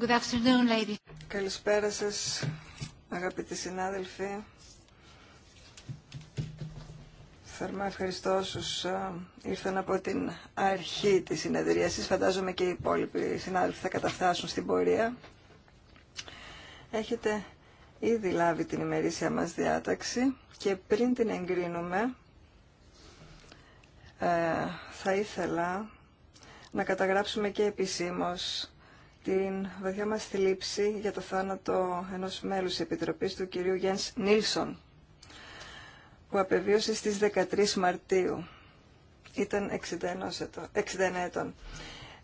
Good afternoon, lady. Καλησπέρα σας, αγαπητοί συνάδελφοι. Θερμά ευχαριστώ όσους ε, ήρθαν από την αρχή της συνεδρίασης. Φαντάζομαι και οι υπόλοιποι συνάδελφοι θα καταφτάσουν στην πορεία. Έχετε ήδη λάβει την ημερήσια μας διάταξη και πριν την εγκρίνουμε ε, θα ήθελα να καταγράψουμε και επισήμως την βαθιά μας θλίψη για το θάνατο ενός μέλους της Επιτροπής του κυρίου Γιάνς Νίλσον, που απεβίωσε στις 13 Μαρτίου. Ήταν 61 ετών.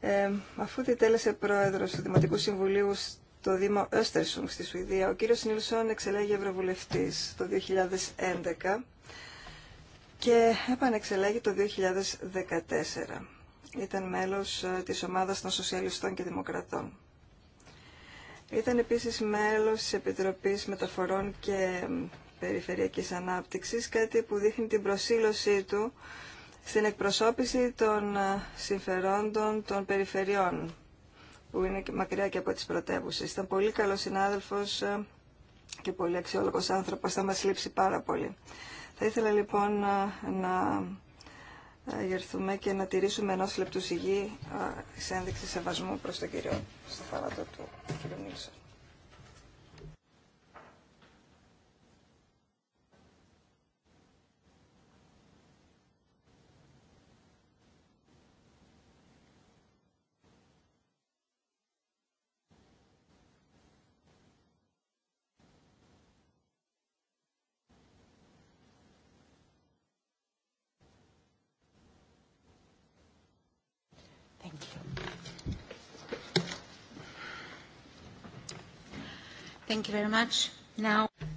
Ε, αφού διτέλεσε πρόεδρος του Δημοτικού Συμβουλίου στο Δήμο Östersund στη Σουηδία, ο κύριος Νίλσον εξελέγει ευρωβουλευτής το 2011 και επανεξελέγει το 2014 ήταν μέλος ε, της ομάδας των Σοσιαλιστών και Δημοκρατών. Ήταν επίσης μέλος της Επιτροπής Μεταφορών και Περιφερειακής Ανάπτυξης, κάτι που δείχνει την προσήλωσή του στην εκπροσώπηση των ε, συμφερόντων των περιφερειών, που είναι μακριά και από τις πρωτεύουσες. Ήταν πολύ καλός συνάδελφος ε, και πολύ αξιόλογος άνθρωπος, θα μας λείψει πάρα πολύ. Θα ήθελα λοιπόν να γερθούμε και να τηρήσουμε ενό λεπτού σιγή σε ένδειξη σεβασμού προς τον κύριο στο θάνατο του κύριου Νίλσον. Thank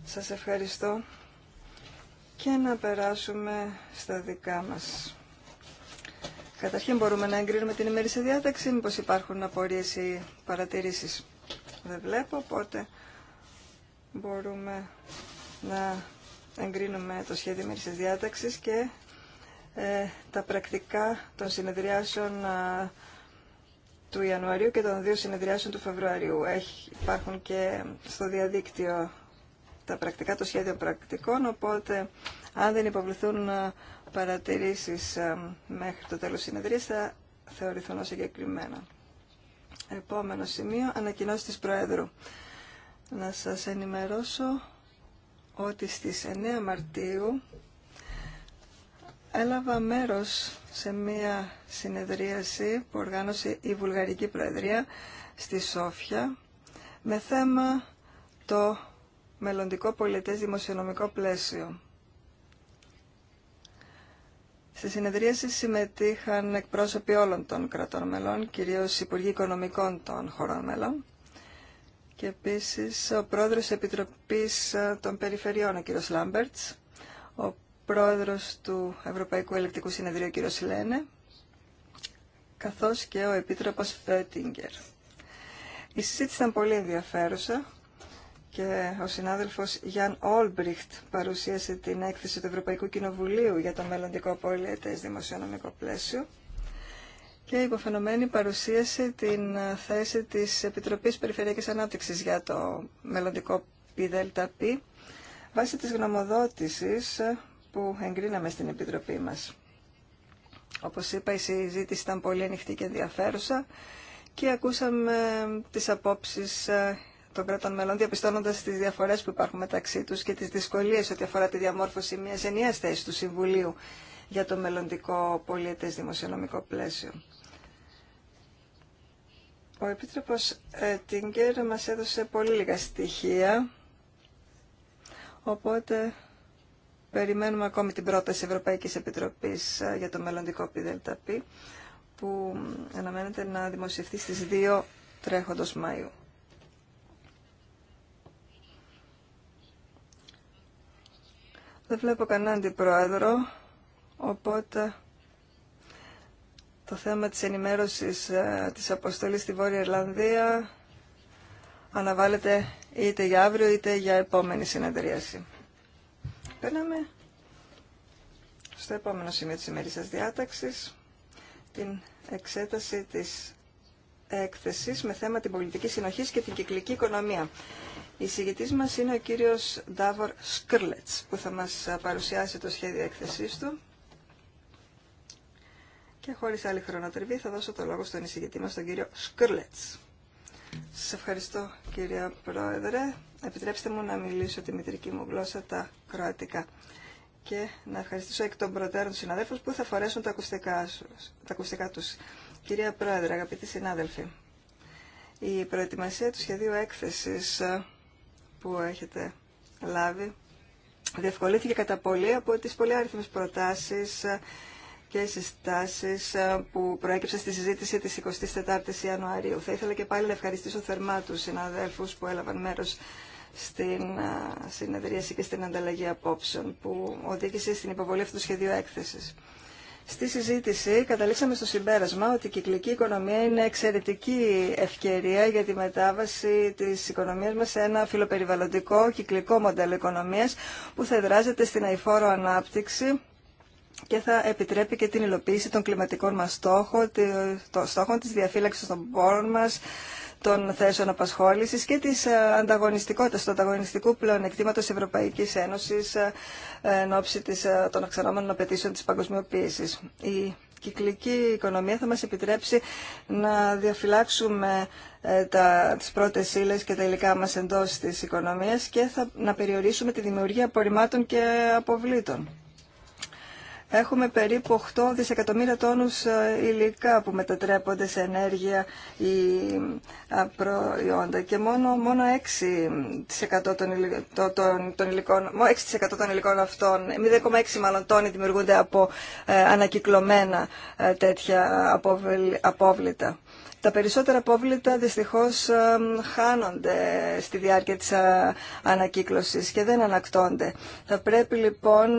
Σας ευχαριστώ και να περάσουμε στα δικά μας. Καταρχήν μπορούμε να εγκρίνουμε την ημερήσια διάταξη, μήπως υπάρχουν απορίες ή παρατηρήσεις. Δεν βλέπω, οπότε μπορούμε να εγκρίνουμε το σχέδιο ημερήσιας διάταξης και ε, τα πρακτικά των συνεδριάσεων του Ιανουαρίου και των δύο συνεδριάσεων του Φεβρουαρίου. Έχει, υπάρχουν και στο διαδίκτυο τα πρακτικά, το σχέδιο πρακτικών, οπότε αν δεν υποβληθούν ε, παρατηρήσεις ε, μέχρι το τέλος συνεδρίας θα θεωρηθούν ως εγκεκριμένα. Επόμενο σημείο, ανακοινώσει της Προέδρου. Να σας ενημερώσω ότι στις 9 Μαρτίου έλαβα μέρος σε μία συνεδρίαση που οργάνωσε η Βουλγαρική Προεδρία στη Σόφια με θέμα το μελλοντικό πολιτές δημοσιονομικό πλαίσιο. Στη συνεδρίαση συμμετείχαν εκπρόσωποι όλων των κρατών μελών, κυρίως Υπουργοί Οικονομικών των χωρών μελών και επίσης ο πρόεδρος Επιτροπής των Περιφερειών, ο κ. Λάμπερτς, πρόεδρος του Ευρωπαϊκού Ελεκτικού Συνεδρίου κ. Σιλένε, καθώς και ο Επίτροπος Φέτιγκερ. Η συζήτηση ήταν πολύ ενδιαφέρουσα και ο συνάδελφος Γιάν Όλμπριχτ παρουσίασε την έκθεση του Ευρωπαϊκού Κοινοβουλίου για το μελλοντικό πολιετές δημοσιονομικό πλαίσιο και υποφαινομένη παρουσίασε την θέση της Επιτροπής Περιφερειακής Ανάπτυξης για το μελλοντικό ΠΔΠ βάσει της γνωμοδότησης που εγκρίναμε στην Επιτροπή μας. Όπως είπα, η συζήτηση ήταν πολύ ανοιχτή και ενδιαφέρουσα και ακούσαμε τις απόψεις ε, των κρατών μελών, διαπιστώνοντα τις διαφορές που υπάρχουν μεταξύ του και τις δυσκολίες ό,τι αφορά τη διαμόρφωση μιας ενιαίας θέση του Συμβουλίου για το μελλοντικό πολιτες δημοσιονομικό πλαίσιο. Ο Επίτροπος ε, Τίνκερ μας έδωσε πολύ λίγα στοιχεία, οπότε Περιμένουμε ακόμη την πρόταση Ευρωπαϊκής Επιτροπής ε, για το μελλοντικό ΠΔΠ που αναμένεται να δημοσιευτεί στις 2 τρέχοντος Μάιου. Δεν βλέπω κανέναν αντιπρόεδρο, οπότε το θέμα της ενημέρωσης ε, της αποστολής στη Βόρεια Ιρλανδία αναβάλλεται είτε για αύριο είτε για επόμενη συνεδρίαση. Παίρναμε στο επόμενο σημείο της σας διάταξης, την εξέταση της έκθεσης με θέμα την πολιτική συνοχή και την κυκλική οικονομία. Η συγητής μας είναι ο κύριος Ντάβορ Σκρλετς, που θα μας παρουσιάσει το σχέδιο έκθεσής του. Και χωρίς άλλη χρονοτριβή θα δώσω το λόγο στον εισηγητή μας, τον κύριο Σκρλετς. Σας ευχαριστώ κύριε Πρόεδρε. Επιτρέψτε μου να μιλήσω τη μητρική μου γλώσσα, τα κροατικά. Και να ευχαριστήσω εκ των προτέρων του συναδέλφου που θα φορέσουν τα ακουστικά, τα τους. Κυρία Πρόεδρε, αγαπητοί συνάδελφοι, η προετοιμασία του σχεδίου έκθεσης ε, που έχετε λάβει διευκολύθηκε κατά πολύ από τις άριθμες προτάσεις ε, και συστάσεις ε, που προέκυψαν στη συζήτηση της 24ης Ιανουαρίου. Θα ήθελα και πάλι να ευχαριστήσω θερμά τους συναδέλφους που έλαβαν μέρος στην συνεδρίαση και στην ανταλλαγή απόψεων που οδήγησε στην υποβολή αυτού του σχεδίου έκθεσης. Στη συζήτηση καταλήξαμε στο συμπέρασμα ότι η κυκλική οικονομία είναι εξαιρετική ευκαιρία για τη μετάβαση της οικονομίας μας σε ένα φιλοπεριβαλλοντικό κυκλικό μοντέλο οικονομίας που θα εδράζεται στην αηφόρο ανάπτυξη και θα επιτρέπει και την υλοποίηση των κλιματικών μας στόχων, των στόχων της διαφύλαξης των πόρων μας, των θέσεων απασχόλησης και της ε, ανταγωνιστικότητας, του ανταγωνιστικού πλεονεκτήματος Ευρωπαϊκής Ένωσης ε, εν ώψη της, ε, των αξανόμενων απαιτήσεων της παγκοσμιοποίησης. Η κυκλική οικονομία θα μας επιτρέψει να διαφυλάξουμε τα, τις πρώτες ύλες και τα υλικά μας εντός της οικονομίας και θα, να περιορίσουμε τη δημιουργία απορριμμάτων και αποβλήτων έχουμε περίπου 8 δισεκατομμύρια τόνους ε, υλικά που μετατρέπονται σε ενέργεια ή προϊόντα και μόνο, μόνο 6% των, υλικών, των, των υλικών, 6% των υλικών αυτών, 0,6 μάλλον τόνοι δημιουργούνται από ε, ανακυκλωμένα ε, τέτοια απόβλητα. Τα περισσότερα απόβλητα δυστυχώς χάνονται στη διάρκεια της ανακύκλωσης και δεν ανακτώνται. Θα πρέπει λοιπόν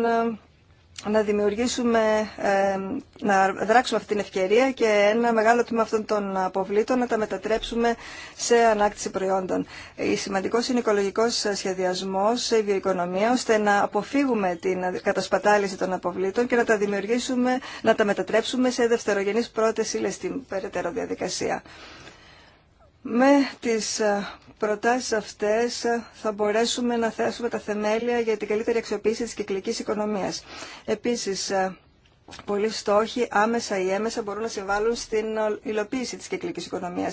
να δημιουργήσουμε, ε, να δράξουμε αυτή την ευκαιρία και ένα μεγάλο τμήμα αυτών των αποβλήτων να τα μετατρέψουμε σε ανάκτηση προϊόντων. Η σημαντικό είναι ο οικολογικό σχεδιασμό, η βιοοικονομία, ώστε να αποφύγουμε την κατασπατάληση των αποβλήτων και να τα δημιουργήσουμε, να τα μετατρέψουμε σε δευτερογενεί πρώτε ύλε στην περαιτέρω διαδικασία. Με τις ε, προτάσεις αυτές ε, θα μπορέσουμε να θέσουμε τα θεμέλια για την καλύτερη αξιοποίηση της κυκλικής οικονομίας. Επίσης, ε, πολλοί στόχοι άμεσα ή έμεσα μπορούν να συμβάλλουν στην υλοποίηση τη κυκλική οικονομία.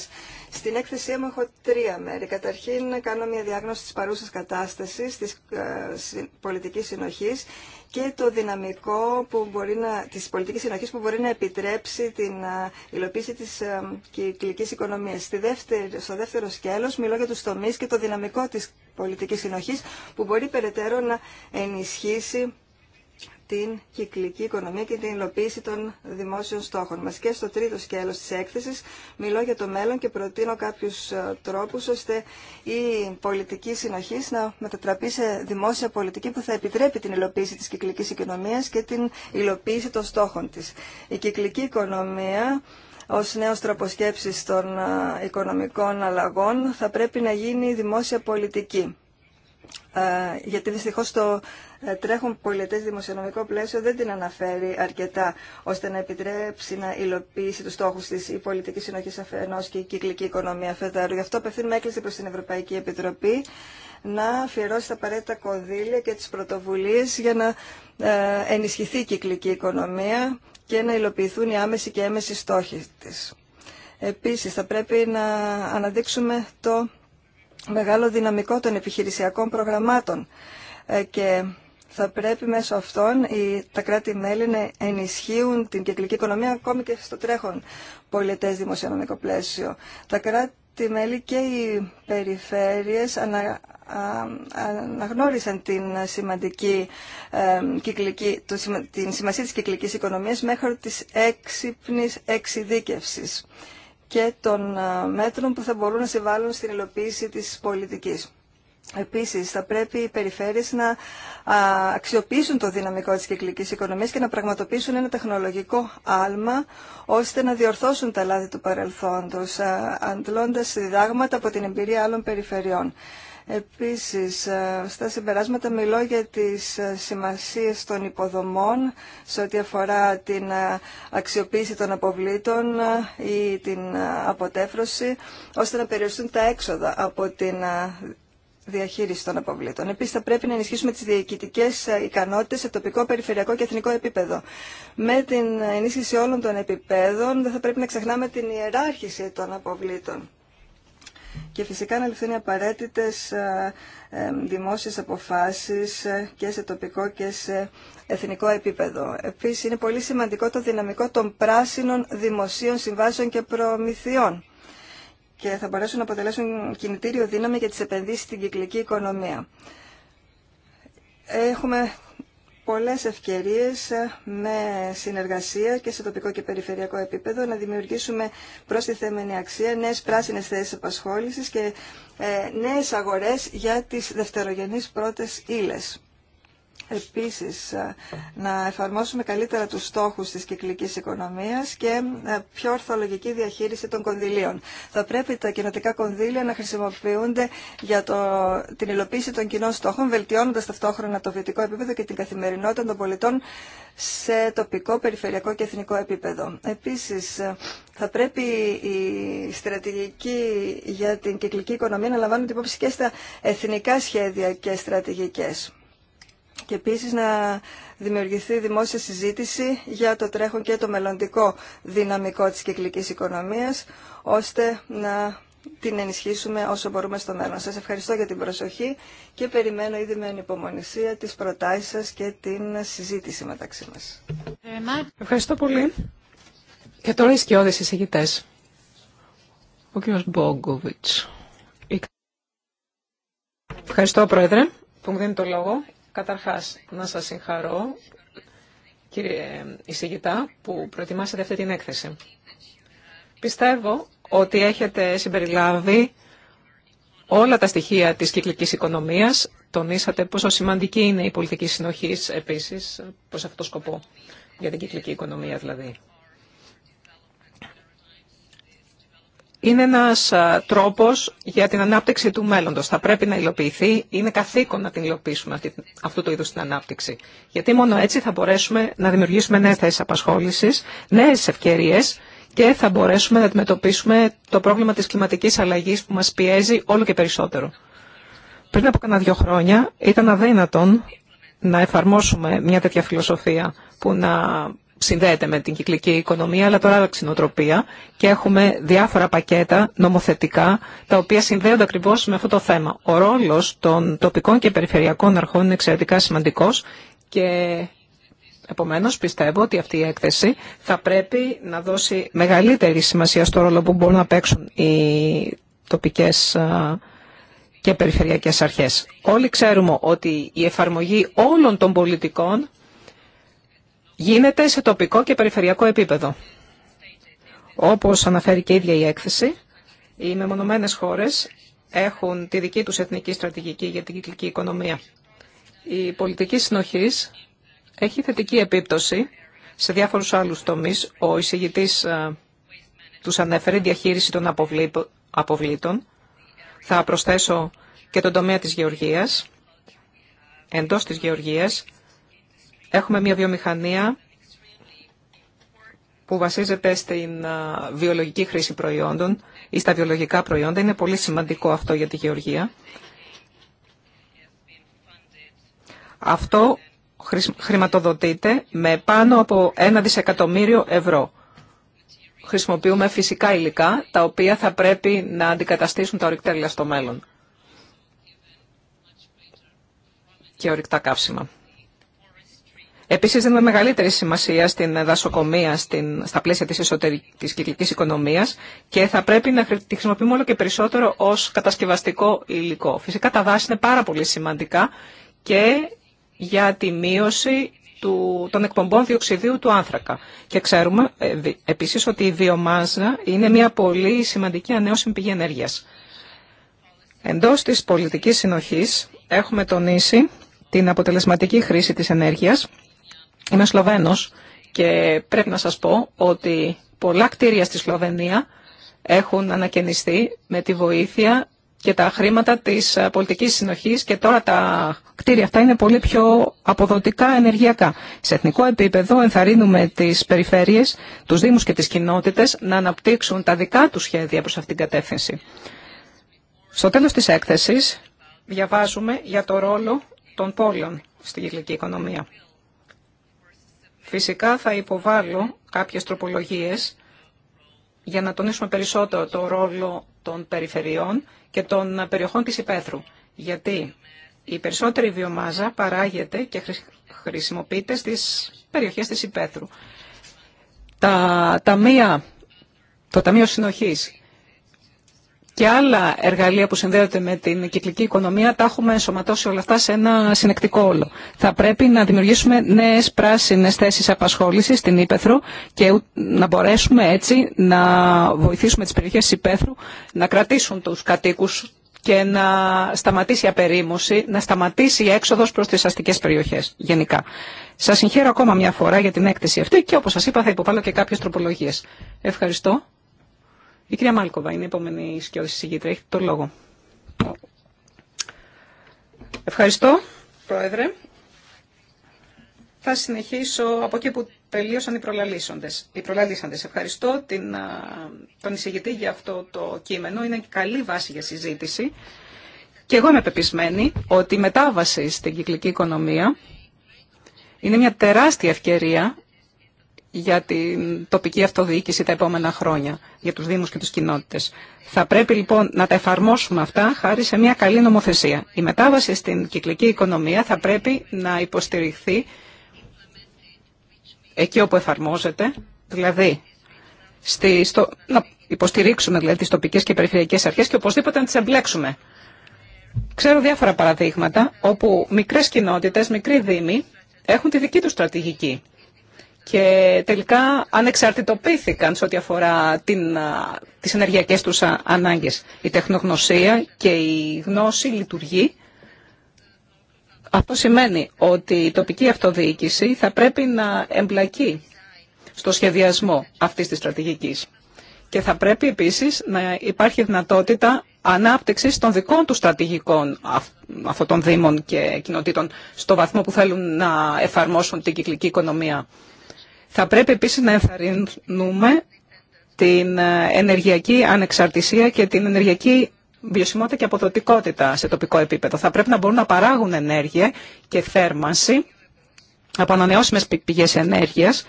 Στην έκθεσή μου έχω τρία μέρη. Καταρχήν κάνω μια διάγνωση της παρούσας κατάστασης, τη ε, πολιτική συνοχή και το δυναμικό που μπορεί να, της πολιτικής συνοχής που μπορεί να επιτρέψει την ε, υλοποίηση της ε, κυκλικής οικονομίας. Στη στο δεύτερο σκέλος μιλώ για τους τομείς και το δυναμικό της πολιτικής συνοχής που μπορεί περαιτέρω να ενισχύσει την κυκλική οικονομία και την υλοποίηση των δημόσιων στόχων μας. Και στο τρίτο σκέλος της έκθεσης μιλώ για το μέλλον και προτείνω κάποιους ε, τρόπους ώστε η πολιτική συνοχή να μετατραπεί σε δημόσια πολιτική που θα επιτρέπει την υλοποίηση της κυκλικής οικονομίας και την υλοποίηση των στόχων της. Η κυκλική οικονομία ως νέος τρόπος των ε, οικονομικών αλλαγών θα πρέπει να γίνει δημόσια πολιτική ε, γιατί δυστυχώς το ε, τρέχον πολιτές δημοσιονομικό πλαίσιο δεν την αναφέρει αρκετά ώστε να επιτρέψει να υλοποιήσει τους στόχους της η πολιτική συνοχή Αφενό και η κυκλική οικονομία ΦΕΔΑΡΟΥ. Γι' αυτό απευθύνουμε έκκληση προς την Ευρωπαϊκή Επιτροπή να αφιερώσει τα απαραίτητα κονδύλια και τις πρωτοβουλίες για να ε, ενισχυθεί η κυκλική οικονομία και να υλοποιηθούν οι άμεση και έμεση στόχοι της. Επίσης, θα πρέπει να αναδείξουμε το μεγάλο δυναμικό των επιχειρησιακών προγραμμάτων ε, και θα πρέπει μέσω αυτών τα κράτη-μέλη να ενισχύουν την κυκλική οικονομία ακόμη και στο τρέχον πολιτές δημοσιονομικό πλαίσιο. Τα κράτη-μέλη και οι περιφέρειες αναγνώρισαν την σημαντική ε, κυκλική, το, την σημασία της κυκλικής οικονομίας μέχρι της έξυπνης εξειδίκευσης και των ε, μέτρων που θα μπορούν να συμβάλλουν στην υλοποίηση της πολιτικής. Επίσης, θα πρέπει οι περιφέρειες να αξιοποιήσουν το δυναμικό της κυκλικής οικονομίας και να πραγματοποιήσουν ένα τεχνολογικό άλμα, ώστε να διορθώσουν τα λάθη του παρελθόντος, ε, αντλώντας διδάγματα από την εμπειρία άλλων περιφερειών. Επίσης, ε, στα συμπεράσματα μιλώ για τις ε, σημασίες των υποδομών σε ό,τι αφορά την ε, αξιοποίηση των αποβλήτων ή την αποτέφρωση, ώστε να περιοριστούν τα έξοδα από την διαχείριση των αποβλήτων. Επίση, θα πρέπει να ενισχύσουμε τι διοικητικέ ικανότητε σε τοπικό, περιφερειακό και εθνικό επίπεδο. Με την ενίσχυση όλων των επιπέδων, δεν θα πρέπει να ξεχνάμε την ιεράρχηση των αποβλήτων και φυσικά να ληφθούν οι απαραίτητες ε, ε, δημόσιες αποφάσεις ε, και σε τοπικό και σε εθνικό επίπεδο. Επίσης είναι πολύ σημαντικό το δυναμικό των πράσινων δημοσίων συμβάσεων και προμηθειών και θα μπορέσουν να αποτελέσουν κινητήριο δύναμη για τις επενδύσεις στην κυκλική οικονομία. Έχουμε πολλές ευκαιρίες ε, με συνεργασία και σε τοπικό και περιφερειακό επίπεδο να δημιουργήσουμε προστιθέμενη αξία, νέες πράσινες θέσεις απασχόλησης και ε, νέες αγορές για τις δευτερογενείς πρώτες ύλες επίσης ε, να εφαρμόσουμε καλύτερα τους στόχους της κυκλικής οικονομίας και ε, πιο ορθολογική διαχείριση των κονδυλίων. Θα πρέπει τα κοινοτικά κονδύλια να χρησιμοποιούνται για το, την υλοποίηση των κοινών στόχων, βελτιώνοντας ταυτόχρονα το βιωτικό επίπεδο και την καθημερινότητα των πολιτών σε τοπικό, περιφερειακό και εθνικό επίπεδο. Επίσης, ε, θα πρέπει η στρατηγική για την κυκλική οικονομία να λαμβάνουν υπόψη και στα εθνικά σχέδια και στρατηγικές και επίσης να δημιουργηθεί δημόσια συζήτηση για το τρέχον και το μελλοντικό δυναμικό της κυκλικής οικονομίας, ώστε να την ενισχύσουμε όσο μπορούμε στο μέλλον. Σας ευχαριστώ για την προσοχή και περιμένω ήδη με ανυπομονησία τις προτάσεις σας και την συζήτηση μεταξύ μας. Ευχαριστώ πολύ. Και τώρα οι σκιώδες εισηγητές. Ο κ. Μπόγκοβιτς. Ευχαριστώ, Πρόεδρε, που μου δίνει το λόγο. Καταρχάς, να σας συγχαρώ, κύριε εισηγητά, που προετοιμάσατε αυτή την έκθεση. Πιστεύω ότι έχετε συμπεριλάβει όλα τα στοιχεία της κυκλικής οικονομίας. Τονίσατε πόσο σημαντική είναι η πολιτική συνοχής επίσης προς αυτό σκοπό, για την κυκλική οικονομία δηλαδή. είναι ένας τρόπος για την ανάπτυξη του μέλλοντος. Θα πρέπει να υλοποιηθεί, είναι καθήκον να την υλοποιήσουμε αυτή, αυτού του είδους την ανάπτυξη. Γιατί μόνο έτσι θα μπορέσουμε να δημιουργήσουμε νέες θέσεις απασχόλησης, νέες ευκαιρίες και θα μπορέσουμε να αντιμετωπίσουμε το πρόβλημα της κλιματικής αλλαγής που μας πιέζει όλο και περισσότερο. Πριν από κανένα δύο χρόνια ήταν αδύνατον να εφαρμόσουμε μια τέτοια φιλοσοφία που να συνδέεται με την κυκλική οικονομία, αλλά τώρα άλλαξε νοοτροπία και έχουμε διάφορα πακέτα νομοθετικά, τα οποία συνδέονται ακριβώς με αυτό το θέμα. Ο ρόλο των τοπικών και περιφερειακών αρχών είναι εξαιρετικά σημαντικός και επομένω πιστεύω ότι αυτή η έκθεση θα πρέπει να δώσει μεγαλύτερη σημασία στο ρόλο που μπορούν να παίξουν οι τοπικέ και περιφερειακές αρχές. Όλοι ξέρουμε ότι η εφαρμογή όλων των πολιτικών γίνεται σε τοπικό και περιφερειακό επίπεδο. Όπως αναφέρει και η ίδια η έκθεση, οι μεμονωμένες χώρες έχουν τη δική τους εθνική στρατηγική για την κυκλική οικονομία. Η πολιτική συνοχής έχει θετική επίπτωση σε διάφορους άλλους τομείς. Ο εισηγητής ε, τους ανέφερε διαχείριση των αποβλήτων. Θα προσθέσω και τον τομέα της γεωργίας. Εντός της γεωργίας Έχουμε μια βιομηχανία που βασίζεται στην βιολογική χρήση προϊόντων ή στα βιολογικά προϊόντα. Είναι πολύ σημαντικό αυτό για τη γεωργία. Αυτό χρηματοδοτείται με πάνω από ένα δισεκατομμύριο ευρώ. Χρησιμοποιούμε φυσικά υλικά, τα οποία θα πρέπει να αντικαταστήσουν τα ορυκτέλια στο μέλλον. Και ορυκτά καύσιμα. Επίση, δίνουμε μεγαλύτερη σημασία στην δασοκομεία στην, στα πλαίσια τη εσωτερική της κυκλικής οικονομίας και θα πρέπει να τη χρησιμοποιούμε όλο και περισσότερο ω κατασκευαστικό υλικό. Φυσικά τα δάση είναι πάρα πολύ σημαντικά και για τη μείωση του, των εκπομπών διοξιδίου του άνθρακα. Και ξέρουμε ε, επίση ότι η βιομάζα είναι μια πολύ σημαντική ανέωσιμη πηγή ενέργεια. Εντό τη πολιτική συνοχή έχουμε τονίσει την αποτελεσματική χρήση της ενέργειας Είμαι Σλοβαίνος και πρέπει να σας πω ότι πολλά κτίρια στη Σλοβενία έχουν ανακαινιστεί με τη βοήθεια και τα χρήματα της ε, πολιτικής συνοχής και τώρα τα κτίρια αυτά είναι πολύ πιο αποδοτικά ενεργειακά. Σε εθνικό επίπεδο ενθαρρύνουμε τις περιφέρειες, τους δήμους και τις κοινότητες να αναπτύξουν τα δικά τους σχέδια προς αυτήν την κατεύθυνση. Στο τέλος της έκθεσης διαβάζουμε για το ρόλο των πόλεων στην κυκλική οικονομία. Φυσικά θα υποβάλω κάποιες τροπολογίες για να τονίσουμε περισσότερο το ρόλο των περιφερειών και των περιοχών της υπαίθρου. Γιατί η περισσότερη βιομάζα παράγεται και χρησιμοποιείται στις περιοχές της υπαίθρου. Τα ταμεία, το Ταμείο Συνοχής και άλλα εργαλεία που συνδέονται με την κυκλική οικονομία τα έχουμε ενσωματώσει όλα αυτά σε ένα συνεκτικό όλο. Θα πρέπει να δημιουργήσουμε νέε πράσινε θέσει απασχόληση στην Ήπεθρο και να μπορέσουμε έτσι να βοηθήσουμε τι περιοχέ τη Ήπεθρου να κρατήσουν του κατοίκου και να σταματήσει η απερίμωση, να σταματήσει η έξοδος προς τις αστικές περιοχές γενικά. Σας συγχαίρω ακόμα μια φορά για την έκθεση αυτή και όπως σας είπα θα υποβάλω και κάποιες τροπολογίες. Ευχαριστώ. Η κυρία Μάλκοβα είναι η επόμενη σκιώδηση Έχετε το λόγο. Ευχαριστώ, Πρόεδρε. Θα συνεχίσω από εκεί που τελείωσαν οι προλαλήσαντες. Οι προλαλήσαντες. Ευχαριστώ την, τον εισηγητή για αυτό το κείμενο. Είναι καλή βάση για συζήτηση. Και εγώ είμαι πεπισμένη ότι η μετάβαση στην κυκλική οικονομία είναι μια τεράστια ευκαιρία για την τοπική αυτοδιοίκηση τα επόμενα χρόνια, για τους Δήμους και τους κοινότητες. Θα πρέπει λοιπόν να τα εφαρμόσουμε αυτά χάρη σε μια καλή νομοθεσία. Η μετάβαση στην κυκλική οικονομία θα πρέπει να υποστηριχθεί εκεί όπου εφαρμόζεται, δηλαδή στη, στο, να υποστηρίξουμε δηλαδή, τις τοπικές και περιφερειακές αρχές και οπωσδήποτε να τις εμπλέξουμε. Ξέρω διάφορα παραδείγματα όπου μικρές κοινότητες, μικροί δήμοι έχουν τη δική τους στρατηγική και τελικά ανεξαρτητοποιήθηκαν σε ό,τι αφορά την, τις ενεργειακές τους ανάγκες. Η τεχνογνωσία και η γνώση λειτουργεί. Αυτό σημαίνει ότι η τοπική αυτοδιοίκηση θα πρέπει να εμπλακεί στο σχεδιασμό αυτής της στρατηγικής. Και θα πρέπει επίσης να υπάρχει δυνατότητα ανάπτυξης των δικών του στρατηγικών αυτών των δήμων και κοινοτήτων στο βαθμό που θέλουν να εφαρμόσουν την κυκλική οικονομία. Θα πρέπει επίσης να ενθαρρυνούμε την ε, ενεργειακή ανεξαρτησία και την ενεργειακή βιωσιμότητα και αποδοτικότητα σε τοπικό επίπεδο. Θα πρέπει να μπορούν να παράγουν ενέργεια και θέρμανση από ανανεώσιμες πηγές ενέργειας.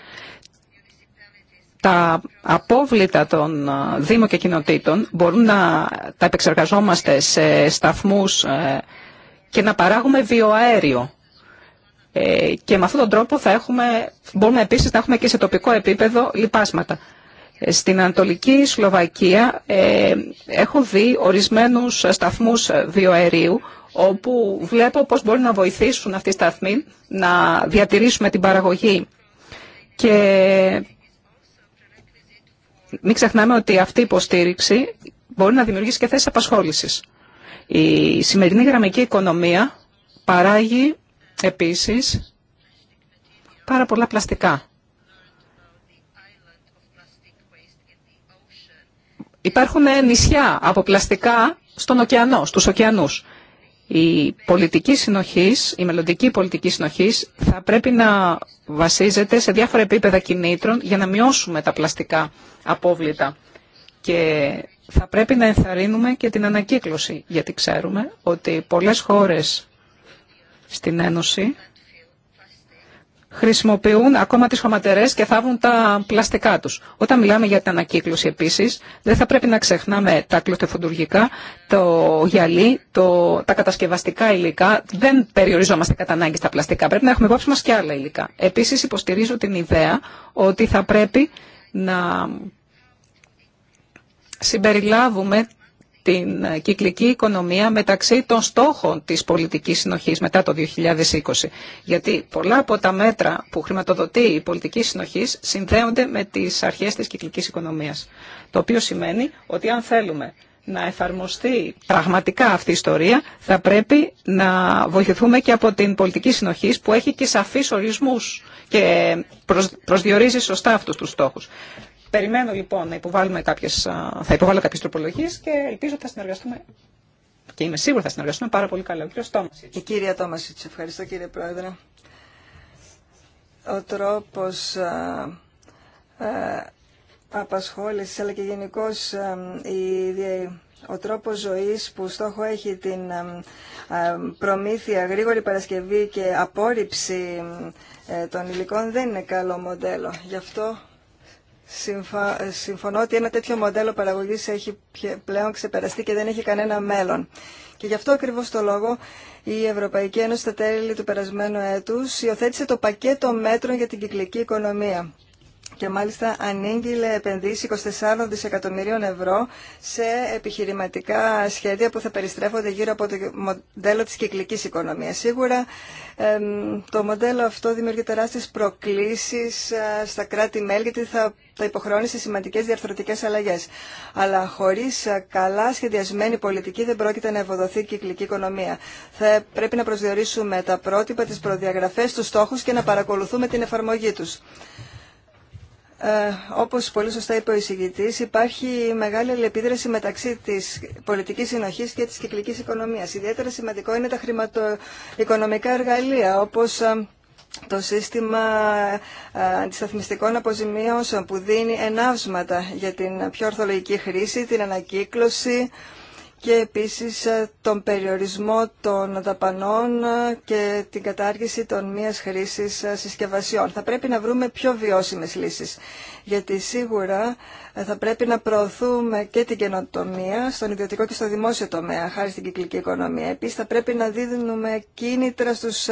Τα απόβλητα των ε, Δήμων και Κοινοτήτων μπορούν να τα επεξεργαζόμαστε σε σταθμούς ε, και να παράγουμε βιοαέριο ε, και με αυτόν τον τρόπο θα έχουμε, μπορούμε επίσης να έχουμε και σε τοπικό επίπεδο λιπάσματα. Ε, στην Ανατολική Σλοβακία ε, έχω δει ορισμένους σταθμούς βιοαερίου όπου βλέπω πώς μπορεί να βοηθήσουν αυτοί οι σταθμοί να διατηρήσουμε την παραγωγή. Και μην ξεχνάμε ότι αυτή η υποστήριξη μπορεί να δημιουργήσει και θέσεις απασχόλησης. Η σημερινή γραμμική οικονομία παράγει Επίσης, πάρα πολλά πλαστικά. Υπάρχουν νησιά από πλαστικά στον ωκεανό, στους ωκεανούς. Η πολιτική συνοχής, η μελλοντική πολιτική συνοχής θα πρέπει να βασίζεται σε διάφορα επίπεδα κινήτρων για να μειώσουμε τα πλαστικά απόβλητα. Και θα πρέπει να ενθαρρύνουμε και την ανακύκλωση, γιατί ξέρουμε ότι πολλές χώρες στην Ένωση χρησιμοποιούν ακόμα τις χωματερές και θάβουν τα πλαστικά τους. Όταν μιλάμε για την ανακύκλωση επίσης, δεν θα πρέπει να ξεχνάμε τα κλωστεφοντουργικά, το γυαλί, το, τα κατασκευαστικά υλικά. Δεν περιοριζόμαστε κατά ανάγκη στα πλαστικά, πρέπει να έχουμε υπόψη μας και άλλα υλικά. Επίσης υποστηρίζω την ιδέα ότι θα πρέπει να συμπεριλάβουμε την κυκλική οικονομία μεταξύ των στόχων της πολιτικής συνοχής μετά το 2020. Γιατί πολλά από τα μέτρα που χρηματοδοτεί η πολιτική συνοχής συνδέονται με τις αρχές της κυκλικής οικονομίας. Το οποίο σημαίνει ότι αν θέλουμε να εφαρμοστεί πραγματικά αυτή η ιστορία, θα πρέπει να βοηθηθούμε και από την πολιτική συνοχή που έχει και σαφείς ορισμούς και προσδιορίζει σωστά αυτούς τους στόχους. Περιμένω λοιπόν να υποβάλουμε κάποιες, θα υποβάλω κάποιες τροπολογίες και ελπίζω ότι θα συνεργαστούμε και είμαι σίγουρη θα συνεργαστούμε πάρα πολύ καλά. Ο κύριος Τόμασιτς. Η κυρία Τόμασιτς, ευχαριστώ κύριε Πρόεδρε. Ο τρόπος α, α, απασχόλησης αλλά και γενικώ ο τρόπος ζωής που στόχο έχει την προμήθεια, γρήγορη παρασκευή και απόρριψη ε, των υλικών δεν είναι καλό μοντέλο. Γι' αυτό συμφωνώ ότι ένα τέτοιο μοντέλο παραγωγής έχει πλέον ξεπεραστεί και δεν έχει κανένα μέλλον. Και γι' αυτό ακριβώς το λόγο η Ευρωπαϊκή Ένωση στα τέλη του περασμένου έτους υιοθέτησε το πακέτο μέτρων για την κυκλική οικονομία και μάλιστα ανήγγειλε επενδύσει 24 δισεκατομμυρίων ευρώ σε επιχειρηματικά σχέδια που θα περιστρέφονται γύρω από το μοντέλο της κυκλικής οικονομίας. Σίγουρα το μοντέλο αυτό δημιουργεί τεράστιες προκλήσεις ε, στα κράτη-μέλη γιατί θα θα υποχρεώνει σε σημαντικές διαρθρωτικές αλλαγές. Αλλά χωρίς ε, καλά σχεδιασμένη πολιτική δεν πρόκειται να ευοδοθεί η κυκλική οικονομία. Θα πρέπει να προσδιορίσουμε τα πρότυπα, τις προδιαγραφές, τους στόχους και να παρακολουθούμε την εφαρμογή τους. Ε, όπως πολύ σωστά είπε ο εισηγητής, υπάρχει μεγάλη αλληλεπίδραση μεταξύ της πολιτικής συνοχής και της κυκλικής οικονομίας. Ιδιαίτερα σημαντικό είναι τα χρηματοοικονομικά εργαλεία, όπως ε, το σύστημα ε, αντισταθμιστικών αποζημίωσεων που δίνει ενάυσματα για την πιο ορθολογική χρήση, την ανακύκλωση, και επίσης ε, τον περιορισμό των δαπανών ε, και την κατάργηση των μίας χρήσης ε, συσκευασιών. Θα πρέπει να βρούμε πιο βιώσιμες λύσεις, γιατί σίγουρα θα πρέπει να προωθούμε και την καινοτομία στον ιδιωτικό και στο δημόσιο τομέα, χάρη στην κυκλική οικονομία. Επίσης θα πρέπει να δίνουμε κίνητρα στους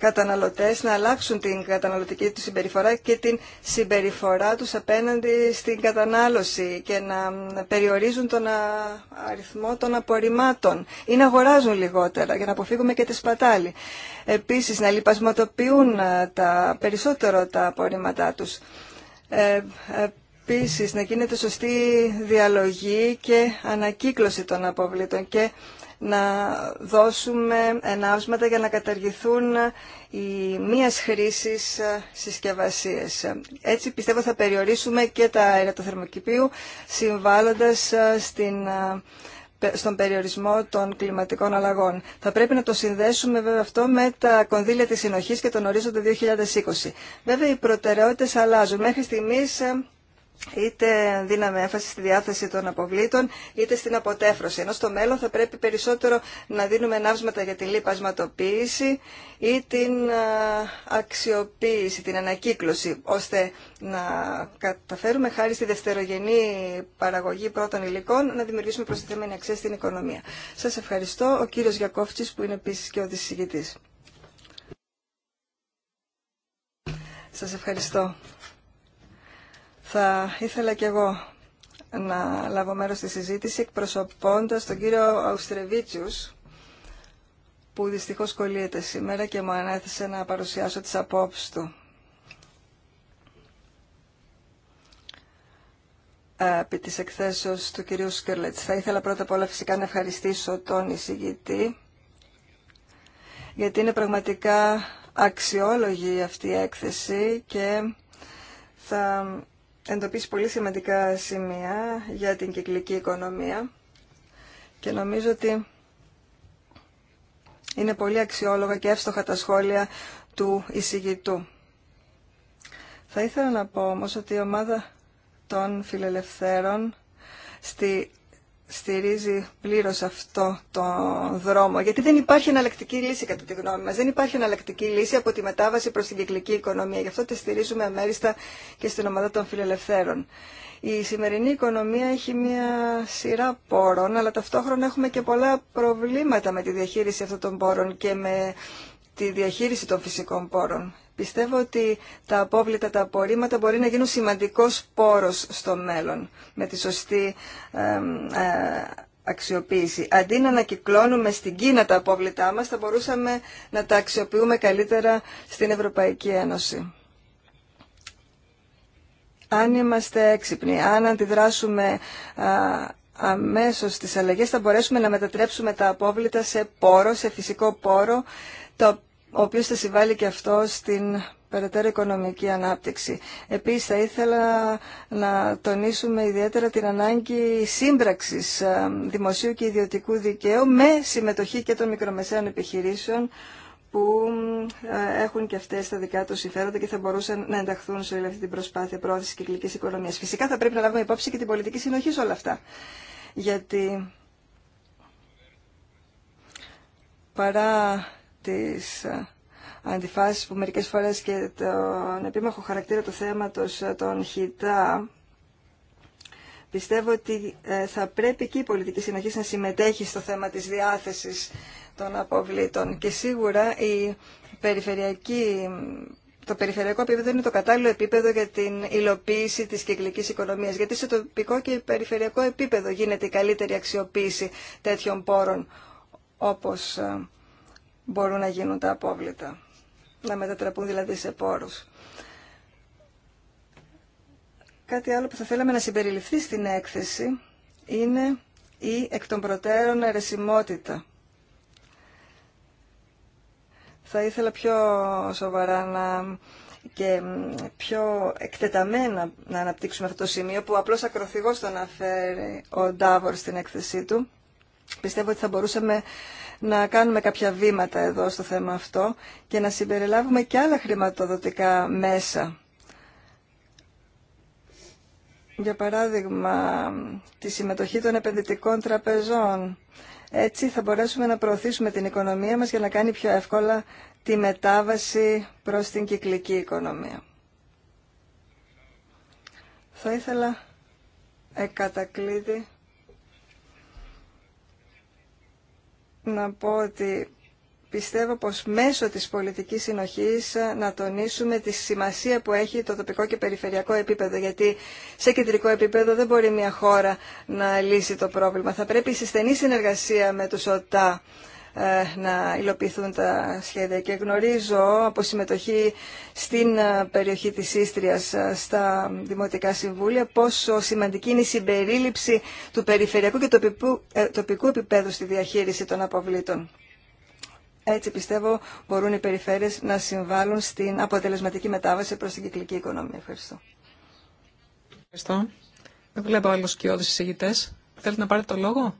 καταναλωτές να αλλάξουν την καταναλωτική του συμπεριφορά και την συμπεριφορά τους απέναντι στην κατανάλωση και να περιορίζουν τον αριθμό των απορριμμάτων ή να αγοράζουν λιγότερα για να αποφύγουμε και τη σπατάλη. Επίσης να λιπασματοποιούν τα, περισσότερο τα απορριμματά τους. Ε, επίσης να γίνεται σωστή διαλογή και ανακύκλωση των αποβλήτων και να δώσουμε ενάψματα για να καταργηθούν οι μίας χρήσης συσκευασίες. Έτσι πιστεύω θα περιορίσουμε και τα αέρα του θερμοκηπίου συμβάλλοντας ε, στην ε, στον περιορισμό των κλιματικών αλλαγών. Θα πρέπει να το συνδέσουμε βέβαια αυτό με τα κονδύλια της συνοχής και τον ορίζοντα 2020. Βέβαια οι προτεραιότητες αλλάζουν. Μέχρι στιγμής ε, είτε δίναμε έμφαση στη διάθεση των αποβλήτων, είτε στην αποτέφρωση. Ενώ στο μέλλον θα πρέπει περισσότερο να δίνουμε ναύσματα για την λιπασματοποίηση ή την αξιοποίηση, την ανακύκλωση, ώστε να καταφέρουμε χάρη στη δευτερογενή παραγωγή πρώτων υλικών να δημιουργήσουμε προστιθέμενη αξία στην οικονομία. Σας ευχαριστώ. Ο κύριος Γιακόφτσης που είναι επίσης και ο δισηγητής. Σας ευχαριστώ. Θα ήθελα κι εγώ να λάβω μέρος στη συζήτηση εκπροσωπώντας τον κύριο Αουστρεβίτσιους που δυστυχώς κολλείται σήμερα και μου ανέθεσε να παρουσιάσω τις απόψεις του. επί της εκθέσεως του κυρίου Σκερλέτς. Θα ήθελα πρώτα απ' όλα φυσικά να ευχαριστήσω τον εισηγητή, γιατί είναι πραγματικά αξιόλογη αυτή η έκθεση και θα εντοπίσει πολύ σημαντικά σημεία για την κυκλική οικονομία και νομίζω ότι είναι πολύ αξιόλογα και εύστοχα τα σχόλια του εισηγητού. Θα ήθελα να πω όμως ότι η ομάδα των φιλελευθέρων στη στηρίζει πλήρως αυτό το δρόμο. Γιατί δεν υπάρχει εναλλακτική λύση κατά τη γνώμη μας. Δεν υπάρχει εναλλακτική λύση από τη μετάβαση προς την κυκλική οικονομία. Γι' αυτό τη στηρίζουμε αμέριστα και στην ομάδα των φιλελευθέρων. Η σημερινή οικονομία έχει μια σειρά πόρων, αλλά ταυτόχρονα έχουμε και πολλά προβλήματα με τη διαχείριση αυτών των πόρων και με τη διαχείριση των φυσικών πόρων. Πιστεύω ότι τα απόβλητα, τα απορρίμματα μπορεί να γίνουν σημαντικός πόρος στο μέλλον με τη σωστή ε, αξιοποίηση. Αντί να ανακυκλώνουμε στην Κίνα τα απόβλητά μας, θα μπορούσαμε να τα αξιοποιούμε καλύτερα στην Ευρωπαϊκή Ένωση. Αν είμαστε έξυπνοι, αν αντιδράσουμε αμέσως στις αλλαγές, θα μπορέσουμε να μετατρέψουμε τα απόβλητα σε πόρο, σε φυσικό πόρο, το ο οποίος θα συμβάλλει και αυτό στην περαιτέρω οικονομική ανάπτυξη. Επίσης θα ήθελα να τονίσουμε ιδιαίτερα την ανάγκη σύμπραξης ε, δημοσίου και ιδιωτικού δικαίου με συμμετοχή και των μικρομεσαίων επιχειρήσεων που ε, έχουν και αυτές τα δικά τους συμφέροντα και θα μπορούσαν να ενταχθούν σε αυτή την προσπάθεια πρόθεσης κυκλικής οικονομίας. Φυσικά θα πρέπει να λάβουμε υπόψη και την πολιτική συνοχή σε όλα αυτά. Γιατί παρά τις ε, αντιφάσεις που μερικές φορές και τον επίμαχο χαρακτήρα του θέματος ε, των ΧΙΤΑ, πιστεύω ότι ε, θα πρέπει και η πολιτική συνοχή να συμμετέχει στο θέμα της διάθεσης των αποβλήτων. Και σίγουρα η περιφερειακή το περιφερειακό επίπεδο είναι το κατάλληλο επίπεδο για την υλοποίηση της κυκλικής οικονομίας. Γιατί σε τοπικό και περιφερειακό επίπεδο γίνεται η καλύτερη αξιοποίηση τέτοιων πόρων όπως μπορούν να γίνουν τα απόβλητα, να μετατραπούν δηλαδή σε πόρους. Κάτι άλλο που θα θέλαμε να συμπεριληφθεί στην έκθεση είναι η εκ των προτέρων αιρεσιμότητα. Θα ήθελα πιο σοβαρά και πιο εκτεταμένα να αναπτύξουμε αυτό το σημείο που απλώς ακροθυγός το αναφέρει ο Ντάβορ στην έκθεσή του Πιστεύω ότι θα μπορούσαμε να κάνουμε κάποια βήματα εδώ στο θέμα αυτό και να συμπεριλάβουμε και άλλα χρηματοδοτικά μέσα. Για παράδειγμα, τη συμμετοχή των επενδυτικών τραπεζών. Έτσι θα μπορέσουμε να προωθήσουμε την οικονομία μας για να κάνει πιο εύκολα τη μετάβαση προς την κυκλική οικονομία. Θα ήθελα εκατακλείδη να πω ότι πιστεύω πως μέσω της πολιτικής συνοχής ε, να τονίσουμε τη σημασία που έχει το τοπικό και περιφερειακό επίπεδο, γιατί σε κεντρικό επίπεδο δεν μπορεί μια χώρα να λύσει το πρόβλημα. Θα πρέπει η στενή συνεργασία με τους ΟΤΑ ε, να υλοποιηθούν τα σχέδια. Και γνωρίζω από συμμετοχή στην ε, περιοχή της Ίστριας ε, στα Δημοτικά Συμβούλια πόσο σημαντική είναι η συμπερίληψη του περιφερειακού και τοπικού, τοπικού επίπεδου στη διαχείριση των αποβλήτων. Έτσι πιστεύω μπορούν οι περιφέρειες να συμβάλλουν στην αποτελεσματική μετάβαση προς την κυκλική οικονομία. Ευχαριστώ. Ευχαριστώ. Δεν βλέπω άλλους κοιόδους εισηγητές. Θέλετε να πάρετε το λόγο.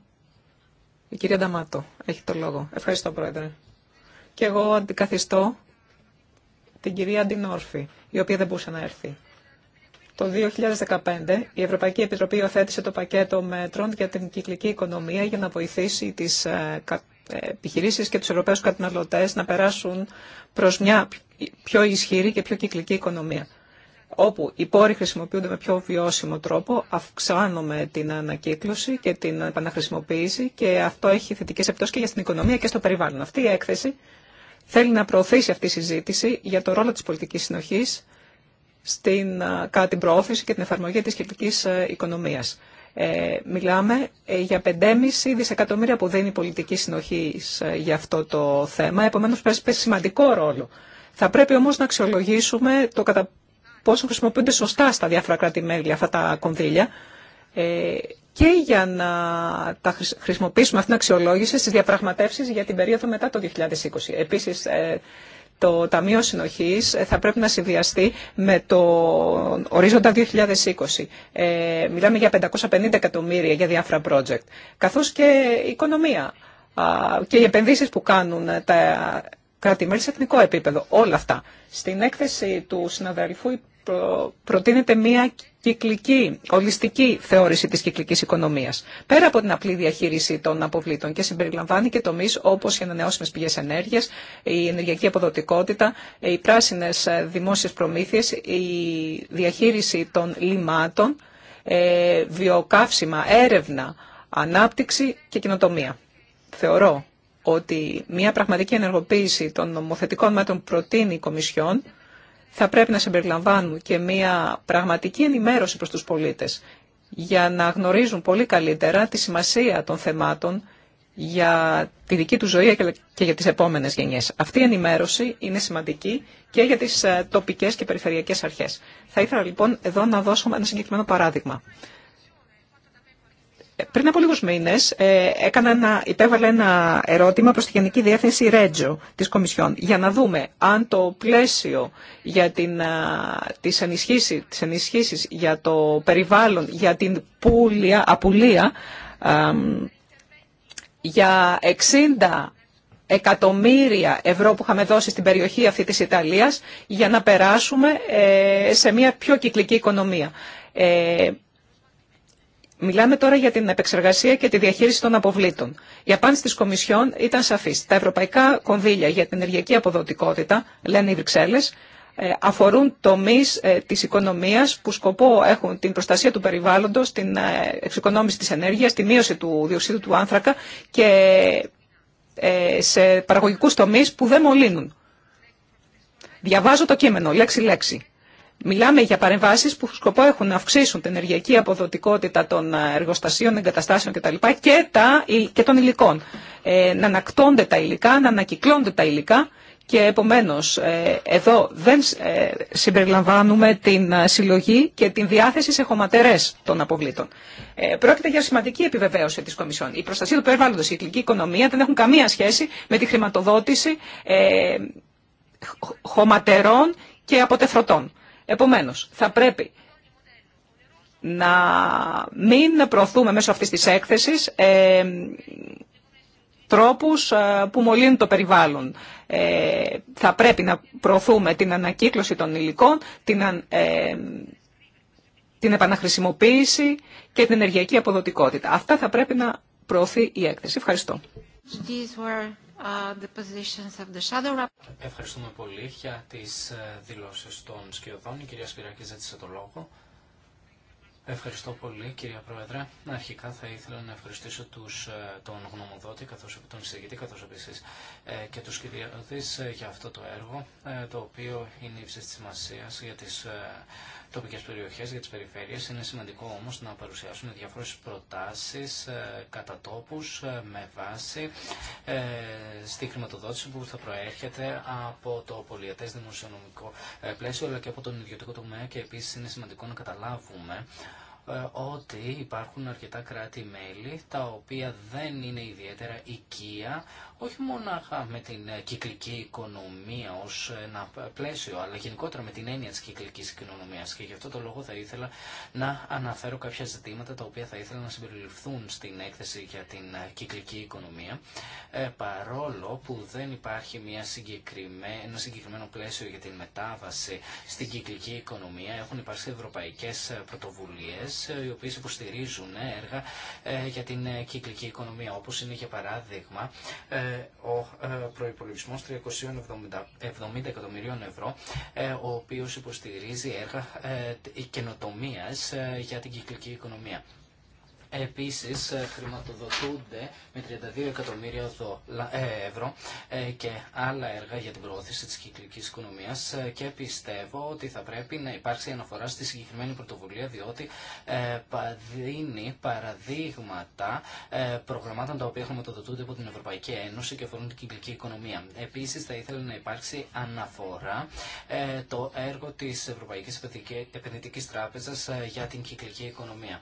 Η κυρία Νταμάτο έχει το λόγο. Ευχαριστώ, Πρόεδρε. Και εγώ αντικαθιστώ την κυρία Αντινόρφη, η οποία δεν μπορούσε να έρθει. Το 2015 η Ευρωπαϊκή Επιτροπή οθέτησε το πακέτο μέτρων για την κυκλική οικονομία για να βοηθήσει τις ε, ε, επιχειρήσεις και τους Ευρωπαίους καταναλωτές να περάσουν προς μια πιο ισχυρή και πιο κυκλική οικονομία όπου οι πόροι χρησιμοποιούνται με πιο βιώσιμο τρόπο, αυξάνουμε την ανακύκλωση και την επαναχρησιμοποίηση και αυτό έχει θετικές επιπτώσεις και για την οικονομία και στο περιβάλλον. Αυτή η έκθεση θέλει να προωθήσει αυτή η συζήτηση για το ρόλο της πολιτικής συνοχής στην, κατά την προώθηση και την εφαρμογή της κεντρικής ε, οικονομίας. Ε, μιλάμε ε, για 5,5 δισεκατομμύρια που δίνει η πολιτική συνοχή ε, για αυτό το θέμα, επομένως παίζει σημαντικό ρόλο. Θα πρέπει όμως να αξιολογήσουμε το κατά πόσο χρησιμοποιούνται σωστά στα διάφορα κράτη-μέλη αυτά τα κονδύλια ε, και για να τα χρησιμοποιήσουμε αυτήν την αξιολόγηση στις διαπραγματεύσεις για την περίοδο μετά το 2020. Επίσης, ε, το Ταμείο Συνοχής ε, θα πρέπει να συνδυαστεί με το ορίζοντα 2020. Ε, μιλάμε για 550 εκατομμύρια για διάφορα project, καθώς και η οικονομία και οι επενδύσεις που κάνουν τα κράτη-μέλη σε εθνικό επίπεδο. Όλα αυτά. Στην έκθεση του συναδελφού προ... προτείνεται μία κυκλική, ολιστική θεώρηση της κυκλικής οικονομίας. Πέρα από την απλή διαχείριση των αποβλήτων και συμπεριλαμβάνει και τομείς όπως οι ανανεώσιμες πηγές ενέργειας, η ενεργειακή αποδοτικότητα, οι πράσινες ε, δημόσιες προμήθειες, η διαχείριση των λιμάτων, ε, βιοκαύσιμα, έρευνα, ανάπτυξη και κοινοτομία. Θεωρώ ότι μια πραγματική ενεργοποίηση των νομοθετικών μέτρων που προτείνει η Κομισιόν θα πρέπει να συμπεριλαμβάνουν και μια πραγματική ενημέρωση προς τους πολίτες για να γνωρίζουν πολύ καλύτερα τη σημασία των θεμάτων για τη δική του ζωή και για τις επόμενες γενιές. Αυτή η ενημέρωση είναι σημαντική και για τις ε, τοπικές και περιφερειακές αρχές. Θα ήθελα λοιπόν εδώ να δώσω ένα συγκεκριμένο παράδειγμα. Πριν από λίγους μήνες ε, έκανα ένα, υπέβαλε ένα ερώτημα προς τη Γενική Διεύθυνση Ρέτζο της Κομισιόν για να δούμε αν το πλαίσιο για την, τις, ενισχύσεις, τις για το περιβάλλον, για την πουλια, απουλία για 60 εκατομμύρια ευρώ που είχαμε δώσει στην περιοχή αυτή της Ιταλίας για να περάσουμε ε, σε μια πιο κυκλική οικονομία. Ε, Μιλάμε τώρα για την επεξεργασία και τη διαχείριση των αποβλήτων. Η απάντηση τη Κομισιόν ήταν σαφή. Τα ευρωπαϊκά κονδύλια για την ενεργειακή αποδοτικότητα, λένε οι Βρυξέλλε, ε, αφορούν τομεί ε, τη οικονομία που σκοπό έχουν την προστασία του περιβάλλοντο, την ε, εξοικονόμηση τη ενέργεια, τη μείωση του διοξίδου του άνθρακα και σε παραγωγικού τομεί που δεν μολύνουν. Διαβάζω το κείμενο, λέξη-λέξη. Μιλάμε για παρεμβάσεις που σκοπό έχουν να αυξήσουν την ενεργειακή αποδοτικότητα των ε, εργοστασίων, εγκαταστάσεων κτλ. Και, τα, και των υλικών. Ε, να ανακτώνται τα υλικά, να ανακυκλώνται τα υλικά και επομένως ε, εδώ δεν ε, συμπεριλαμβάνουμε την συλλογή και την διάθεση σε χωματερές των αποβλήτων. πρόκειται για σημαντική επιβεβαίωση της Κομισιόν. Η προστασία του περιβάλλοντος, η κυκλική οικονομία δεν έχουν καμία σχέση με τη χρηματοδότηση χωματερών και αποτεφρωτών. Επομένως, θα πρέπει να μην προωθούμε μέσω αυτής της έκθεσης ε, τρόπους ε, που μολύνουν το περιβάλλον. Ε, θα πρέπει να προωθούμε την ανακύκλωση των υλικών, την, ε, την επαναχρησιμοποίηση και την ενεργειακή αποδοτικότητα. Αυτά θα πρέπει να προωθεί η έκθεση. Ευχαριστώ. Uh, Ευχαριστούμε πολύ για τις ε, δηλώσεις των σκιωδών. Η κυρία Σπυράκη ζήτησε το λόγο. Ευχαριστώ πολύ κυρία Πρόεδρε. Αρχικά θα ήθελα να ευχαριστήσω τους, ε, τον γνωμοδότη, καθώς, τον εισηγητή, καθώς επίσης ε, και τους κυριαδείς για αυτό το έργο, το οποίο είναι ύψη τη σημασίας για τις Τοπικέ περιοχές, για τις περιφέρειες. Είναι σημαντικό όμως να παρουσιάσουμε διάφορες προτάσεις ε, κατά τόπους ε, με βάση ε, στη χρηματοδότηση που θα προέρχεται από το πολιετέ δημοσιονομικό πλαίσιο αλλά και από τον ιδιωτικό τομέα και επίσης είναι σημαντικό να καταλάβουμε ε, ότι υπάρχουν αρκετά κράτη-μέλη τα οποία δεν είναι ιδιαίτερα οικεία, όχι μόνο με την ε, κυκλική οικονομία ως ένα πλαίσιο, αλλά γενικότερα με την έννοια της κυκλικής οικονομίας. Και γι' αυτό το λόγο θα ήθελα να αναφέρω κάποια ζητήματα τα οποία θα ήθελα να συμπεριληφθούν στην έκθεση για την ε, κυκλική οικονομία, παρόλο που δεν υπάρχει μια ένα συγκεκριμένο πλαίσιο για την μετάβαση στην κυκλική οικονομία. Έχουν υπάρξει ευρωπαϊκές πρωτοβουλίες ε, οι οποίες υποστηρίζουν ε, έργα ε, για την κυκλική οικονομία, όπως είναι για παράδειγμα ο προϋπολογισμός 370 εκατομμυρίων ευρώ, ο οποίος υποστηρίζει έργα καινοτομίας για την κυκλική οικονομία. Επίσης ε, χρηματοδοτούνται με 32 εκατομμύρια ε, ευρώ ε, και άλλα έργα για την προώθηση της κυκλικής οικονομίας και πιστεύω ότι θα πρέπει να υπάρξει αναφορά στη συγκεκριμένη πρωτοβουλία διότι δίνει παραδείγματα προγραμμάτων τα οποία χρηματοδοτούνται από την Ευρωπαϊκή Ένωση και αφορούν την κυκλική οικονομία. Επίσης θα ήθελα να υπάρξει αναφορά το έργο της Ευρωπαϊκής Επενδυτικής Τράπεζας για την κυκλική οικονομία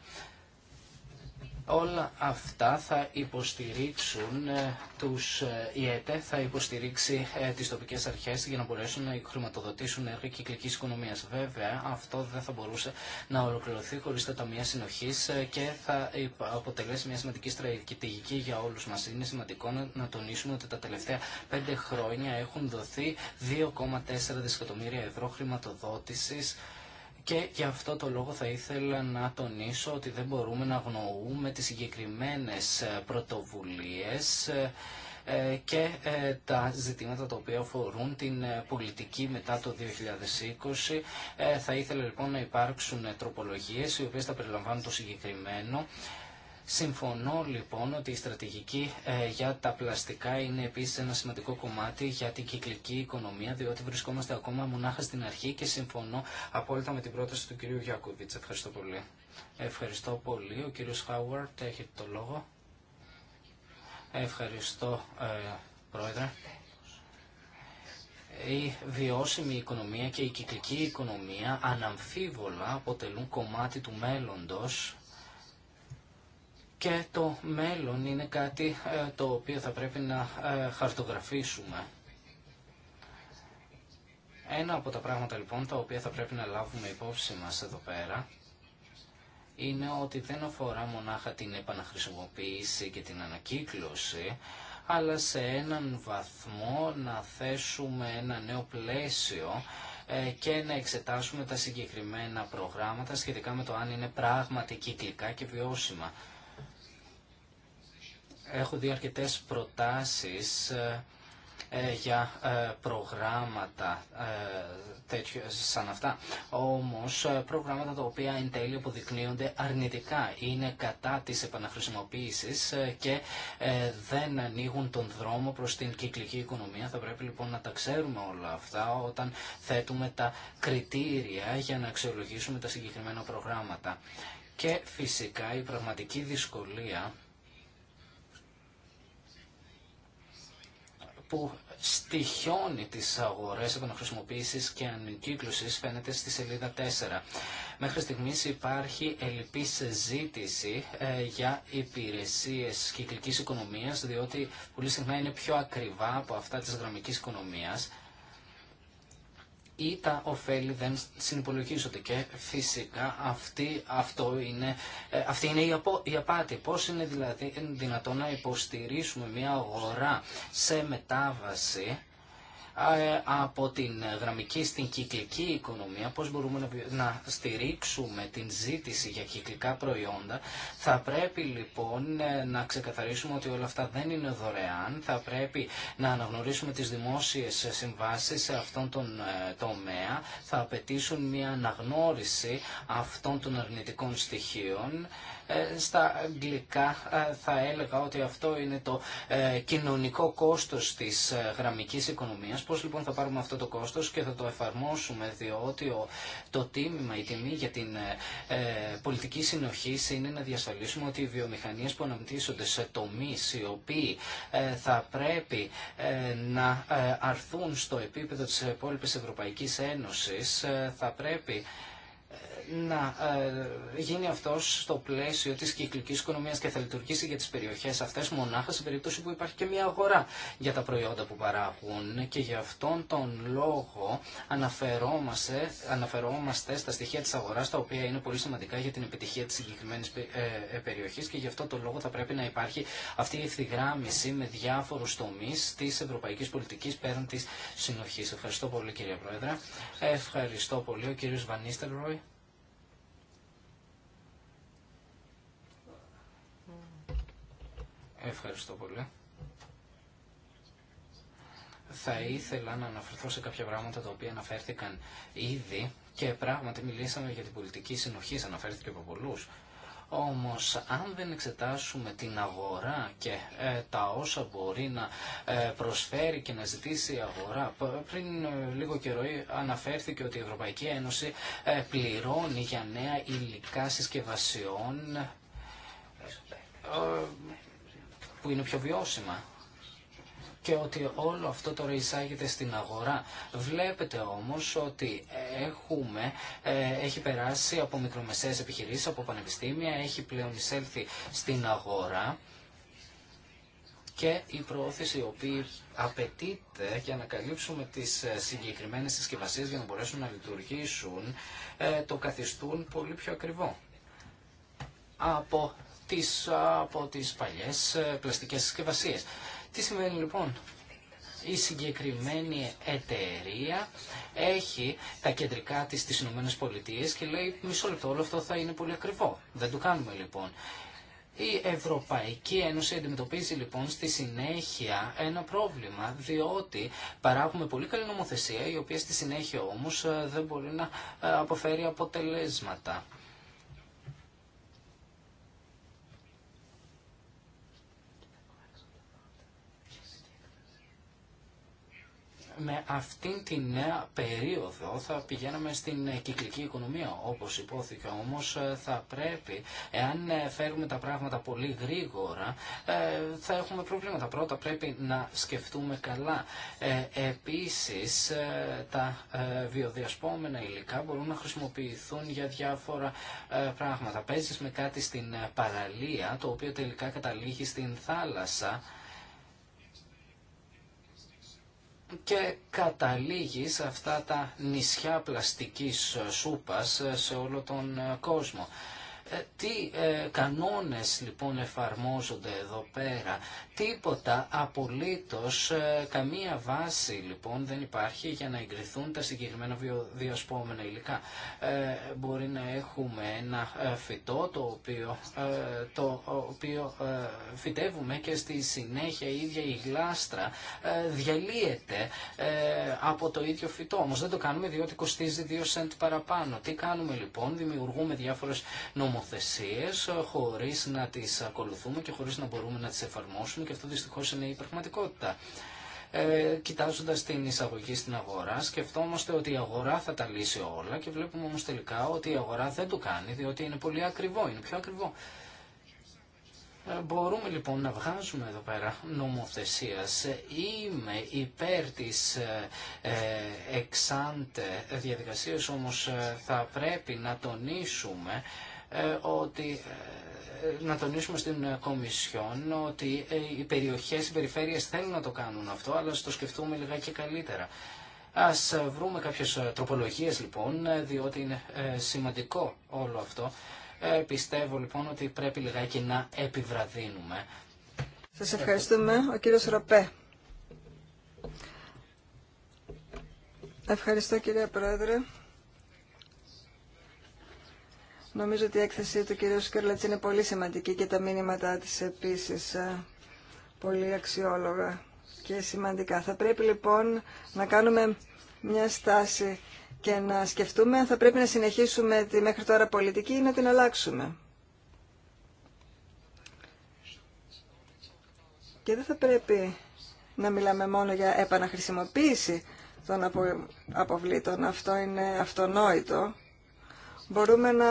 όλα αυτά θα υποστηρίξουν ε, τους ιετέ, ε, θα υποστηρίξει ε, τις τοπικές αρχές για να μπορέσουν να χρηματοδοτήσουν έργα κυκλικής οικονομίας. Βέβαια, αυτό δεν θα μπορούσε να ολοκληρωθεί χωρίς τα ταμεία συνοχής και θα αποτελέσει μια σημαντική στρατηγική για όλους μας. Είναι σημαντικό να τονίσουμε ότι τα τελευταία πέντε χρόνια έχουν δοθεί 2,4 δισεκατομμύρια ευρώ χρηματοδότησης και γι' αυτό το λόγο θα ήθελα να τονίσω ότι δεν μπορούμε να αγνοούμε τις συγκεκριμένες ε, πρωτοβουλίες ε, και ε, τα ζητήματα τα οποία αφορούν την πολιτική μετά το 2020. Θα ήθελα λοιπόν να υπάρξουν τροπολογίες οι οποίες θα περιλαμβάνουν το συγκεκριμένο Συμφωνώ λοιπόν ότι η στρατηγική ε, για τα πλαστικά είναι επίσης ένα σημαντικό κομμάτι για την κυκλική οικονομία, διότι βρισκόμαστε ακόμα μονάχα στην αρχή και συμφωνώ απόλυτα με την πρόταση του κυρίου Γιακουβίτς. Ευχαριστώ πολύ. Ευχαριστώ πολύ. Ο κύριος Χάουαρτ έχει το λόγο. Ευχαριστώ, ε, Πρόεδρε η βιώσιμη οικονομία και η κυκλική οικονομία αναμφίβολα αποτελούν κομμάτι του μέλλοντος και το μέλλον είναι κάτι ε, το οποίο θα πρέπει να ε, χαρτογραφήσουμε. Ένα από τα πράγματα λοιπόν τα οποία θα πρέπει να λάβουμε υπόψη μας εδώ πέρα είναι ότι δεν αφορά μονάχα την επαναχρησιμοποίηση και την ανακύκλωση αλλά σε έναν βαθμό να θέσουμε ένα νέο πλαίσιο ε, και να εξετάσουμε τα συγκεκριμένα προγράμματα σχετικά με το αν είναι πράγματι κυκλικά και βιώσιμα έχω δει αρκετές προτάσεις ε, ε, για ε, προγράμματα τέτοιο, σαν αυτά. Όμως προγράμματα τα οποία εν τέλει αποδεικνύονται αρνητικά, είναι κατά της επαναχρησιμοποίησης και δεν ανοίγουν τον δρόμο προς την κυκλική οικονομία. Θα πρέπει λοιπόν να τα ξέρουμε όλα αυτά όταν θέτουμε τα κριτήρια για να αξιολογήσουμε τα συγκεκριμένα προγράμματα. Και φυσικά η πραγματική δυσκολία που στοιχιώνει τις αγορές επαναχρησιμοποίησης και ανακύκλωσης φαίνεται στη σελίδα 4. Μέχρι στιγμής υπάρχει ελλειπή ζήτηση ε, για υπηρεσίες κυκλικής οικονομίας διότι πολύ συχνά είναι πιο ακριβά από αυτά της γραμμικής οικονομίας ή τα ωφέλη δεν συνυπολογίζονται. Και φυσικά αυτή, αυτό είναι, ε, αυτή είναι η, απάτη. Πώς είναι δηλαδή δυνατόν να υποστηρίσουμε μια αγορά σε μετάβαση ε, από την γραμμική στην κυκλική οικονομία, πώς μπορούμε να στηρίξουμε την ζήτηση για κυκλικά προϊόντα. Θα πρέπει λοιπόν ε, να ξεκαθαρίσουμε ότι όλα αυτά δεν είναι δωρεάν, θα πρέπει να αναγνωρίσουμε τις δημόσιες συμβάσεις σε αυτόν τον ε, τομέα, θα απαιτήσουν μια αναγνώριση αυτών των αρνητικών στοιχείων ε, στα αγγλικά ε, θα έλεγα ότι αυτό είναι το ε, κοινωνικό κόστος της γραμμικής οικονομίας. Πώς λοιπόν θα πάρουμε αυτό το κόστος και θα το εφαρμόσουμε διότι το τίμημα, η τιμή για την πολιτική συνοχή είναι να διασφαλίσουμε ότι οι βιομηχανίες που αναπτύσσονται σε τομείς οι οποίοι θα πρέπει να αρθούν στο επίπεδο της υπόλοιπη Ευρωπαϊκής Ένωσης θα πρέπει να ε, γίνει αυτό στο πλαίσιο της κυκλικής οικονομία και θα λειτουργήσει για τι περιοχέ αυτέ μονάχα σε περίπτωση που υπάρχει και μια αγορά για τα προϊόντα που παράγουν και γι' αυτόν τον λόγο αναφερόμαστε, αναφερόμαστε στα στοιχεία τη αγορά, τα οποία είναι πολύ σημαντικά για την επιτυχία τη συγκεκριμένη ε, ε, περιοχή και γι' αυτό τον λόγο θα πρέπει να υπάρχει αυτή η ευθυγράμμιση με διάφορου τομεί τη Ευρωπαϊκή Πολιτική πέραν της συνοχής. Ευχαριστώ πολύ κύριε Πρόεδρε. Ευχαριστώ πολύ ο κύριο Βανίστερ Ευχαριστώ πολύ. Θα ήθελα να αναφερθώ σε κάποια πράγματα τα οποία αναφέρθηκαν ήδη και πράγματι μιλήσαμε για την πολιτική συνοχή, αναφέρθηκε από πολλού. Όμως αν δεν εξετάσουμε την αγορά και ε, τα όσα μπορεί να ε, προσφέρει και να ζητήσει η αγορά, πριν ε, λίγο καιρό αναφέρθηκε ότι η Ευρωπαϊκή Ένωση πληρώνει για νέα υλικά συσκευασιών που είναι πιο βιώσιμα και ότι όλο αυτό τώρα εισάγεται στην αγορά. Βλέπετε όμως ότι έχουμε, ε, έχει περάσει από μικρομεσαίες επιχειρήσεις, από πανεπιστήμια, έχει πλέον εισέλθει στην αγορά και η προώθηση η οποία απαιτείται για να καλύψουμε τις ε, συγκεκριμένες συσκευασίε για να μπορέσουν να λειτουργήσουν ε, το καθιστούν πολύ πιο ακριβό. Από τις, από τις παλιές ε, πλαστικές συσκευασίε. Τι συμβαίνει λοιπόν. Η συγκεκριμένη εταιρεία έχει τα κεντρικά της στις Ηνωμένες Πολιτείες και λέει μισό λεπτό όλο αυτό θα είναι πολύ ακριβό. Δεν το κάνουμε λοιπόν. Η Ευρωπαϊκή Ένωση αντιμετωπίζει λοιπόν στη συνέχεια ένα πρόβλημα, διότι παράγουμε πολύ καλή νομοθεσία, η οποία στη συνέχεια όμως ε, δεν μπορεί να ε, αποφέρει αποτελέσματα. με αυτήν την νέα περίοδο θα πηγαίναμε στην ε, κυκλική οικονομία όπως υπόθηκε όμως ε, θα πρέπει εάν ε, φέρουμε τα πράγματα πολύ γρήγορα θα έχουμε προβλήματα. Πρώτα πρέπει να σκεφτούμε καλά. Επίσης τα βιοδιασπόμενα υλικά μπορούν να χρησιμοποιηθούν για διάφορα πράγματα. Παίζεις με κάτι στην παραλία το οποίο τελικά καταλήγει στην θάλασσα και καταλήγει σε αυτά τα νησιά πλαστικής σούπας σε όλο τον κόσμο. Ε, τι ε, κανόνες λοιπόν εφαρμόζονται εδώ πέρα. Τίποτα απολύτως, ε, καμία βάση λοιπόν δεν υπάρχει για να εγκριθούν τα συγκεκριμένα διασπόμενα υλικά. Μπορεί να έχουμε ένα φυτό το οποίο, το οποίο φυτεύουμε και στη συνέχεια η ίδια η γλάστρα διαλύεται από το ίδιο φυτό. Όμως δεν το κάνουμε διότι κοστίζει 2 σεντ παραπάνω. Τι κάνουμε λοιπόν, δημιουργούμε διάφορες νομοθεσίες νομοθεσίες ε, χωρίς να τις ακολουθούμε και χωρίς να μπορούμε να τις εφαρμόσουμε και αυτό δυστυχώς είναι η πραγματικότητα. Ε, Κοιτάζοντα την εισαγωγή στην αγορά, σκεφτόμαστε ότι η αγορά θα τα λύσει όλα και βλέπουμε όμω τελικά ότι η αγορά δεν το κάνει διότι είναι πολύ ακριβό, είναι πιο ακριβό. Ε, μπορούμε λοιπόν να βγάζουμε εδώ πέρα νομοθεσίας. Ε, είμαι υπέρ της εξάντε διαδικασίας, όμως θα πρέπει να τονίσουμε ε, ότι ε, να τονίσουμε στην Κομισιόν ότι ε, οι περιοχές, οι περιφέρειες θέλουν να το κάνουν αυτό, αλλά στο σκεφτούμε λιγάκι καλύτερα. Ας βρούμε κάποιες τροπολογίες λοιπόν, διότι είναι σημαντικό όλο αυτό. Πιστεύω λοιπόν ότι πρέπει λιγάκι να επιβραδύνουμε. Σας ευχαριστούμε. Ο κύριος Ροπέ. Ευχαριστώ κύριε Πρόεδρε. Νομίζω ότι η έκθεση του κυρίου Σκέρλετς είναι πολύ σημαντική και τα μήνυματά της επίσης ε, πολύ αξιόλογα και σημαντικά. Θα πρέπει λοιπόν να κάνουμε μια στάση και να σκεφτούμε αν θα πρέπει να συνεχίσουμε τη μέχρι τώρα πολιτική ή να την αλλάξουμε. Και δεν θα πρέπει να μιλάμε μόνο για επαναχρησιμοποίηση των αποβλήτων. Αυτό είναι αυτονόητο μπορούμε να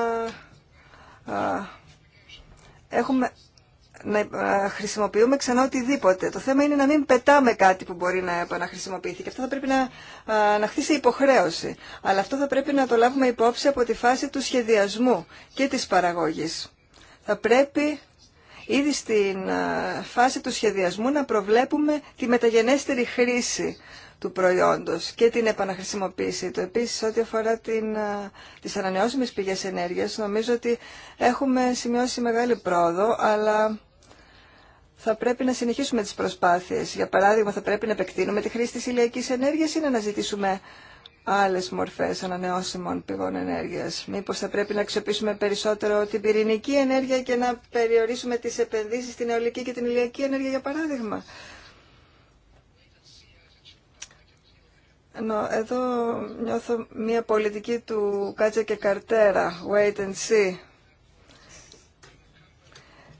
έχουμε να χρησιμοποιούμε ξανά οτιδήποτε. Το θέμα είναι να μην πετάμε κάτι που μπορεί να επαναχρησιμοποιηθεί και αυτό θα πρέπει να, να χτίσει υποχρέωση. Αλλά αυτό θα πρέπει να το λάβουμε υπόψη από τη φάση του σχεδιασμού και της παραγωγής. Θα πρέπει ήδη στην φάση του σχεδιασμού να προβλέπουμε τη μεταγενέστερη χρήση του προϊόντος και την επαναχρησιμοποίησή του. Επίσης, ό,τι αφορά την, τις ανανεώσιμες πηγές ενέργειας, νομίζω ότι έχουμε σημειώσει μεγάλη πρόοδο, αλλά θα πρέπει να συνεχίσουμε τις προσπάθειες. Για παράδειγμα, θα πρέπει να επεκτείνουμε τη χρήση της ηλιακής ενέργειας ή να αναζητήσουμε άλλες μορφές ανανεώσιμων πηγών ενέργειας. Μήπως θα πρέπει να αξιοποιήσουμε περισσότερο την πυρηνική ενέργεια και να περιορίσουμε τις επενδύσεις στην αιωλική και την ηλιακή ενέργεια, για παράδειγμα. Εδώ νιώθω μια πολιτική του Κάτσα και καρτέρα, wait and see.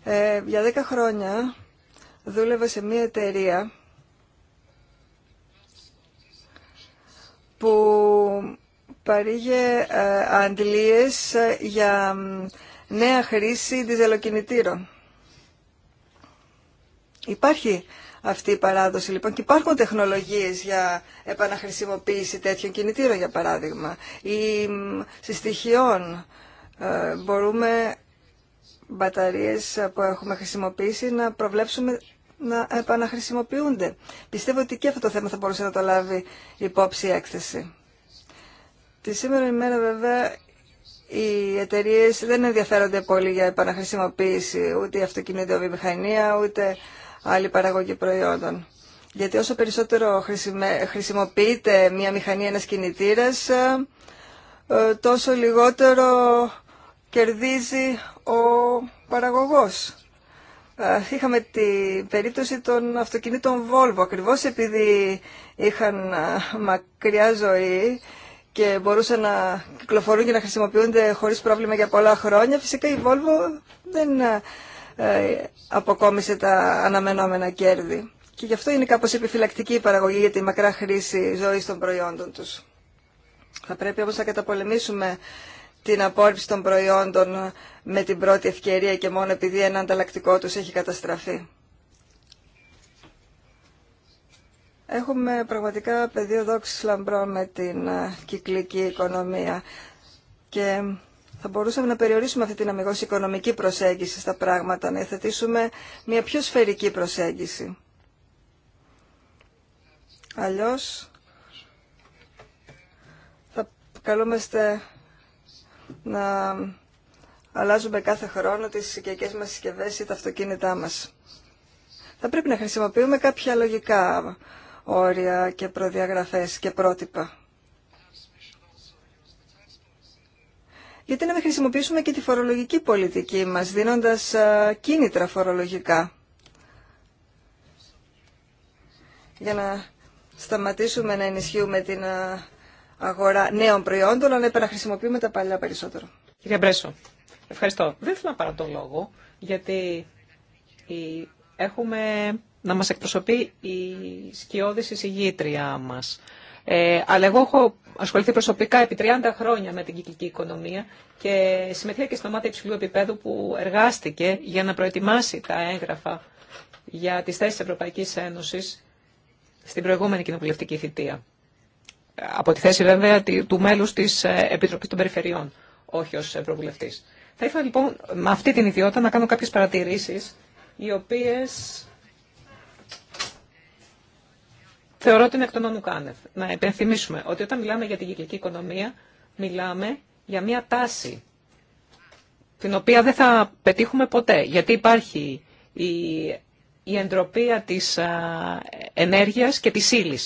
Ε, για δέκα χρόνια δούλευα σε μια εταιρεία που παρήγε ε, αντλίες ε, για νέα χρήση διζελοκινητήρων. Υπάρχει αυτή η παράδοση λοιπόν και υπάρχουν τεχνολογίες για επαναχρησιμοποίηση τέτοιων κινητήρων για παράδειγμα ή συστοιχειών ε, μπορούμε μπαταρίες που έχουμε χρησιμοποιήσει να προβλέψουμε να επαναχρησιμοποιούνται. Πιστεύω ότι και αυτό το θέμα θα μπορούσε να το λάβει υπόψη η έκθεση. Τη σήμερα ημέρα βέβαια οι εταιρείε δεν ενδιαφέρονται πολύ για επαναχρησιμοποίηση ούτε η αυτοκινητοβιομηχανία ούτε άλλη παραγωγή προϊόντων. Γιατί όσο περισσότερο χρησιμοποιείται μια μηχανή, ένας κινητήρας, ε, ε, τόσο λιγότερο κερδίζει ο παραγωγός. Ε, είχαμε την περίπτωση των αυτοκινήτων Volvo, ακριβώς επειδή είχαν μακριά ζωή και μπορούσαν να κυκλοφορούν και να χρησιμοποιούνται χωρίς πρόβλημα για πολλά χρόνια. Φυσικά η Volvo δεν ε, αποκόμισε τα αναμενόμενα κέρδη. Και γι' αυτό είναι κάπως επιφυλακτική η παραγωγή για τη μακρά χρήση ζωής των προϊόντων τους. Θα πρέπει όμως να καταπολεμήσουμε την απόρριψη των προϊόντων με την πρώτη ευκαιρία και μόνο επειδή ένα ανταλλακτικό τους έχει καταστραφεί. Έχουμε πραγματικά πεδίο δόξης λαμπρό με την ε, κυκλική οικονομία και θα μπορούσαμε να περιορίσουμε αυτή την αμυγός οικονομική προσέγγιση στα πράγματα, να εθετήσουμε μια πιο σφαιρική προσέγγιση. Αλλιώς θα καλούμαστε να αλλάζουμε κάθε χρόνο τις οικιακές μας συσκευές ή τα αυτοκίνητά μας. Θα πρέπει να χρησιμοποιούμε κάποια λογικά όρια και προδιαγραφές και πρότυπα. γιατί να μην χρησιμοποιήσουμε και τη φορολογική πολιτική μας, δίνοντας κίνητρα φορολογικά. Για να σταματήσουμε να ενισχύουμε την αγορά νέων προϊόντων, αλλά να επαναχρησιμοποιούμε τα παλιά περισσότερο. Κύριε Μπρέσο, ευχαριστώ. Δεν θέλω να πάρω τον λόγο, γιατί έχουμε να μας εκπροσωπεί η σκιώδηση συγγήτρια μας. Ε, αλλά εγώ έχω ασχοληθεί προσωπικά επί 30 χρόνια με την κυκλική οικονομία και συμμετείχα και στην ομάδα υψηλού επίπεδου που εργάστηκε για να προετοιμάσει τα έγγραφα για τις θέσεις της Ευρωπαϊκής Ένωσης στην προηγούμενη κοινοβουλευτική θητεία. Από τη θέση βέβαια του μέλους της ε, Επιτροπής των Περιφερειών, όχι ως Ευρωβουλευτής. Θα ήθελα λοιπόν με αυτή την ιδιότητα να κάνω κάποιες παρατηρήσεις οι οποίες θεωρώ ότι είναι εκ των ονουκάνευ. Να επενθυμίσουμε ότι όταν μιλάμε για την κυκλική οικονομία, μιλάμε για μια τάση την οποία δεν θα πετύχουμε ποτέ, γιατί υπάρχει η, η εντροπία της α, ενέργειας και της ύλη.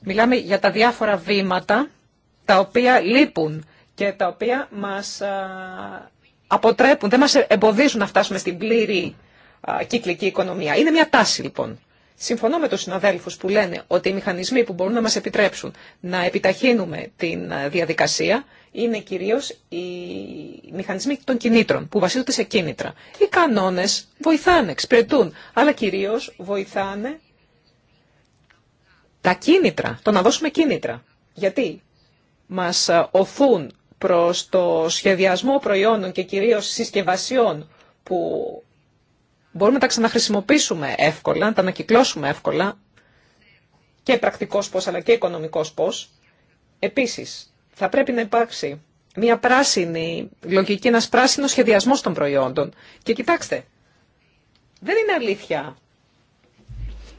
Μιλάμε για τα διάφορα βήματα τα οποία λείπουν και τα οποία μας αποτρέπουν, δεν μας εμποδίζουν να φτάσουμε στην πλήρη κύκλικη οικονομία. Είναι μια τάση λοιπόν. Συμφωνώ με τους συναδέλφους που λένε ότι οι μηχανισμοί που μπορούν να μας επιτρέψουν να επιταχύνουμε την διαδικασία είναι κυρίως οι μηχανισμοί των κινήτρων που βασίζονται σε κίνητρα. Οι κανόνες βοηθάνε, εξυπηρετούν, αλλά κυρίως βοηθάνε τα κίνητρα, το να δώσουμε κίνητρα. Γιατί μας οθούν προς το σχεδιασμό προϊόντων και κυρίως συσκευασιών που μπορούμε να τα ξαναχρησιμοποιήσουμε εύκολα, να τα ανακυκλώσουμε εύκολα και πρακτικός πώς αλλά και οικονομικός πώς. Επίσης, θα πρέπει να υπάρξει μια πράσινη λογική, ένας πράσινος σχεδιασμός των προϊόντων. Και κοιτάξτε, δεν είναι αλήθεια.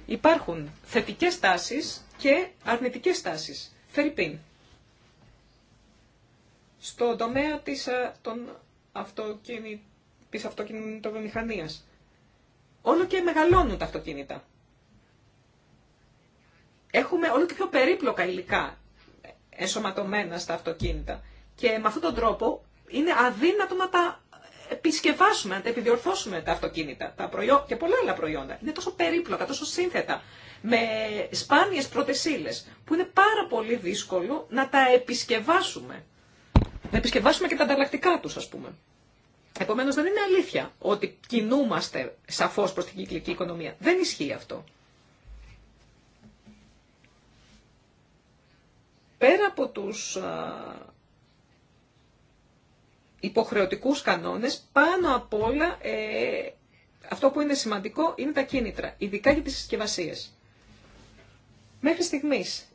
Υπάρχουν θετικές τάσεις και αρνητικές τάσεις. Φερρυπίν. Στον τομέα της, ε, των αυτοκινη, της αυτοκινητοβιομηχανίας όλο και μεγαλώνουν τα αυτοκίνητα. Έχουμε όλο και πιο περίπλοκα υλικά ενσωματωμένα στα αυτοκίνητα. Και με αυτόν τον τρόπο είναι αδύνατο να τα επισκευάσουμε, να τα επιδιορθώσουμε τα αυτοκίνητα τα προϊό... και πολλά άλλα προϊόντα. Είναι τόσο περίπλοκα, τόσο σύνθετα, με σπάνιες πρωτεσίλες, που είναι πάρα πολύ δύσκολο να τα επισκευάσουμε. Να επισκευάσουμε και τα ανταλλακτικά τους, ας πούμε. Επομένως δεν είναι αλήθεια ότι κινούμαστε σαφώς προς την κυκλική οικονομία. Δεν ισχύει αυτό. Πέρα από τους υποχρεωτικούς κανόνες, πάνω απ' όλα ε, αυτό που είναι σημαντικό είναι τα κίνητρα, ειδικά για τις συσκευασίε. Μέχρι στιγμής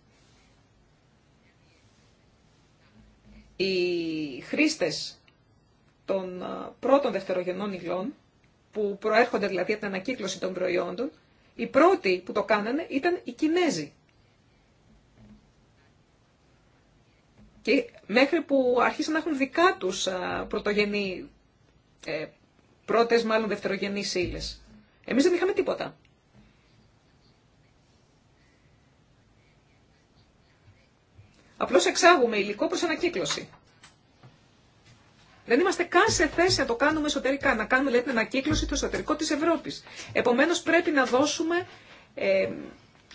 οι χρήστες των πρώτων δευτερογενών υλών, που προέρχονται δηλαδή από την ανακύκλωση των προϊόντων, οι πρώτοι που το κάνανε ήταν οι Κινέζοι. Και μέχρι που αρχίσαν να έχουν δικά τους πρωτογενή, ε, πρώτες μάλλον δευτερογενείς ύλες. Εμείς δεν είχαμε τίποτα. Απλώς εξάγουμε υλικό προς ανακύκλωση. Δεν είμαστε καν σε θέση να το κάνουμε εσωτερικά, να κάνουμε λέει, την ανακύκλωση του εσωτερικού της Ευρώπης. Επομένως πρέπει να δώσουμε ε,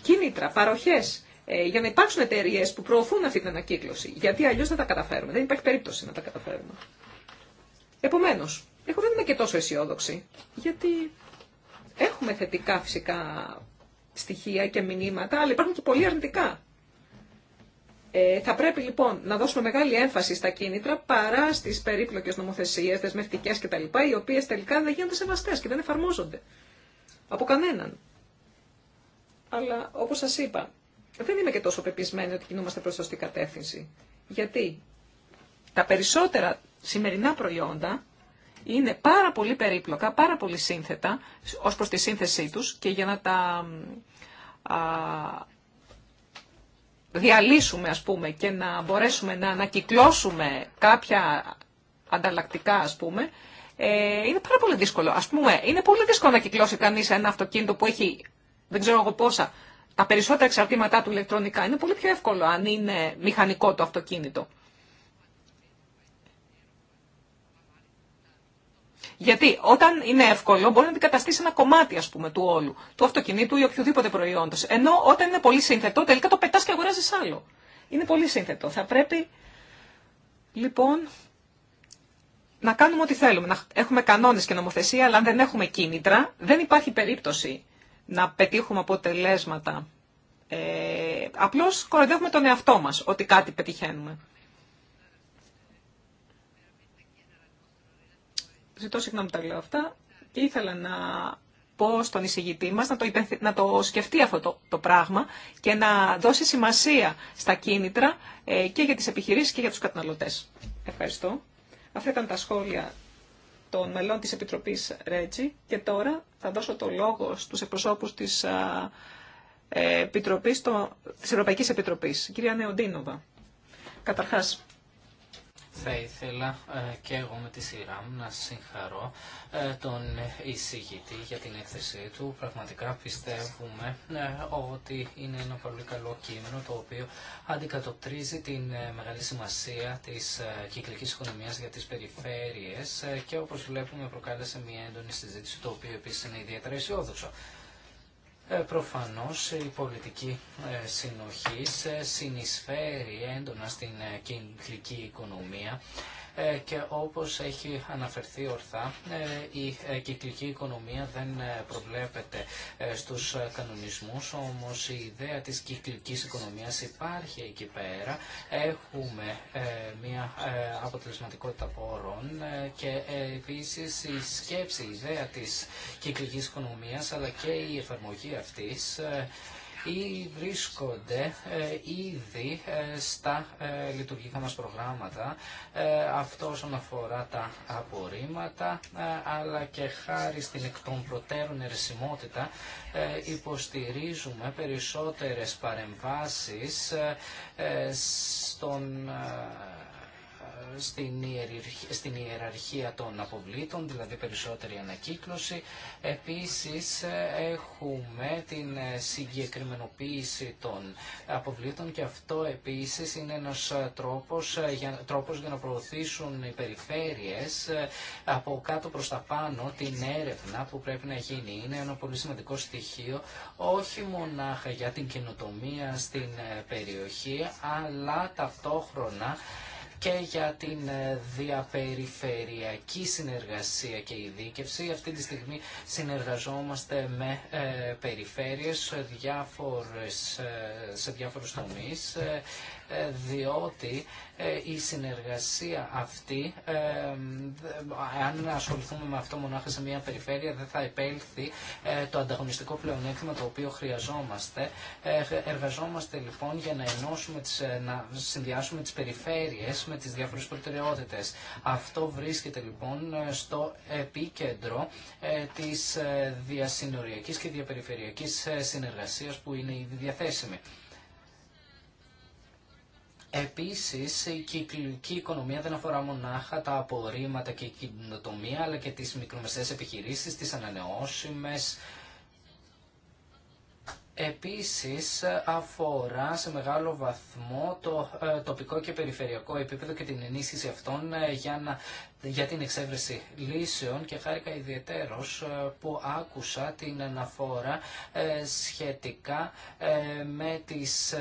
κίνητρα, παροχές, ε, για να υπάρξουν εταιρείε που προωθούν αυτή την ανακύκλωση. Γιατί αλλιώς δεν τα καταφέρουμε, δεν υπάρχει περίπτωση να τα καταφέρουμε. Επομένως, εγώ δεν είμαι και τόσο αισιόδοξη, γιατί έχουμε θετικά φυσικά στοιχεία και μηνύματα, αλλά υπάρχουν και πολύ αρνητικά. Ε, θα πρέπει λοιπόν να δώσουμε μεγάλη έμφαση στα κίνητρα παρά στις περίπλοκες νομοθεσίες, δεσμευτικές κτλ, οι οποίες τελικά δεν γίνονται σεβαστέ και δεν εφαρμόζονται από κανέναν. Αλλά όπως σας είπα, δεν είμαι και τόσο πεπισμένη ότι κινούμαστε προς σωστή κατεύθυνση. Γιατί τα περισσότερα σημερινά προϊόντα είναι πάρα πολύ περίπλοκα, πάρα πολύ σύνθετα ως προς τη σύνθεσή τους και για να τα διαλύσουμε ας πούμε και να μπορέσουμε να ανακυκλώσουμε κάποια ανταλλακτικά ας πούμε, ε, είναι πάρα πολύ δύσκολο. Ας πούμε, είναι πολύ δύσκολο να κυκλώσει κανείς ένα αυτοκίνητο που έχει, δεν ξέρω εγώ πόσα, τα περισσότερα εξαρτήματά του ηλεκτρονικά. Είναι πολύ πιο εύκολο αν είναι μηχανικό το αυτοκίνητο. Γιατί όταν είναι εύκολο μπορεί να αντικαταστήσει ένα κομμάτι ας πούμε, του όλου, του αυτοκινήτου ή οποιοδήποτε προϊόντο. Ενώ όταν είναι πολύ σύνθετο τελικά το πετά και αγοράζει άλλο. Είναι πολύ σύνθετο. Θα πρέπει λοιπόν να κάνουμε ό,τι θέλουμε. Να έχουμε κανόνες και νομοθεσία, αλλά αν δεν έχουμε κίνητρα, δεν υπάρχει περίπτωση να πετύχουμε αποτελέσματα. Ε, απλώς κοροϊδεύουμε τον εαυτό μας ότι κάτι πετυχαίνουμε. ζητώ συγγνώμη που τα λέω αυτά, ήθελα να πω στον εισηγητή μας να το, να το σκεφτεί αυτό το, πράγμα και να δώσει σημασία στα κίνητρα ε, και για τις επιχειρήσεις και για τους καταναλωτές. Ευχαριστώ. Αυτά ήταν τα σχόλια των μελών της Επιτροπής Ρέτζι και τώρα θα δώσω το λόγο στους εκπροσώπους της, ε, της Ευρωπαϊκής Επιτροπής, κυρία Νεοντίνοβα. Καταρχάς, θα ήθελα ε, και εγώ με τη σειρά μου να συγχαρώ ε, τον εισηγητή για την έκθεσή του. Πραγματικά πιστεύουμε ε, ότι είναι ένα πολύ καλό κείμενο το οποίο αντικατοπτρίζει την μεγάλη σημασία της κυκλικής οικονομίας για τις περιφέρειες και όπως βλέπουμε προκάλεσε μια έντονη συζήτηση το οποίο επίσης είναι ιδιαίτερα αισιόδοξο. Ε, προφανώς η πολιτική ε, συνοχή ε, συνεισφέρει έντονα στην κυκλική οικονομία ε, και όπως έχει αναφερθεί ορθά ε, η ε, κυκλική οικονομία δεν προβλέπεται στους κανονισμούς όμως η ιδέα της κυκλικής οικονομίας υπάρχει εκεί πέρα έχουμε μια αποτελεσματικότητα πόρων και επίσης η σκέψη, η ιδέα της κυκλικής οικονομίας αλλά και η εφαρμογή αυτής ή βρίσκονται ε, ήδη ε, στα ε, λειτουργικά μας προγράμματα. Αυτό όσον αφορά τα απορρίμματα, αλλά και χάρη στην εκ των προτέρων ερεσιμότητα υποστηρίζουμε περισσότερες παρεμβάσεις στον στην ιεραρχία των αποβλήτων, δηλαδή περισσότερη ανακύκλωση. Επίσης ε, έχουμε την ε, συγκεκριμενοποίηση των αποβλήτων και αυτό επίσης είναι ένας ε, τρόπος για, τρόπος για να προωθήσουν οι περιφέρειες από κάτω προς τα πάνω την έρευνα που πρέπει να γίνει. Είναι ένα πολύ σημαντικό στοιχείο όχι μονάχα για την καινοτομία στην περιοχή αλλά ταυτόχρονα και για την ε, διαπεριφερειακή συνεργασία και ειδίκευση. Αυτή τη στιγμή συνεργαζόμαστε με ε, περιφέρειες σε διάφορες, ε, σε διάφορους τομείς διότι ε, η συνεργασία αυτή, ε, αν ασχοληθούμε με αυτό μονάχα σε μια περιφέρεια, δεν θα επέλθει ε, το ανταγωνιστικό πλεονέκτημα το οποίο χρειαζόμαστε. Εργαζόμαστε λοιπόν για να ενώσουμε, τις, να συνδυάσουμε τις περιφέρειες με τις διάφορες προτεραιότητες. Αυτό βρίσκεται λοιπόν στο επίκεντρο της διασυνοριακής και διαπεριφερειακής συνεργασίας που είναι ήδη διαθέσιμη. Επίσης, η κυκλική οικονομία δεν αφορά μονάχα τα απορρίμματα και η κοινοτομία, αλλά και τις μικρομεσαίες επιχειρήσεις, τις ανανεώσιμες. Επίσης, αφορά σε μεγάλο βαθμό το ε, τοπικό και περιφερειακό επίπεδο και την ενίσχυση αυτών ε, για να για την εξέβρεση λύσεων και χάρηκα ιδιαιτέρως ε, που άκουσα την αναφορά ε, σχετικά ε, με τις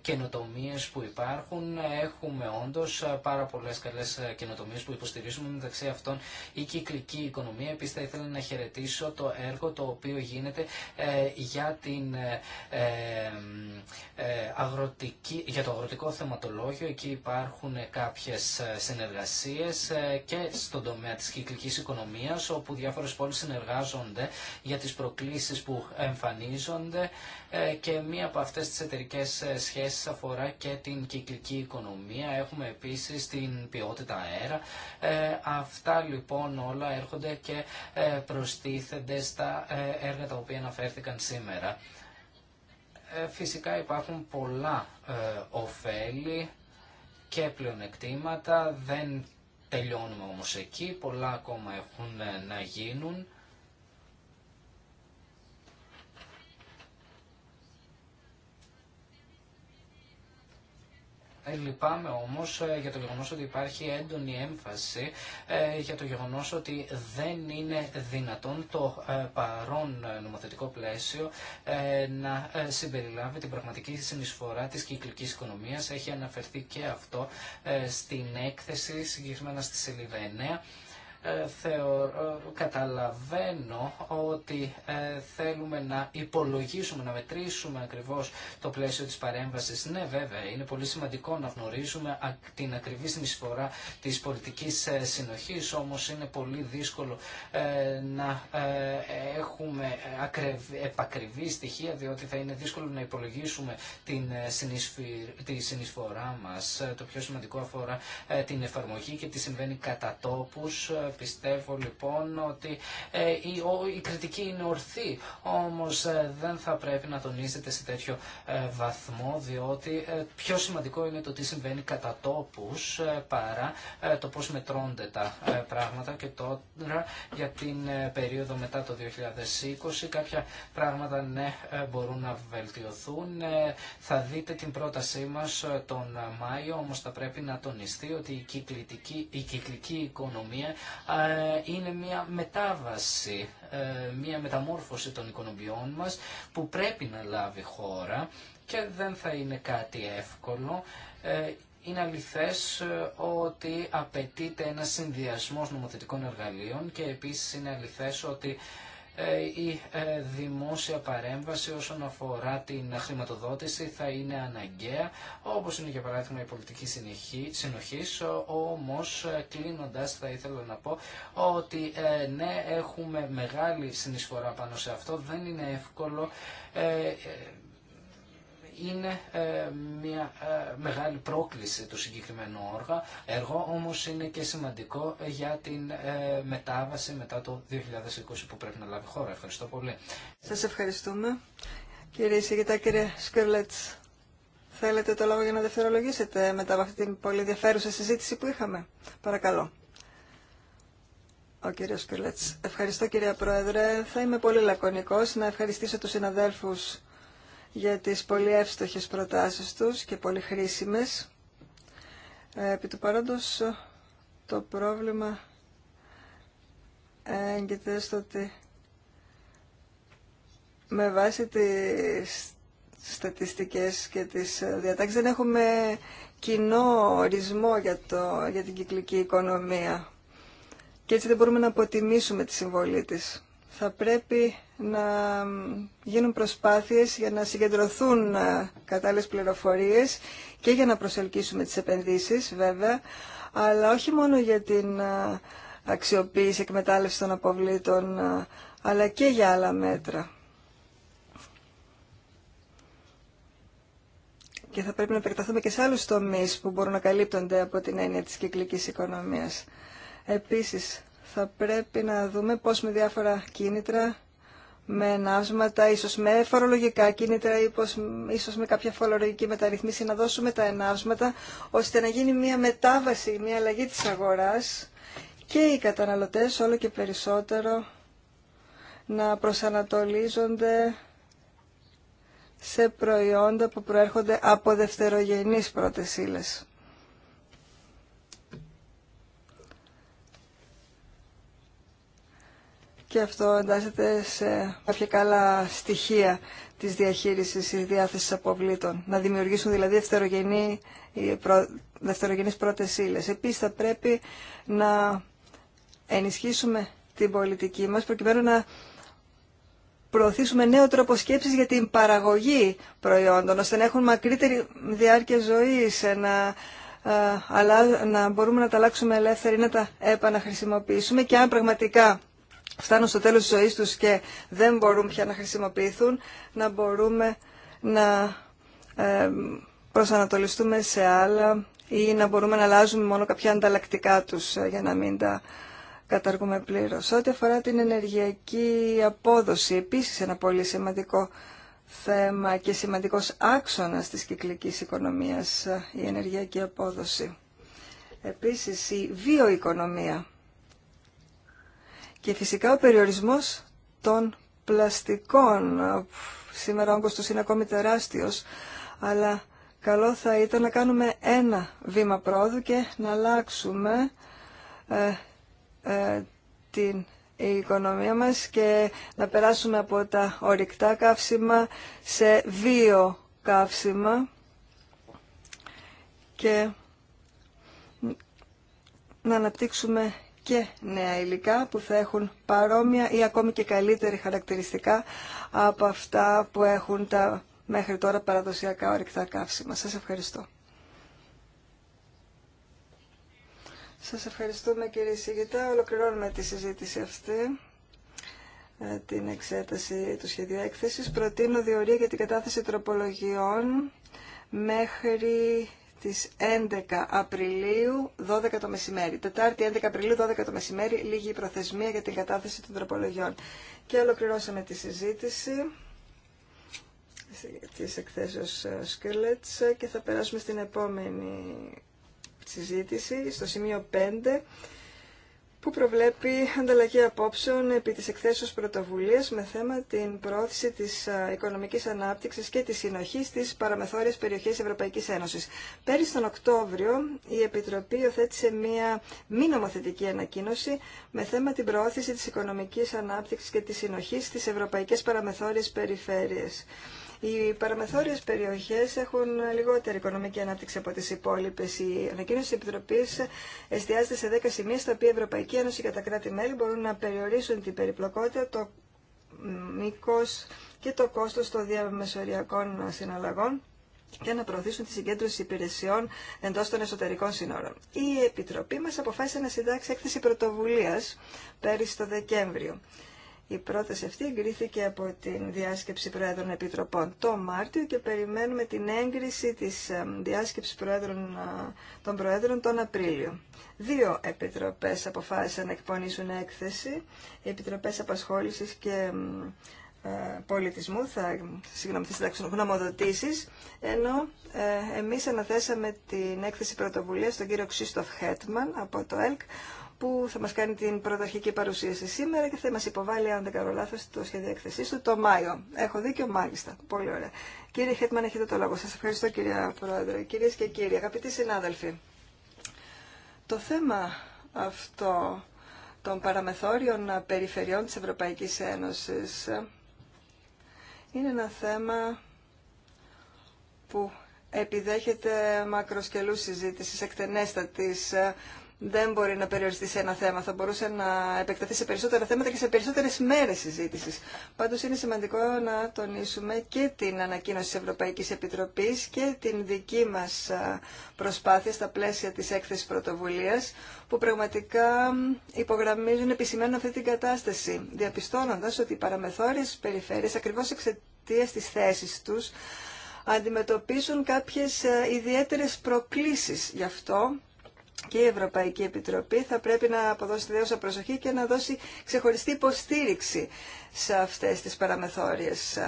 καινοτομίες που υπάρχουν. Έχουμε όντως πάρα πολλές καλές καινοτομίες που υποστηρίζουμε μεταξύ αυτών η κυκλική οικονομία. Επίσης θα ήθελα να χαιρετήσω το έργο το οποίο γίνεται για, την, αγροτική, για το αγροτικό θεματολόγιο. Εκεί υπάρχουν κάποιες συνεργασίες και και στον τομέα της κυκλικής οικονομίας όπου διάφορες πόλεις συνεργάζονται για τις προκλήσεις που εμφανίζονται ε, και μία από αυτές τις εταιρικέ ε, σχέσεις αφορά και την κυκλική οικονομία. Έχουμε επίσης την ποιότητα αέρα. Ε, αυτά λοιπόν όλα έρχονται και προστίθενται στα έργα τα οποία αναφέρθηκαν σήμερα. Φυσικά υπάρχουν πολλά ωφέλη και πλεονεκτήματα, δεν τελειώνουμε όμως εκεί. Πολλά ακόμα έχουν ε, να γίνουν. Ε, λυπάμαι όμως ε, για το γεγονό ότι υπάρχει έντονη έμφαση ε, για το γεγονό ότι δεν είναι δυνατόν το παρόν νομοθετικό πλαίσιο να συμπεριλάβει την πραγματική συνεισφορά τη κυκλικής οικονομίας. Έχει αναφερθεί και αυτό στην έκθεση, συγκεκριμένα στη σελίδα 9 ε, ε, καταλαβαίνω ότι ε, θέλουμε να υπολογίσουμε, να μετρήσουμε ακριβώς το πλαίσιο της παρέμβασης. Ναι βέβαια, είναι πολύ σημαντικό να γνωρίζουμε την ακριβή συνεισφορά της πολιτικής συνοχής, όμως είναι πολύ δύσκολο να έχουμε επακριβή στοιχεία, διότι θα είναι δύσκολο να υπολογίσουμε την τη συνεισφορά μας. Το πιο σημαντικό αφορά την εφαρμογή και τι συμβαίνει κατά τόπους Πιστεύω λοιπόν ότι ε, η κριτική είναι ορθή, όμως ε, δεν θα πρέπει να τονίζεται σε τέτοιο ε, βαθμό, διότι πιο σημαντικό είναι το τι συμβαίνει κατά τόπους παρά το πώς μετρώνται τα πράγματα και τώρα για την περίοδο μετά το 2020 κάποια πράγματα ναι μπορούν να βελτιωθούν. Θα δείτε την πρότασή μας τον Μάιο, όμως θα πρέπει να τονιστεί ότι η κυκλική, η κυκλική οικονομία ε, είναι μια μετάβαση, ε, μια μεταμόρφωση των οικονομιών μας που πρέπει να λάβει χώρα και δεν θα είναι κάτι εύκολο. Ε, είναι αληθές ότι απαιτείται ένα συνδυασμός νομοθετικών εργαλείων και επίσης είναι αληθές ότι ε, η ε, δημόσια παρέμβαση όσον αφορά την χρηματοδότηση θα είναι αναγκαία, όπως είναι για παράδειγμα η πολιτική συνοχή, όμως ε, κλείνοντας θα ήθελα να πω ότι ναι έχουμε μεγάλη συνεισφορά πάνω σε αυτό, δεν είναι εύκολο είναι ε, μια ε, μεγάλη πρόκληση του συγκεκριμένου όργα, έργο όμως είναι και σημαντικό για την ε, μετάβαση μετά το 2020 που πρέπει να λάβει χώρα. Ευχαριστώ πολύ. Σας ευχαριστούμε. Κύριε Σιγητά, κύριε Σκύρλετς, θέλετε το λόγο για να δευτερολογήσετε μετά από αυτή την πολύ ενδιαφέρουσα συζήτηση που είχαμε. Παρακαλώ. Ο κύριος Σκύρλετς. Ευχαριστώ κύριε Πρόεδρε. Θα είμαι πολύ λακωνικός να ευχαριστήσω τους συναδέλφους για τις πολύ εύστοχες προτάσεις τους και πολύ χρήσιμες. Ε, επί του παρόντος το πρόβλημα έγκυται στο ότι με βάση τις στατιστικές και τις διατάξεις δεν έχουμε κοινό ορισμό για, το, για την κυκλική οικονομία και έτσι δεν μπορούμε να αποτιμήσουμε τη συμβολή της θα πρέπει να γίνουν προσπάθειες για να συγκεντρωθούν ε, κατάλληλες πληροφορίες και για να προσελκύσουμε τις επενδύσεις βέβαια, αλλά όχι μόνο για την ε, αξιοποίηση, εκμετάλλευση των αποβλήτων, ε, αλλά και για άλλα μέτρα. Και θα πρέπει να επεκταθούμε και σε άλλους τομείς που μπορούν να καλύπτονται από την έννοια της κυκλικής οικονομίας. Επίσης, θα πρέπει να δούμε πώς με διάφορα κίνητρα, με ενάυσματα, ίσως με φορολογικά κίνητρα ή πώς, ίσως με κάποια φορολογική μεταρρυθμίση να δώσουμε τα ενάυσματα, ώστε να γίνει μια μετάβαση, μια αλλαγή της αγοράς και οι καταναλωτές όλο και περισσότερο να προσανατολίζονται σε προϊόντα που προέρχονται από δευτερογενείς πρώτες ύλες. και αυτό εντάσσεται σε κάποια καλά στοιχεία της διαχείρισης ή διάθεσης αποβλήτων. Να δημιουργήσουν δηλαδή δευτερογενή, ε, δευτερογενείς πρώτες ύλες. Επίσης θα πρέπει να ενισχύσουμε την πολιτική μας προκειμένου να προωθήσουμε νέο τρόπο σκέψης για την παραγωγή προϊόντων, ώστε να έχουν μακρύτερη διάρκεια ζωής, να, ε, αλλά να μπορούμε να τα αλλάξουμε ελεύθερη, να τα επαναχρησιμοποιήσουμε και αν πραγματικά φτάνουν στο τέλος της ζωής τους και δεν μπορούν πια να χρησιμοποιηθούν, να μπορούμε να ε, προσανατολιστούμε σε άλλα ή να μπορούμε να αλλάζουμε μόνο κάποια ανταλλακτικά τους ε, για να μην τα καταργούμε πλήρως. Ό,τι αφορά την ενεργειακή απόδοση, επίσης ένα πολύ σημαντικό θέμα και σημαντικός άξονας της κυκλικής οικονομίας ε, η ενεργειακή απόδοση. Επίσης η βιοοικονομία και φυσικά ο περιορισμός των πλαστικών, σήμερα ο όγκος τους είναι ακόμη τεράστιος, αλλά καλό θα ήταν να κάνουμε ένα βήμα πρόοδου και να αλλάξουμε ε, ε, την οικονομία μας και να περάσουμε από τα ορυκτά καύσιμα σε δύο καύσιμα και να αναπτύξουμε και νέα υλικά που θα έχουν παρόμοια ή ακόμη και καλύτερη χαρακτηριστικά από αυτά που έχουν τα μέχρι τώρα παραδοσιακά ορυκτά καύσιμα. Σας ευχαριστώ. Σας ευχαριστούμε κύριε Σιγητά. Ολοκληρώνουμε τη συζήτηση αυτή, ε, την εξέταση του σχεδίου Προτείνω διορία για την κατάθεση τροπολογιών μέχρι στις 11 Απριλίου 12 το μεσημέρι. Τετάρτη 11 Απριλίου 12 το μεσημέρι λίγη η προθεσμία για την κατάθεση των τροπολογιών. Και ολοκληρώσαμε τη συζήτηση της εκθέσεως ε, Σκέλετς και θα περάσουμε στην επόμενη συζήτηση στο σημείο 5 που προβλέπει ανταλλαγή απόψεων επί της εκθέσεως πρωτοβουλίας με θέμα την πρόθεση της οικονομικής ανάπτυξης και της συνοχής της παραμεθόριας περιοχές Ευρωπαϊκής Ένωσης. Πέρυσι τον Οκτώβριο η Επιτροπή υιοθέτησε μία μη νομοθετική ανακοίνωση με θέμα την πρόθεση της οικονομικής ανάπτυξης και της συνοχής στις ευρωπαϊκές παραμεθόριες περιφέρειες. Οι παραμεθόριε περιοχέ έχουν λιγότερη οικονομική ανάπτυξη από τι υπόλοιπε Η ανακοίνωση τη επιτροπή εστιάζεται σε 10 σημεία στα οποία η Ευρωπαϊκή Ένωση και τα κράτη-μέλη μπορούν να περιορίσουν την περιπλοκότητα, το μήκο και το κόστο των διαμεσοριακών συναλλαγών και να προωθήσουν τη συγκέντρωση υπηρεσιών εντό των εσωτερικών σύνορων. Η Επιτροπή μα αποφάσισε να συντάξει έκθεση πρωτοβουλία πέρυσι το Δεκέμβριο. Η πρόταση αυτή εγκρίθηκε από την Διάσκεψη Προέδρων Επιτροπών το Μάρτιο και περιμένουμε την έγκριση της ε, Διάσκεψης Προέδρων, ε, των Προέδρων τον Απρίλιο. Δύο επιτροπές αποφάσισαν να εκπονήσουν έκθεση. Οι επιτροπές απασχόλησης και ε, πολιτισμού, θα, συγγνώμη, θα γνωμοδοτήσεις, ενώ ε, εμείς αναθέσαμε την έκθεση πρωτοβουλία στον κύριο Ξίστοφ Χέτμαν από το ΕΛΚ, που θα μας κάνει την πρωταρχική παρουσίαση σήμερα και θα μας υποβάλει, αν δεν κάνω λάθος, το σχέδιο έκθεσή του το Μάιο. Έχω δίκιο, μάλιστα. Πολύ ωραία. Κύριε Χέτμαν, έχετε το λόγο. Σας ευχαριστώ, κυρία Πρόεδρε. Κυρίες και κύριοι, αγαπητοί συνάδελφοι, το θέμα αυτό των παραμεθόριων περιφερειών της Ευρωπαϊκής Ένωσης είναι ένα θέμα που επιδέχεται μακροσκελού συζήτηση εκτενέστατης δεν μπορεί να περιοριστεί σε ένα θέμα. Θα μπορούσε να επεκταθεί σε περισσότερα θέματα και σε περισσότερε μέρε συζήτηση. Πάντω είναι σημαντικό να τονίσουμε και την ανακοίνωση τη Ευρωπαϊκή Επιτροπή και την δική μα προσπάθεια στα πλαίσια τη έκθεση πρωτοβουλία που πραγματικά υπογραμμίζουν, επισημαίνουν αυτή την κατάσταση, διαπιστώνοντα ότι οι παραμεθόρειε περιφέρειες ακριβώ εξαιτία τη θέση του, αντιμετωπίζουν κάποιες ε, ιδιαίτερες προκλήσεις. Γι' αυτό και η Ευρωπαϊκή Επιτροπή θα πρέπει να αποδώσει δέωσα προσοχή και να δώσει ξεχωριστή υποστήριξη σε αυτές τις παραμεθόριες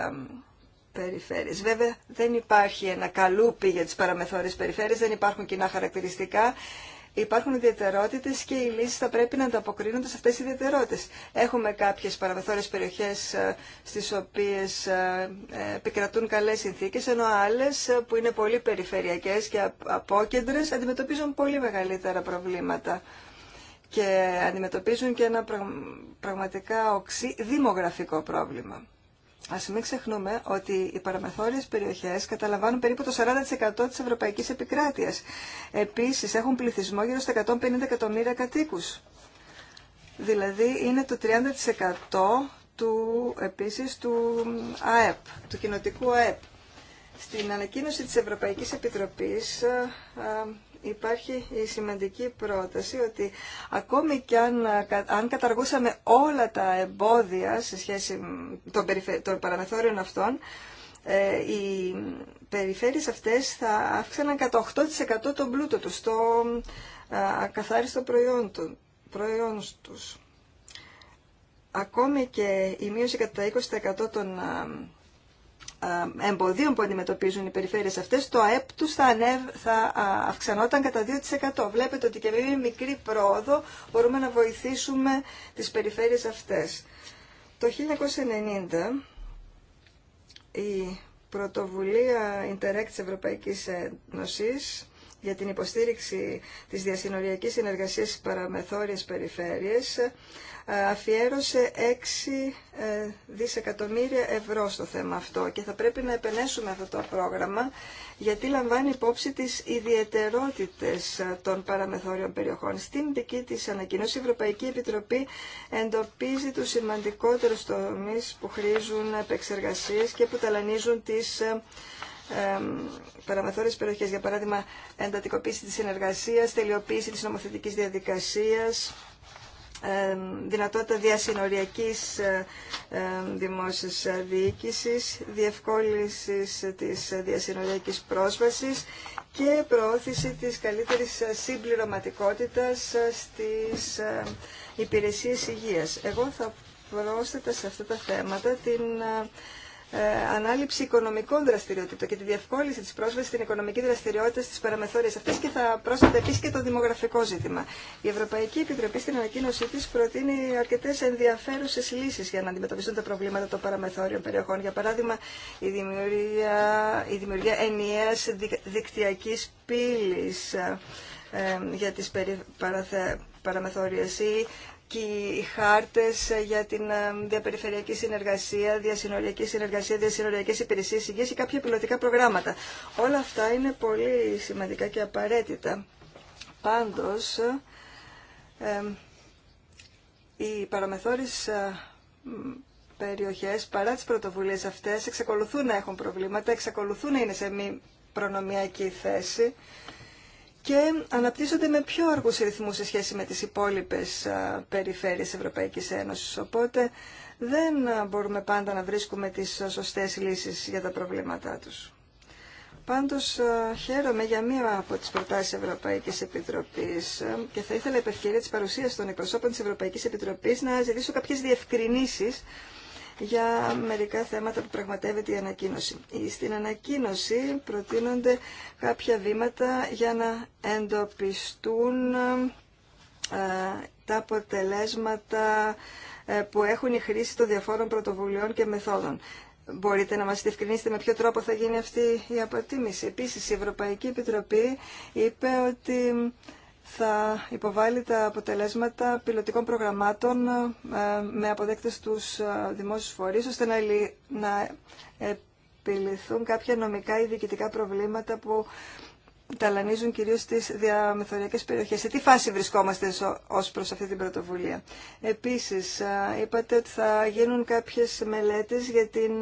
περιφέρειες. Βέβαια δεν υπάρχει ένα καλούπι για τις παραμεθόριες περιφέρειες, δεν υπάρχουν κοινά χαρακτηριστικά υπάρχουν ιδιαιτερότητε και οι λύσει θα πρέπει να ανταποκρίνονται σε αυτέ τι ιδιαιτερότητε. Έχουμε κάποιε παραβεθόρε περιοχέ ε, στι οποίε ε, ε, επικρατούν καλέ συνθήκε, ενώ άλλε που είναι πολύ περιφερειακέ και απόκεντρε αντιμετωπίζουν πολύ μεγαλύτερα προβλήματα και αντιμετωπίζουν και ένα πραγματικά οξύ δημογραφικό πρόβλημα. Α μην ξεχνούμε ότι οι παραμεθόριες περιοχές καταλαμβάνουν περίπου το 40% της ευρωπαϊκής επικράτειας. Επίσης έχουν πληθυσμό γύρω στα 150 εκατομμύρια κατοίκου. Δηλαδή είναι το 30% του, επίσης του ΑΕΠ, του κοινοτικού ΑΕΠ. Στην ανακοίνωση της Ευρωπαϊκής Επιτροπής ε, υπάρχει η σημαντική πρόταση ότι ακόμη και αν, αν καταργούσαμε όλα τα εμπόδια σε σχέση των, περιφε... παραμεθόριων αυτών, ε, οι περιφέρειες αυτές θα αύξαναν κατά 8% τον πλούτο τους, το ε, ακαθάριστο προϊόν, το τους. Ακόμη και η μείωση κατά 20% των ε, ε, εμποδίων που αντιμετωπίζουν οι περιφέρειες αυτές, το ΑΕΠ τους θα, αυξανόταν κατά 2%. Βλέπετε ότι και με μια μικρή πρόοδο μπορούμε να βοηθήσουμε τις περιφέρειες αυτές. Το 1990 η πρωτοβουλία Interreg της Ευρωπαϊκής Ένωσης για την υποστήριξη της διασυνοριακής συνεργασίας στις παραμεθόριες περιφέρειες αφιέρωσε 6 ε, δισεκατομμύρια ευρώ στο θέμα αυτό και θα πρέπει να επενέσουμε αυτό το πρόγραμμα γιατί λαμβάνει υπόψη τις ιδιαιτερότητες ε, των παραμεθόριων περιοχών. Στην δική της ανακοινώση η Ευρωπαϊκή Επιτροπή εντοπίζει τους σημαντικότερους τομείς που χρήζουν επεξεργασίες και που ταλανίζουν τις ε, περιοχέ, περιοχές. Για παράδειγμα, εντατικοποίηση της συνεργασίας, τελειοποίηση της νομοθετικής διαδικασίας, δυνατότητα διασυνοριακής ε, δημόσιας διοίκησης, διευκόλυνσης της διασυνοριακής πρόσβασης και προώθηση της καλύτερης συμπληρωματικότητας στις ε, υπηρεσίες υγείας. Εγώ θα πρόσθετα σε αυτά τα θέματα την ε, ε, ανάληψη οικονομικών δραστηριοτήτων και τη διευκόλυνση της πρόσβασης στην οικονομική δραστηριότητα στις παραμεθόρειες αυτές και θα πρόσθεται επίση και το δημογραφικό ζήτημα. Η Ευρωπαϊκή Επιτροπή στην ανακοίνωσή τη προτείνει αρκετέ ενδιαφέρουσε λύσεις για να αντιμετωπιστούν τα προβλήματα των παραμεθόριων περιοχών. Για παράδειγμα, η δημιουργία, η δημιουργία ενιαίας πύλης ε, ε, για τις παραμεθόριες και οι χάρτες για την ε, διαπεριφερειακή συνεργασία, διασυνοριακή συνεργασία, διασυνοριακές υπηρεσίες υγείας και κάποια πιλωτικά προγράμματα. Όλα αυτά είναι πολύ σημαντικά και απαραίτητα. Πάντως, ε, οι παραμεθόρεις ε, περιοχές, παρά τις πρωτοβουλίες αυτές, εξακολουθούν να έχουν προβλήματα, εξακολουθούν να είναι σε μη προνομιακή θέση και αναπτύσσονται με πιο αργούς ρυθμούς σε σχέση με τις υπόλοιπες περιφέρειες Ευρωπαϊκής Ένωσης. Οπότε δεν μπορούμε πάντα να βρίσκουμε τις σωστές λύσεις για τα προβλήματά τους. Πάντως χαίρομαι για μία από τις προτάσεις Ευρωπαϊκής Επιτροπής και θα ήθελα επευκαιρία ευκαιρία της παρουσίας των εκπροσώπων της Ευρωπαϊκής Επιτροπής να ζητήσω κάποιες διευκρινήσεις για μερικά θέματα που πραγματεύεται η ανακοίνωση. Στην ανακοίνωση προτείνονται κάποια βήματα για να εντοπιστούν ε, τα αποτελέσματα ε, που έχουν η χρήση των διαφόρων πρωτοβουλειών και μεθόδων. Μπορείτε να μας διευκρινίσετε με ποιο τρόπο θα γίνει αυτή η αποτίμηση. Επίσης, η Ευρωπαϊκή Επιτροπή είπε ότι θα υποβάλει τα αποτελέσματα πιλωτικών προγραμμάτων ε, με αποδέκτες τους ε, δημόσιους φορείς, ώστε να, να επιληθούν κάποια νομικά ή διοικητικά προβλήματα που ταλανίζουν κυρίως τις διαμεθοριακές περιοχές. Σε τι φάση βρισκόμαστε ως προς αυτή την πρωτοβουλία. Επίσης, ε, είπατε ότι θα γίνουν κάποιες μελέτες για, την,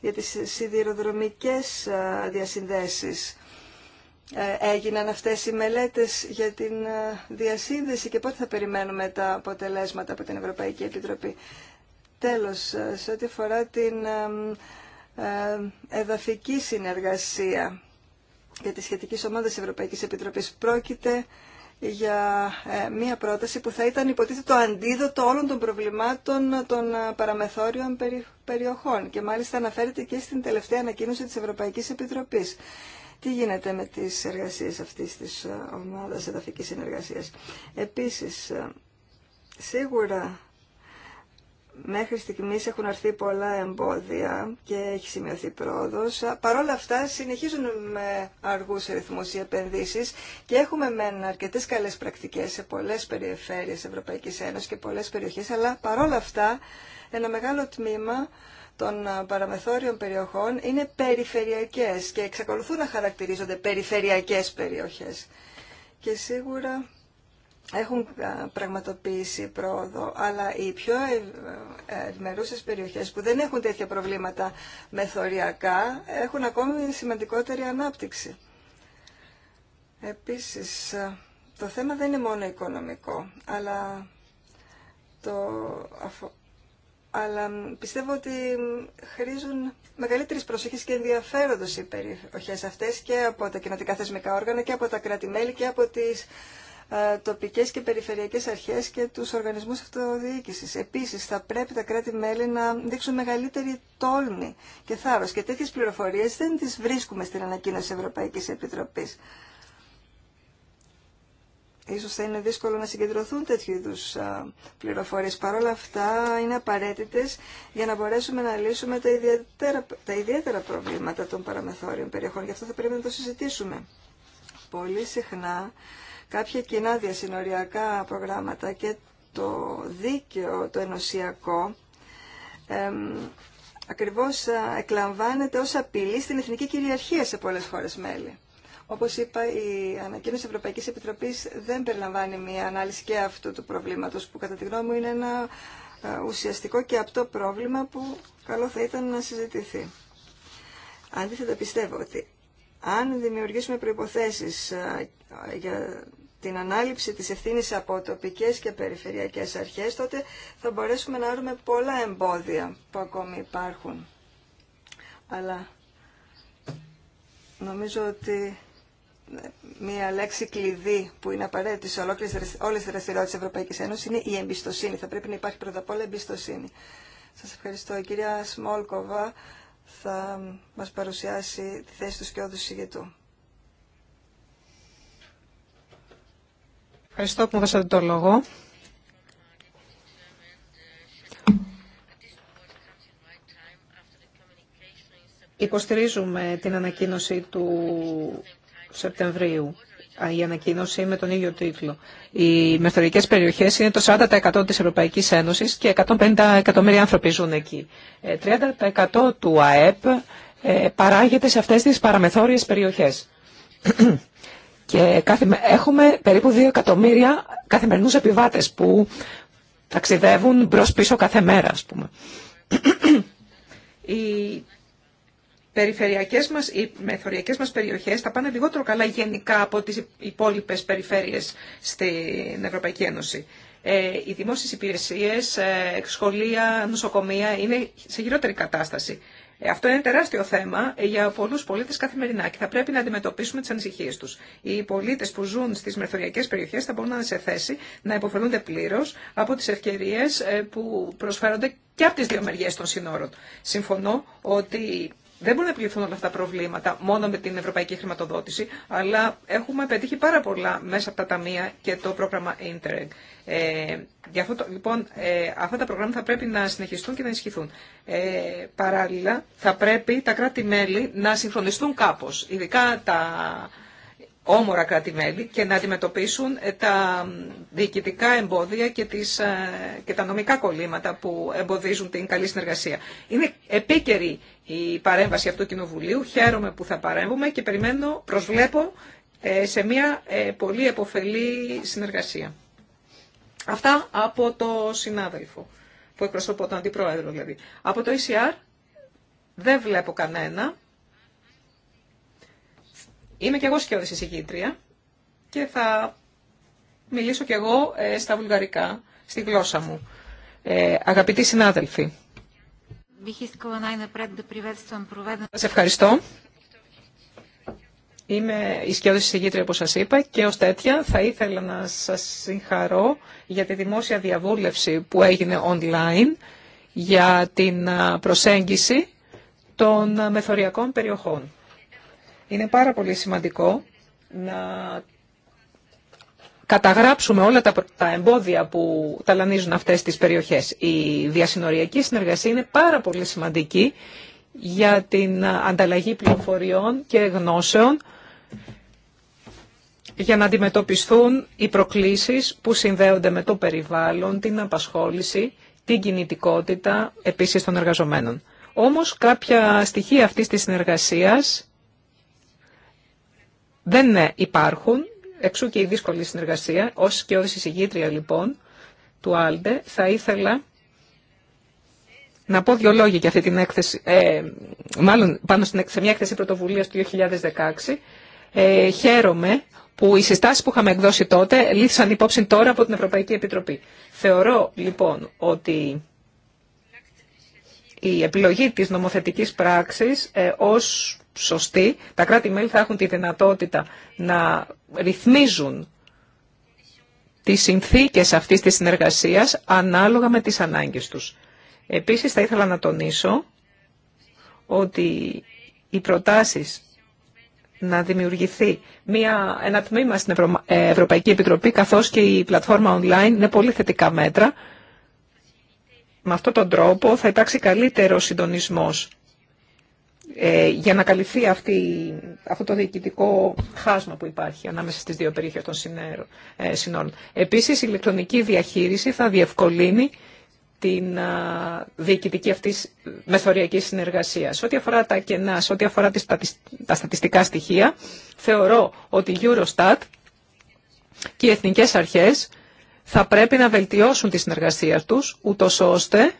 για τις σιδηροδρομικές διασυνδέσεις ε, έγιναν αυτές οι μελέτες για την ε, διασύνδεση και πότε θα περιμένουμε τα αποτελέσματα από την Ευρωπαϊκή Επιτροπή. Τέλος, ε, σε ό,τι αφορά την εδαφική συνεργασία για τη σχετική ομάδα της Ευρωπαϊκής Επιτροπής πρόκειται για μία πρόταση που θα ήταν υποτίθεται το αντίδοτο όλων των προβλημάτων των παραμεθόριων περιοχών και μάλιστα αναφέρεται και στην τελευταία ανακοίνωση της Ευρωπαϊκής Επιτροπής. Τι γίνεται με τις εργασίες αυτής της ε, ομάδας εδαφικής συνεργασίας. Επίσης, ε, σίγουρα μέχρι στιγμής έχουν αρθεί πολλά εμπόδια και έχει σημειωθεί πρόοδος. Παρ' όλα αυτά συνεχίζουν με αργούς ρυθμούς οι επενδύσεις και έχουμε μεν αρκετές καλές πρακτικές σε πολλές περιφέρειες Ευρωπαϊκής Ένωσης και πολλές περιοχές, αλλά όλα αυτά ένα μεγάλο τμήμα των παραμεθόριων περιοχών είναι περιφερειακές και εξακολουθούν να χαρακτηρίζονται περιφερειακές περιοχές. Και σίγουρα έχουν πραγματοποιήσει πρόοδο, αλλά οι πιο ευμερούσες ε, περιοχές που δεν έχουν τέτοια προβλήματα μεθοριακά έχουν ακόμη σημαντικότερη ανάπτυξη. Επίσης, το θέμα δεν είναι μόνο οικονομικό, αλλά το αλλά πιστεύω ότι χρήζουν μεγαλύτερη προσοχή και ενδιαφέροντο οι περιοχέ αυτέ και από τα κοινοτικά θεσμικά όργανα και από τα κράτη-μέλη και από τι ε, τοπικές και περιφερειακές αρχές και τους οργανισμούς αυτοδιοίκησης. Επίσης, θα πρέπει τα κράτη-μέλη να δείξουν μεγαλύτερη τόλμη και θάρρος. Και τέτοιες πληροφορίες δεν τις βρίσκουμε στην ανακοίνωση Ευρωπαϊκής Επιτροπής. Ίσως θα είναι δύσκολο να συγκεντρωθούν τέτοιου είδου πληροφορίες. Παρ' όλα αυτά είναι απαραίτητες για να μπορέσουμε να λύσουμε τα ιδιαίτερα, τα ιδιαίτερα προβλήματα των παραμεθόριων περιοχών. Γι' αυτό θα πρέπει να το συζητήσουμε. Πολύ συχνά κάποια κοινά διασυνοριακά προγράμματα και το δίκαιο, το ενωσιακό, εμ, ακριβώς εκλαμβάνεται ως απειλή στην εθνική κυριαρχία σε πολλές χώρες μέλη. Όπω είπα, η ανακοίνωση Ευρωπαϊκή Επιτροπή δεν περιλαμβάνει μια ανάλυση και αυτού του προβλήματο που κατά τη γνώμη μου είναι ένα ε, ουσιαστικό και απτό πρόβλημα που καλό θα ήταν να συζητηθεί. Αντίθετα, πιστεύω ότι αν δημιουργήσουμε προϋποθέσεις ε, για την ανάληψη της ευθύνης από τοπικές και περιφερειακές αρχές, τότε θα μπορέσουμε να άρουμε πολλά εμπόδια που ακόμη υπάρχουν. Αλλά νομίζω ότι μία λέξη κλειδί που είναι απαραίτητη σε όλες τις δραστηριότητε της Ευρωπαϊκή Ένωση είναι η εμπιστοσύνη. Θα πρέπει να υπάρχει πρώτα απ' όλα εμπιστοσύνη. Σας ευχαριστώ. Η κυρία Σμόλκοβα θα μας παρουσιάσει τη θέση του σκιώδου συγγετού. Ευχαριστώ που μου δώσατε το λόγο. Υποστηρίζουμε την ανακοίνωση του Σεπτεμβρίου η ανακοίνωση με τον ίδιο τίτλο. Οι μεθορικές περιοχέ είναι το 40% τη Ευρωπαϊκή Ένωση και 150 εκατομμύρια άνθρωποι ζουν εκεί. 30% ε, του ΑΕΠ ε, παράγεται σε αυτέ τι παραμεθόριες περιοχέ. και έχουμε περίπου 2 εκατομμύρια καθημερινού επιβάτε που ταξιδεύουν μπρο πίσω κάθε μέρα, α πούμε. περιφερειακές μας, οι μεθοριακές μας περιοχές θα πάνε λιγότερο καλά γενικά από τις υπόλοιπες περιφέρειες στην Ευρωπαϊκή Ένωση. Ε, οι δημόσιες υπηρεσίες, ε, σχολεία, νοσοκομεία είναι σε χειρότερη κατάσταση. Ε, αυτό είναι τεράστιο θέμα ε, για πολλούς πολίτες καθημερινά και θα πρέπει να αντιμετωπίσουμε τις ανησυχίες τους. Οι πολίτες που ζουν στις μεθοριακές περιοχές θα μπορούν να είναι σε θέση να υποφελούνται πλήρως από τις ευκαιρίες ε, που προσφέρονται και από τι δύο μεριές των συνόρων. Συμφωνώ ότι δεν μπορούν να επιληφθούν όλα αυτά τα προβλήματα μόνο με την ευρωπαϊκή χρηματοδότηση, αλλά έχουμε πετύχει πάρα πολλά μέσα από τα ταμεία και το πρόγραμμα Interreg. Ε, για αυτό λοιπόν, ε, αυτά τα προγράμματα θα πρέπει να συνεχιστούν και να ενισχυθούν. Ε, παράλληλα, θα πρέπει τα κράτη-μέλη να συγχρονιστούν κάπως, ειδικά τα όμορα και να αντιμετωπίσουν ε, τα διοικητικά εμπόδια και, τις, ε, και τα νομικά κολλήματα που εμποδίζουν την καλή συνεργασία. Είναι επίκαιρη η παρέμβαση αυτού του Κοινοβουλίου, χαίρομαι που θα παρέμβουμε και περιμένω, προσβλέπω ε, σε μια πολύ εποφελή συνεργασία. Αυτά από το συνάδελφο που εκπροσωπώ, τον αντιπρόεδρο δηλαδή. Από το ECR δεν βλέπω κανένα Είμαι και εγώ σκιώδης εισηγήτρια και θα μιλήσω κι εγώ ε, στα βουλγαρικά, στη γλώσσα μου. Ε, αγαπητοί συνάδελφοι, σας ευχαριστώ. Είμαι η σκιώδης εισηγήτρια, όπως σας είπα, και ως τέτοια θα ήθελα να σας συγχαρώ για τη δημόσια διαβούλευση που έγινε online για την προσέγγιση των μεθοριακών περιοχών. Είναι πάρα πολύ σημαντικό να καταγράψουμε όλα τα, τα εμπόδια που ταλανίζουν αυτές τις περιοχές. Η διασυνοριακή συνεργασία είναι πάρα πολύ σημαντική για την ανταλλαγή πληροφοριών και γνώσεων για να αντιμετωπιστούν οι προκλήσεις που συνδέονται με το περιβάλλον, την απασχόληση, την κινητικότητα επίσης των εργαζομένων. Όμως κάποια στοιχεία αυτής της συνεργασίας δεν ε, υπάρχουν, εξού και η δύσκολη συνεργασία. Ως και ως εισηγήτρια λοιπόν του Άλντε θα ήθελα να πω δύο λόγια για αυτή την έκθεση, ε, μάλλον πάνω στην, σε μια έκθεση πρωτοβουλίας του 2016. Ε, χαίρομαι που οι συστάσεις που είχαμε εκδώσει τότε λύθησαν υπόψη τώρα από την Ευρωπαϊκή Επιτροπή. Θεωρώ λοιπόν ότι η επιλογή της νομοθετικής πράξης ε, ως σωστή, τα κράτη-μέλη θα έχουν τη δυνατότητα να ρυθμίζουν τις συνθήκες αυτής της συνεργασίας ανάλογα με τις ανάγκες τους. Επίσης θα ήθελα να τονίσω ότι οι προτάσεις να δημιουργηθεί μια, ένα τμήμα στην ε, Ευρωπαϊκή Επιτροπή καθώς και η πλατφόρμα online είναι πολύ θετικά μέτρα. Με αυτόν τον τρόπο θα υπάρξει καλύτερο συντονισμός ε, για να καλυφθεί αυτή, αυτό το διοικητικό χάσμα που υπάρχει ανάμεσα στις δύο περιοχές των ε, συνόρων. Επίσης, η ηλεκτρονική διαχείριση θα διευκολύνει την διοικητική αυτή μεθοριακή συνεργασία. Σε ό,τι αφορά τα κενά, σε ό,τι αφορά τα στατιστικά στοιχεία, θεωρώ ότι η Eurostat και οι εθνικές αρχές θα πρέπει να βελτιώσουν τη συνεργασία τους, ούτω ώστε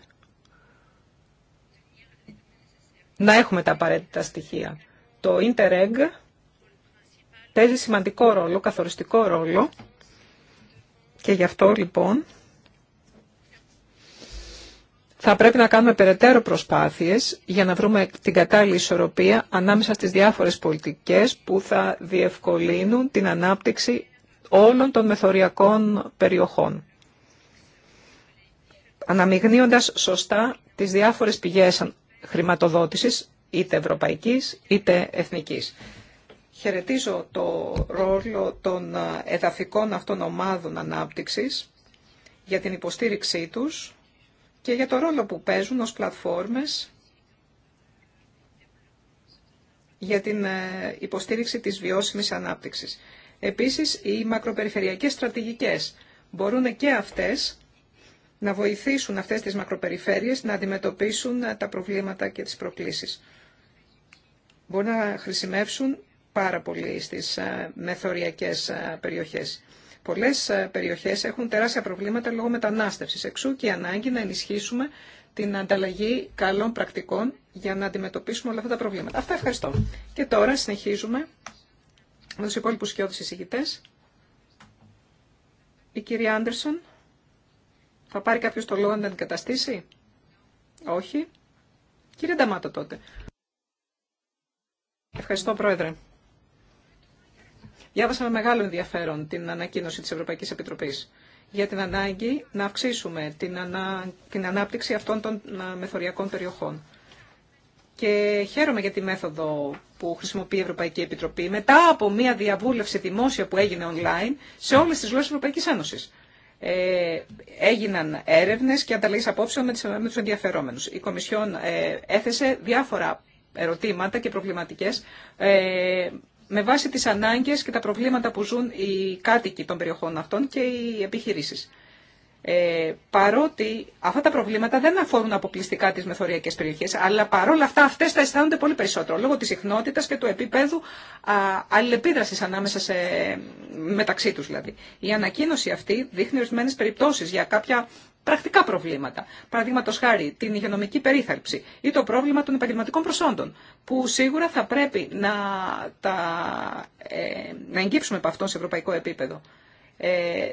να έχουμε τα απαραίτητα στοιχεία. Το Interreg παίζει σημαντικό ρόλο, καθοριστικό ρόλο και γι' αυτό λοιπόν θα πρέπει να κάνουμε περαιτέρω προσπάθειες για να βρούμε την κατάλληλη ισορροπία ανάμεσα στις διάφορες πολιτικές που θα διευκολύνουν την ανάπτυξη όλων των μεθοριακών περιοχών. Αναμειγνύοντας σωστά τις διάφορες πηγές χρηματοδότησης, είτε ευρωπαϊκής είτε εθνικής. Χαιρετίζω το ρόλο των εδαφικών αυτών ομάδων ανάπτυξης για την υποστήριξή τους και για το ρόλο που παίζουν ως πλατφόρμες για την ε, υποστήριξη της βιώσιμης ανάπτυξης. Επίσης, οι μακροπεριφερειακές στρατηγικές μπορούν και αυτές να βοηθήσουν αυτές τις μακροπεριφέρειες να αντιμετωπίσουν ε, τα προβλήματα και τις προκλήσεις. Μπορεί να χρησιμεύσουν πάρα πολύ στις ε, μεθοριακές ε, περιοχές. Πολλές περιοχές έχουν τεράστια προβλήματα λόγω μετανάστευσης. Εξού και η ανάγκη να ενισχύσουμε την ανταλλαγή καλών πρακτικών για να αντιμετωπίσουμε όλα αυτά τα προβλήματα. Αυτά ευχαριστώ. Και τώρα συνεχίζουμε με τους υπόλοιπους σκιώδους εισηγητές. Η κυρία Άντερσον. Θα πάρει κάποιο το λόγο να την αντικαταστήσει. Όχι. Κύριε Νταμάτο τότε. Ευχαριστώ Πρόεδρε. Διάβασα με μεγάλο ενδιαφέρον την ανακοίνωση της Ευρωπαϊκής Επιτροπής για την ανάγκη να αυξήσουμε την, την ανάπτυξη αυτών των ε, μεθοριακών περιοχών. Και χαίρομαι για τη μέθοδο που χρησιμοποιεί η Ευρωπαϊκή Επιτροπή μετά από μια διαβούλευση δημόσια που έγινε online σε όλες τις γλώσσες της Ευρωπαϊκής Ένωσης. Ε, έγιναν έρευνες και ανταλλαγές απόψεων με, τις, με τους ενδιαφερόμενους. Η Κομισιόν ε, έθεσε διάφορα ερωτήματα και προβληματικές ε, με βάση τις ανάγκες και τα προβλήματα που ζουν οι κάτοικοι των περιοχών αυτών και οι επιχειρήσεις. Ε, παρότι αυτά τα προβλήματα δεν αφορούν αποκλειστικά τις μεθοριακές περιοχές, αλλά παρόλα αυτά αυτές τα αισθάνονται πολύ περισσότερο, λόγω της συχνότητας και του επίπεδου αλληλεπίδραση αλληλεπίδρασης ανάμεσα σε, μεταξύ τους δηλαδή. Η ανακοίνωση αυτή δείχνει ορισμένε περιπτώσεις για κάποια πρακτικά προβλήματα. Παραδείγματο χάρη την υγειονομική περίθαλψη ή το πρόβλημα των επαγγελματικών προσόντων, που σίγουρα θα πρέπει να, τα, ε, να εγγύψουμε από αυτόν σε ευρωπαϊκό επίπεδο. Ε,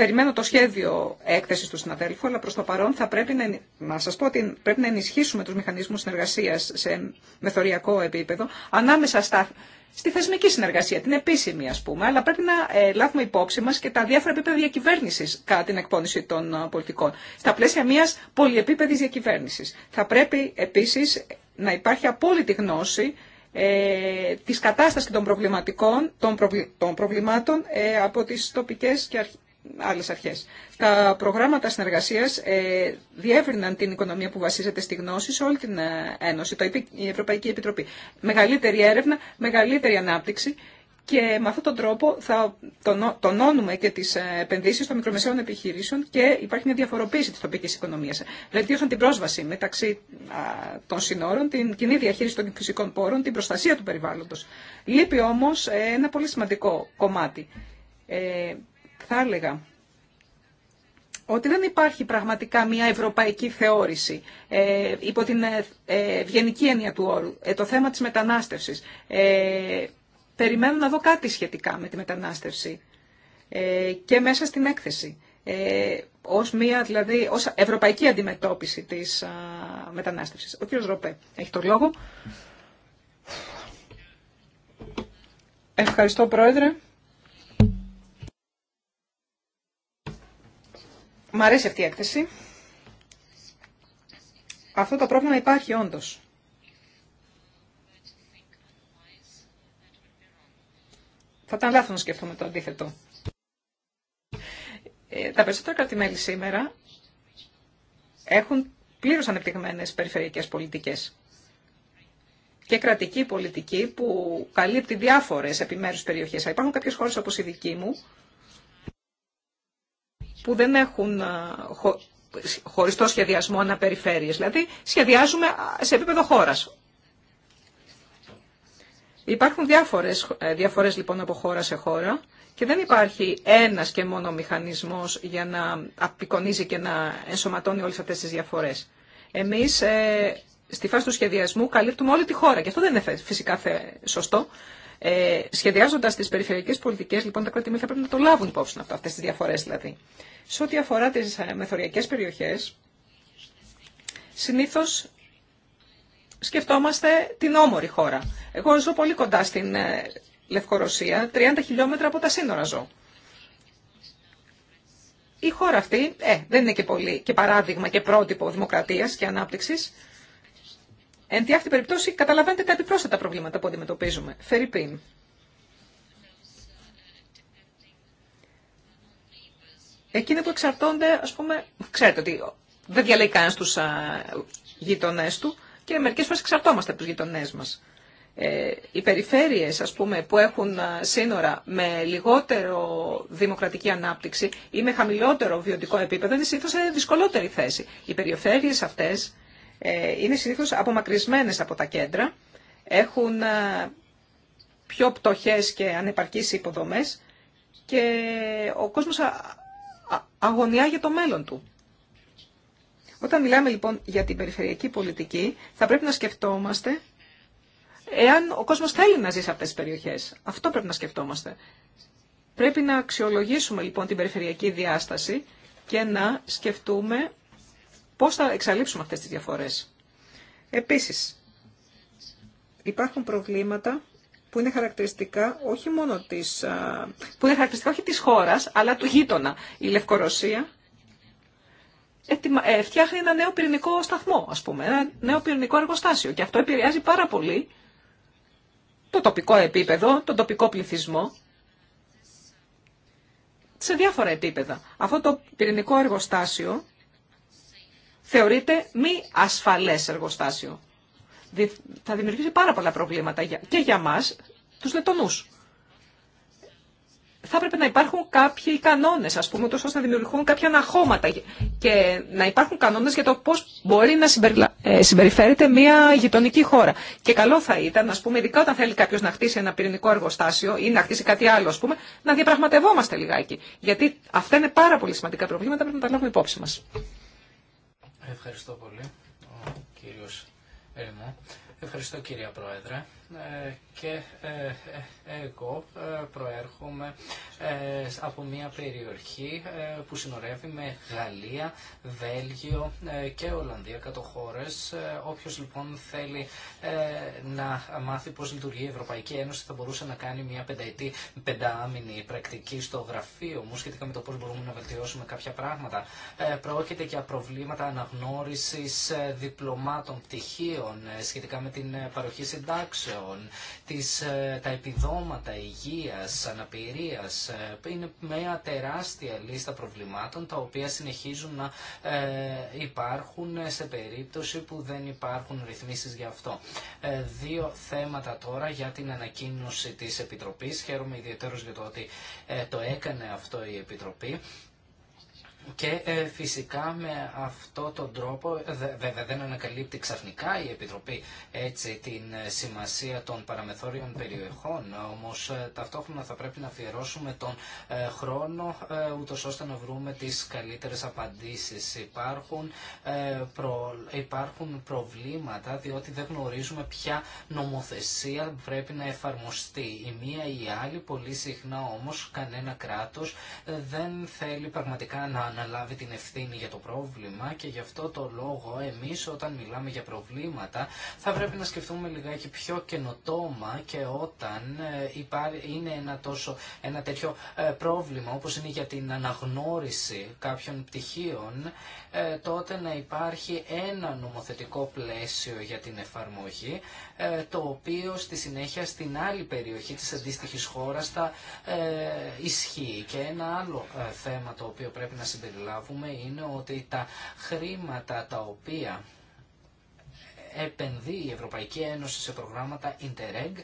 Περιμένω το σχέδιο έκθεση του συναδέλφου, αλλά προ το παρόν θα πρέπει να, να σα πω ότι πρέπει να ενισχύσουμε του μηχανισμού συνεργασία σε μεθοριακό επίπεδο ανάμεσα στα, στη θεσμική συνεργασία, την επίσημη α πούμε, αλλά πρέπει να ε, λάβουμε υπόψη μα και τα διάφορα επίπεδα διακυβέρνηση κατά την εκπόνηση των ε, πολιτικών. Στα πλαίσια μια πολυεπίπεδη διακυβέρνηση. Θα πρέπει επίση να υπάρχει απόλυτη γνώση ε, της κατάστασης των, προβληματικών, των, των προβλημάτων ε, από τις τοπικές και αρχ, άλλες αρχές. Τα προγράμματα συνεργασίας ε, διεύρυναν την οικονομία που βασίζεται στη γνώση σε όλη την ε, Ένωση, το η Ευρωπαϊκή Επιτροπή. Μεγαλύτερη έρευνα, μεγαλύτερη ανάπτυξη και με αυτόν τον τρόπο θα τονώνουμε και τις ε, επενδύσεις των μικρομεσαίων επιχειρήσεων και υπάρχει μια διαφοροποίηση της τοπικής οικονομίας. Βελτίωσαν την πρόσβαση μεταξύ των συνόρων, την κοινή διαχείριση των φυσικών πόρων, την προστασία του περιβάλλοντος. Λείπει όμως ένα πολύ σημαντικό κομμάτι ε, θα έλεγα ότι δεν υπάρχει πραγματικά μια ευρωπαϊκή θεώρηση ε, υπό την ε, ε, ευγενική έννοια του όρου. Ε, το θέμα της μετανάστευσης. Ε, περιμένω να δω κάτι σχετικά με τη μετανάστευση και μέσα στην έκθεση. Ως μια, δηλαδή, ως ευρωπαϊκή αντιμετώπιση της α, μετανάστευσης. Ο κύριος Ροπέ έχει το λόγο. Ευχαριστώ, Πρόεδρε. Μ' αρέσει αυτή η έκθεση. Αυτό το πρόβλημα υπάρχει όντως. Θα ήταν λάθος να σκεφτούμε το αντίθετο. Ε, τα περισσότερα κρατημέλη σήμερα έχουν πλήρως ανεπτυγμένες περιφερειακές πολιτικές και κρατική πολιτική που καλύπτει διάφορες επιμέρους περιοχές. Υπάρχουν κάποιες χώρες όπως η δική μου που δεν έχουν ε, χωριστό σχεδιασμό αναπεριφέρειες. Δηλαδή, σχεδιάζουμε σε επίπεδο χώρας. Υπάρχουν διάφορες, ε, διαφορές λοιπόν από χώρα σε χώρα και δεν υπάρχει ένας και μόνο μηχανισμός για να απεικονίζει και να ενσωματώνει όλες αυτές τις διαφορές. Εμείς ε, στη φάση του σχεδιασμού καλύπτουμε όλη τη χώρα και αυτό δεν είναι φυσικά σωστό. Ε, Σχεδιάζοντα τι περιφερειακέ πολιτικέ, λοιπόν, τα κρατη θα πρέπει να το λάβουν υπόψη αυτά αυτέ τι διαφορέ δηλαδή. Σε ό,τι αφορά τι ε, μεθοριακέ περιοχέ, συνήθω σκεφτόμαστε την όμορη χώρα. Εγώ ζω πολύ κοντά στην ε, Λευκορωσία, 30 χιλιόμετρα από τα σύνορα ζω. Η χώρα αυτή ε, δεν είναι και πολύ και παράδειγμα και πρότυπο δημοκρατίας και ανάπτυξης. Εν τη αυτή περιπτώση καταλαβαίνετε τα επιπρόσθετα προβλήματα που αντιμετωπίζουμε. Φερρυπίν. Εκείνοι που εξαρτώνται, ας πούμε, ξέρετε ότι δεν διαλέγει κανένα τους γειτονές του και μερικές φορές εξαρτώμαστε από τους γειτονές μας. Ε, οι περιφέρειες ας πούμε, που έχουν σύνορα με λιγότερο δημοκρατική ανάπτυξη ή με χαμηλότερο βιωτικό επίπεδο είναι συνήθως σε δυσκολότερη θέση. Οι περιφέρειες αυτές ε, είναι συνήθως απομακρυσμένες από τα κέντρα, έχουν ε, πιο πτωχές και ανεπαρκείς υποδομές και ο κόσμος αγωνιά για το μέλλον του. Όταν μιλάμε λοιπόν για την περιφερειακή πολιτική, θα πρέπει να σκεφτόμαστε εάν ο κόσμος θέλει να ζει σε αυτές τις περιοχές. Αυτό πρέπει να σκεφτόμαστε. Πρέπει να αξιολογήσουμε λοιπόν την περιφερειακή διάσταση και να σκεφτούμε Πώς θα εξαλείψουμε αυτές τις διαφορές. Επίσης, υπάρχουν προβλήματα που είναι χαρακτηριστικά όχι μόνο της, που είναι χαρακτηριστικά όχι της χώρας, αλλά του γείτονα. Η Λευκορωσία ε, φτιάχνει ένα νέο πυρηνικό σταθμό, ας πούμε, ένα νέο πυρηνικό εργοστάσιο και αυτό επηρεάζει πάρα πολύ το τοπικό επίπεδο, τον τοπικό πληθυσμό, σε διάφορα επίπεδα. Αυτό το πυρηνικό εργοστάσιο θεωρείται μη ασφαλές εργοστάσιο. Θα δημιουργήσει πάρα πολλά προβλήματα και για μας, τους λετονούς. Θα έπρεπε να υπάρχουν κάποιοι κανόνε, α πούμε, τόσο ώστε να δημιουργούν κάποια αναχώματα και να υπάρχουν κανόνε για το πώ μπορεί να ε, συμπεριφέρεται μια γειτονική χώρα. Και καλό θα ήταν, α πούμε, ειδικά όταν θέλει κάποιο να χτίσει ένα πυρηνικό εργοστάσιο ή να χτίσει κάτι άλλο, α πούμε, να διαπραγματευόμαστε λιγάκι. Γιατί αυτά είναι πάρα πολύ σημαντικά προβλήματα, πρέπει να τα λάβουμε υπόψη μα. Ευχαριστώ πολύ, ο κύριος Έρμο. Ευχαριστώ κυρία Πρόεδρε. Ε, και ε, ε, εγώ προέρχομαι από μια περιοχή που συνορεύει με Γαλλία, Βέλγιο και Ολλανδία κατ' χώρες. Όποιος λοιπόν θέλει να μάθει πώς λειτουργεί η Ευρωπαϊκή Ένωση θα μπορούσε να κάνει μια πενταετή, πενταάμινη πρακτική στο γραφείο μου σχετικά με το πώς μπορούμε να βελτιώσουμε κάποια πράγματα. Πρόκειται για προβλήματα αναγνώρισης διπλωμάτων πτυχίων σχετικά με την παροχή συντάξεων τις, ε, τα επιδόματα υγείας, αναπηρίας. Ε, είναι μια τεράστια λίστα προβλημάτων τα οποία συνεχίζουν να ε, υπάρχουν σε περίπτωση που δεν υπάρχουν ρυθμίσεις για αυτό. Δύο θέματα τώρα για την ανακοίνωση της Επιτροπής. Χαίρομαι ιδιαίτερως για το ότι το έκανε αυτό η Επιτροπή. Και ε, φυσικά με αυτό τον τρόπο, βέβαια δεν ανακαλύπτει ξαφνικά η Επιτροπή έτσι την ε, σημασία των παραμεθόριων περιοχών, όμως ε, ταυτόχρονα θα πρέπει να αφιερώσουμε τον χρόνο ε, ώστε να βρούμε τις καλύτερες απαντήσεις. Υπάρχουν, προ, υπάρχουν προβλήματα διότι δεν γνωρίζουμε ποια νομοθεσία πρέπει να εφαρμοστεί. Η μία ή η άλλη, πολύ συχνά όμως κανένα κράτος δεν θέλει πραγματικά να να λάβει την ευθύνη για το πρόβλημα και γι' αυτό το λόγο εμείς όταν μιλάμε για προβλήματα θα πρέπει να σκεφτούμε λιγάκι πιο καινοτόμα και όταν ε, είναι ένα, τόσο, ένα τέτοιο ε, πρόβλημα όπως είναι για την αναγνώριση κάποιων πτυχίων ε, τότε να υπάρχει ένα νομοθετικό πλαίσιο για την εφαρμογή ε, το οποίο στη συνέχεια στην άλλη περιοχή της αντίστοιχης χώρας θα ε, ισχύει. Και ένα άλλο ε, θέμα το οποίο πρέπει να συμπεριλάβουμε είναι ότι τα χρήματα τα οποία επενδύει η Ευρωπαϊκή Ένωση σε προγράμματα Interreg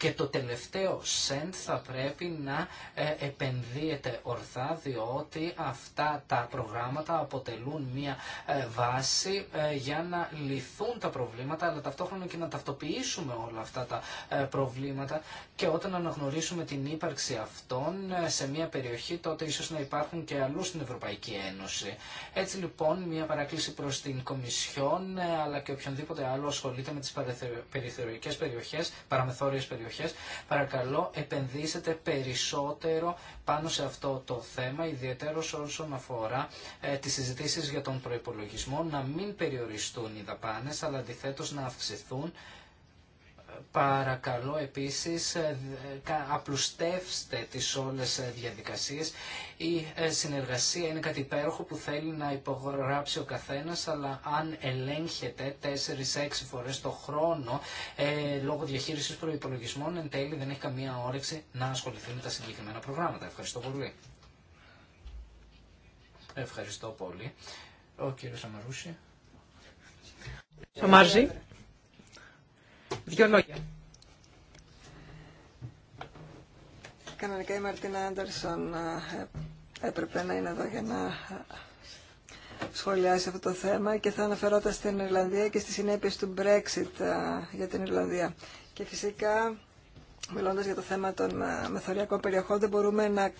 και το τελευταίο σεντ θα πρέπει να ε, επενδύεται ορθά διότι αυτά τα προγράμματα αποτελούν μια ε, βάση ε, για να λυθούν τα προβλήματα αλλά ταυτόχρονα και να ταυτοποιήσουμε όλα αυτά τα προβλήματα και όταν αναγνωρίσουμε την ύπαρξη αυτών σε μια περιοχή τότε ίσως να υπάρχουν και αλλού στην Ευρωπαϊκή Ένωση. Έτσι λοιπόν μια παράκληση προς την Κομισιόν αλλά και οποιονδήποτε άλλο ασχολείται με τις περιοχές, παραμεθόριες περιοχές Παρακαλώ επενδύσετε περισσότερο πάνω σε αυτό το θέμα, ιδιαίτερο όσον αφορά ε, τις συζητήσεις για τον προϋπολογισμό, να μην περιοριστούν οι δαπάνες, αλλά αντιθέτως να αυξηθούν παρακαλώ επίσης ε, απλουστεύστε τις όλες ε, διαδικασίες. Η ε, συνεργασία είναι κάτι υπέροχο που θέλει να υπογράψει ο καθένας, αλλά αν ελέγχεται 4-6 φορές το χρόνο λόγω διαχείρισης προϋπολογισμών, εν τέλει δεν έχει καμία όρεξη να ασχοληθεί με τα συγκεκριμένα προγράμματα. Ευχαριστώ πολύ. Ευχαριστώ πολύ. Ο κύριος Αμαρούση. Δύο λόγια. Κανονικά η Μαρτίνα Άντερσον ε, έπρεπε να είναι εδώ για να ε, σχολιάσει αυτό το θέμα και θα αναφερόταν στην Ιρλανδία και στις συνέπειες του Brexit ε, για την Ιρλανδία. Και φυσικά, μιλώντας για το θέμα των μεθοριακών περιοχών, δεν μπορούμε να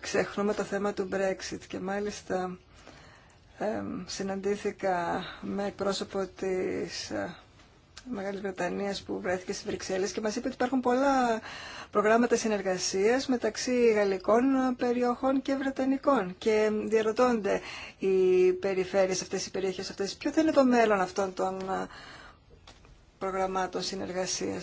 ξεχνούμε το θέμα του Brexit. Και μάλιστα συναντήθηκα με πρόσωπο της Μεγάλη Βρετανία που βρέθηκε στι Βρυξέλλε και μα είπε ότι υπάρχουν πολλά προγράμματα συνεργασία μεταξύ γαλλικών περιοχών και βρετανικών και διαρωτώνται οι περιφέρειες αυτέ οι περιοχές αυτέ. ποιο θα είναι το μέλλον αυτών των ε, προγραμμάτων συνεργασία.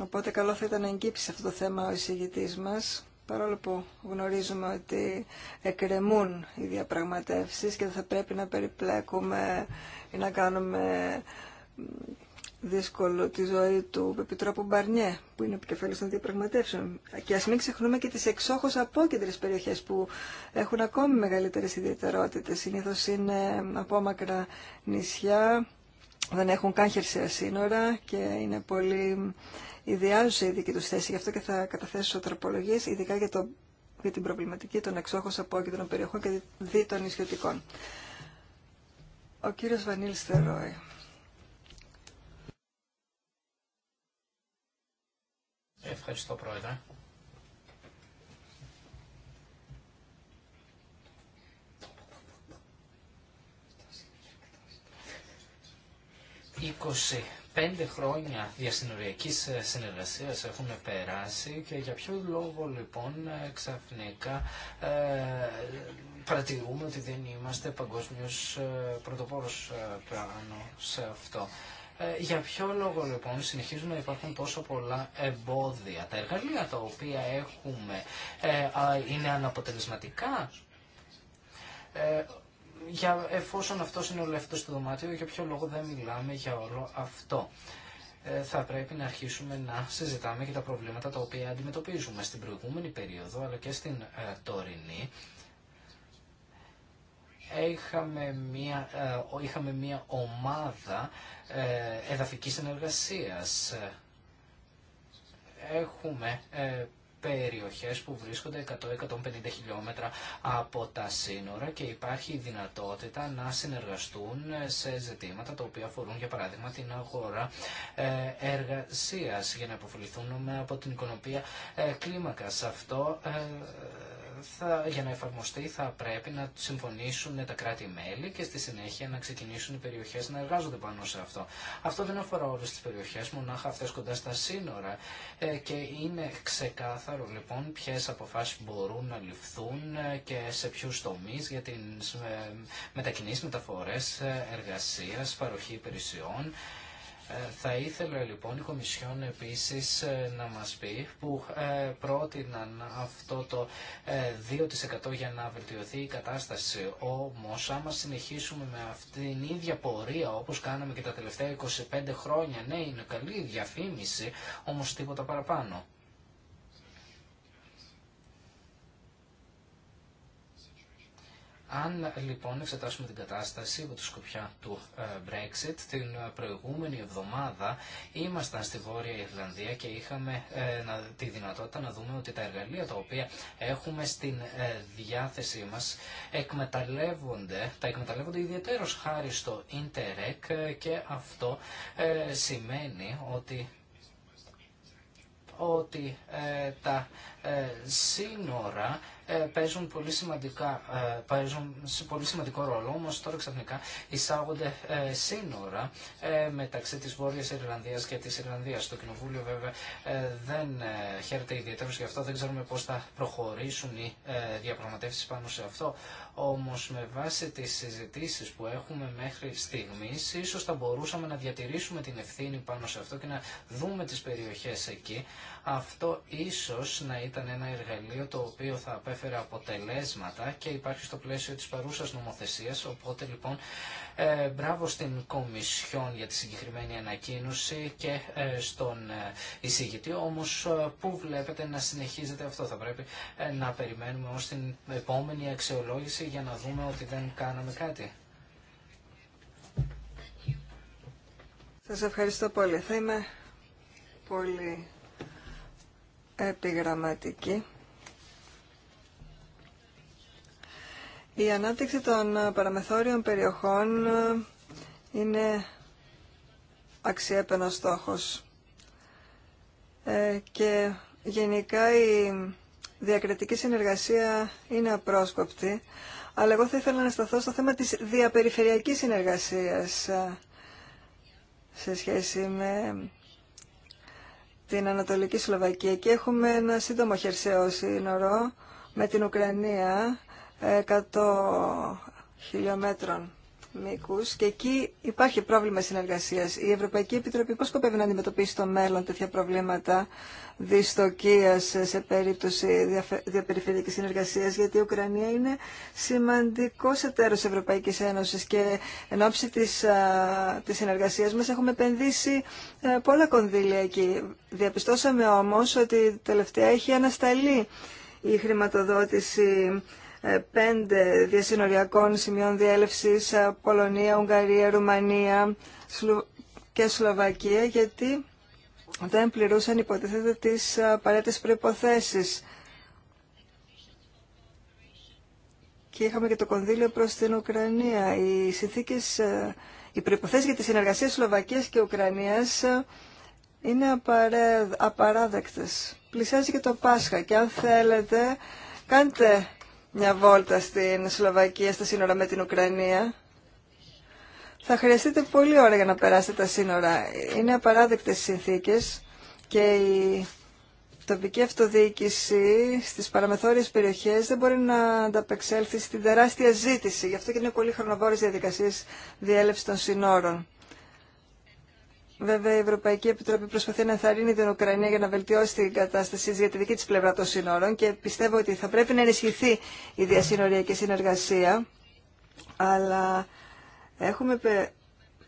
Οπότε καλό θα ήταν να εγκύψει αυτό το θέμα ο εισηγητή μα, παρόλο που γνωρίζουμε ότι εκρεμούν οι διαπραγματεύσεις και θα πρέπει να περιπλέκουμε ή να κάνουμε δύσκολο τη ζωή του Επιτρόπου Μπαρνιέ, που είναι επικεφαλή των διαπραγματεύσεων. Και α μην ξεχνούμε και τι εξόχω απόκεντρε περιοχέ που έχουν ακόμη μεγαλύτερε ιδιαιτερότητε. Συνήθω είναι απόμακρα νησιά, δεν έχουν καν χερσαία σύνορα και είναι πολύ ιδιάζουσα η δική του θέση. Γι' αυτό και θα καταθέσω τροπολογίε, ειδικά για, το, για την προβληματική των εξόχω απόκεντρων περιοχών και δι των νησιωτικών. Ο κύριος Βανίλ Mm. Ευχαριστώ Πρόεδρε. Είκοσι πέντε χρόνια διασυνοριακής ε, συνεργασίας έχουν περάσει και για ποιο λόγο λοιπόν ε, ξαφνικά ε, παρατηρούμε ότι δεν είμαστε παγκόσμιος πρωτοπόρος πάνω σε αυτό. Ε, για ποιο λόγο λοιπόν συνεχίζουν να υπάρχουν τόσο πολλά εμπόδια. Τα εργαλεία τα οποία έχουμε ε, είναι αναποτελεσματικά. Ε, για, εφόσον αυτό είναι ο λεφτό στο δωμάτιο, για ποιο λόγο δεν μιλάμε για όλο αυτό. θα πρέπει να αρχίσουμε να συζητάμε και τα προβλήματα τα οποία αντιμετωπίζουμε στην προηγούμενη περίοδο αλλά και στην τωρινή. Ε, είχαμε μια, είχαμε μια ομάδα ε, εδαφικής συνεργασίας. Έχουμε ε, περιοχές που βρίσκονται 100-150 χιλιόμετρα από τα σύνορα και υπάρχει η δυνατότητα να συνεργαστούν σε ζητήματα τα οποία αφορούν για παράδειγμα την αγορά εργασίας για να υποφεληθούν από την οικονομία κλίμακας. Αυτό θα, για να εφαρμοστεί θα πρέπει να συμφωνήσουν τα κράτη-μέλη και στη συνέχεια να ξεκινήσουν οι περιοχές να εργάζονται πάνω σε αυτό. Αυτό δεν αφορά όλες τις περιοχές, μονάχα αυτές κοντά στα σύνορα ε, και είναι ξεκάθαρο λοιπόν ποιες αποφάσεις μπορούν να ληφθούν ε, και σε ποιου τομεί για τις ε, μετακινήσεις, μεταφορές, εργασίας, παροχή υπηρεσιών ε, θα ήθελα λοιπόν η Κομισιόν επίσης ε, να μας πει που ε, πρότειναν αυτό το 2% για να βελτιωθεί η κατάσταση. Όμως άμα συνεχίσουμε με αυτή την ίδια πορεία όπως κάναμε και τα τελευταία 25 χρόνια, ναι είναι καλή διαφήμιση όμως τίποτα παραπάνω. Αν λοιπόν εξετάσουμε την κατάσταση από τη σκοπιά του ε, Brexit, την ε, προηγούμενη εβδομάδα ήμασταν στη Βόρεια Ιρλανδία και είχαμε ε, τη δυνατότητα να δούμε ότι τα εργαλεία τα οποία έχουμε στην διάθεσή μας εκμεταλλεύονται, τα εκμεταλλεύονται ιδιαίτερως χάρη στο Interreg και αυτό σημαίνει ότι ότι τα σύνορα ε, παίζουν πολύ, ε, σε πολύ σημαντικό ρόλο, όμως τώρα ξαφνικά εισάγονται ε, σύνορα μεταξύ της Βόρειας Ιρλανδίας και της Ιρλανδίας. Το Κοινοβούλιο βέβαια δεν χαίρεται ιδιαίτερως γι' αυτό, δεν ξέρουμε πώς θα προχωρήσουν οι διαπραγματεύσεις πάνω σε αυτό, όμως με βάση τις συζητήσεις που έχουμε μέχρι στιγμής, ίσως θα μπορούσαμε να διατηρήσουμε την ευθύνη πάνω σε αυτό και να δούμε τις περιοχές εκεί, αυτό ίσως να ήταν ένα εργαλείο το οποίο θα απέφερε αποτελέσματα και υπάρχει στο πλαίσιο της παρούσας νομοθεσίας. Οπότε λοιπόν ε, μπράβο στην Κομισιόν για τη συγκεκριμένη ανακοίνωση και ε, στον ε, εισηγητή. Όμως ε, πού βλέπετε να συνεχίζεται αυτό. Θα πρέπει να περιμένουμε ως την επόμενη αξιολόγηση για να δούμε ότι δεν κάναμε κάτι. Σας ευχαριστώ πολύ. Θα είμαι πολύ επιγραμματική. Η ανάπτυξη των παραμεθόριων περιοχών ε, είναι αξιέπαινος στόχος. Ε, και γενικά η διακριτική συνεργασία είναι απρόσκοπτη, αλλά εγώ θα ήθελα να σταθώ στο θέμα της διαπεριφερειακής συνεργασίας ε, σε σχέση με την Ανατολική Σλοβακία και έχουμε ένα σύντομο χερσαίο σύνορο με την Ουκρανία 100 χιλιόμετρων και εκεί υπάρχει πρόβλημα συνεργασία. Η Ευρωπαϊκή Επιτροπή πώ σκοπεύει να αντιμετωπίσει στο μέλλον τέτοια προβλήματα δυστοκίας σε περίπτωση διαπεριφερειακής συνεργασία, γιατί η Ουκρανία είναι σημαντικός εταίρος Ευρωπαϊκής Ένωσης και εν ώψη της, της μα μας έχουμε επενδύσει ε, πολλά κονδύλια εκεί. Διαπιστώσαμε όμω ότι τελευταία έχει ανασταλεί η χρηματοδότηση ε, πέντε διασυνοριακών σημείων διέλευσης ε, Πολωνία, Ουγγαρία, Ρουμανία και Σλοβακία γιατί δεν πληρούσαν υποτίθεται τις ε, απαραίτητες προϋποθέσεις. Και είχαμε και το κονδύλιο προς την Ουκρανία. Οι συνθήκες, οι προϋποθέσεις για τη συνεργασία Σλοβακίας και Ουκρανίας είναι απαράδεκτες. Πλησιάζει και το Πάσχα και αν θέλετε κάντε μια βόλτα στην Σλοβακία, στα σύνορα με την Ουκρανία, θα χρειαστείτε πολλή ώρα για να περάσετε τα σύνορα. Είναι απαράδεκτες συνθήκες και η τοπική αυτοδιοίκηση στις παραμεθόριες περιοχές δεν μπορεί να ανταπεξέλθει στην τεράστια ζήτηση. Γι' αυτό και είναι πολύ χρονοβόρες διαδικασίες διέλευση των σύνορων. Βέβαια, η Ευρωπαϊκή Επιτροπή προσπαθεί να ενθαρρύνει την Ουκρανία για να βελτιώσει την κατάσταση για τη δική τη πλευρά των σύνορων και πιστεύω ότι θα πρέπει να ενισχυθεί η διασύνοριακή συνεργασία. Αλλά έχουμε πε...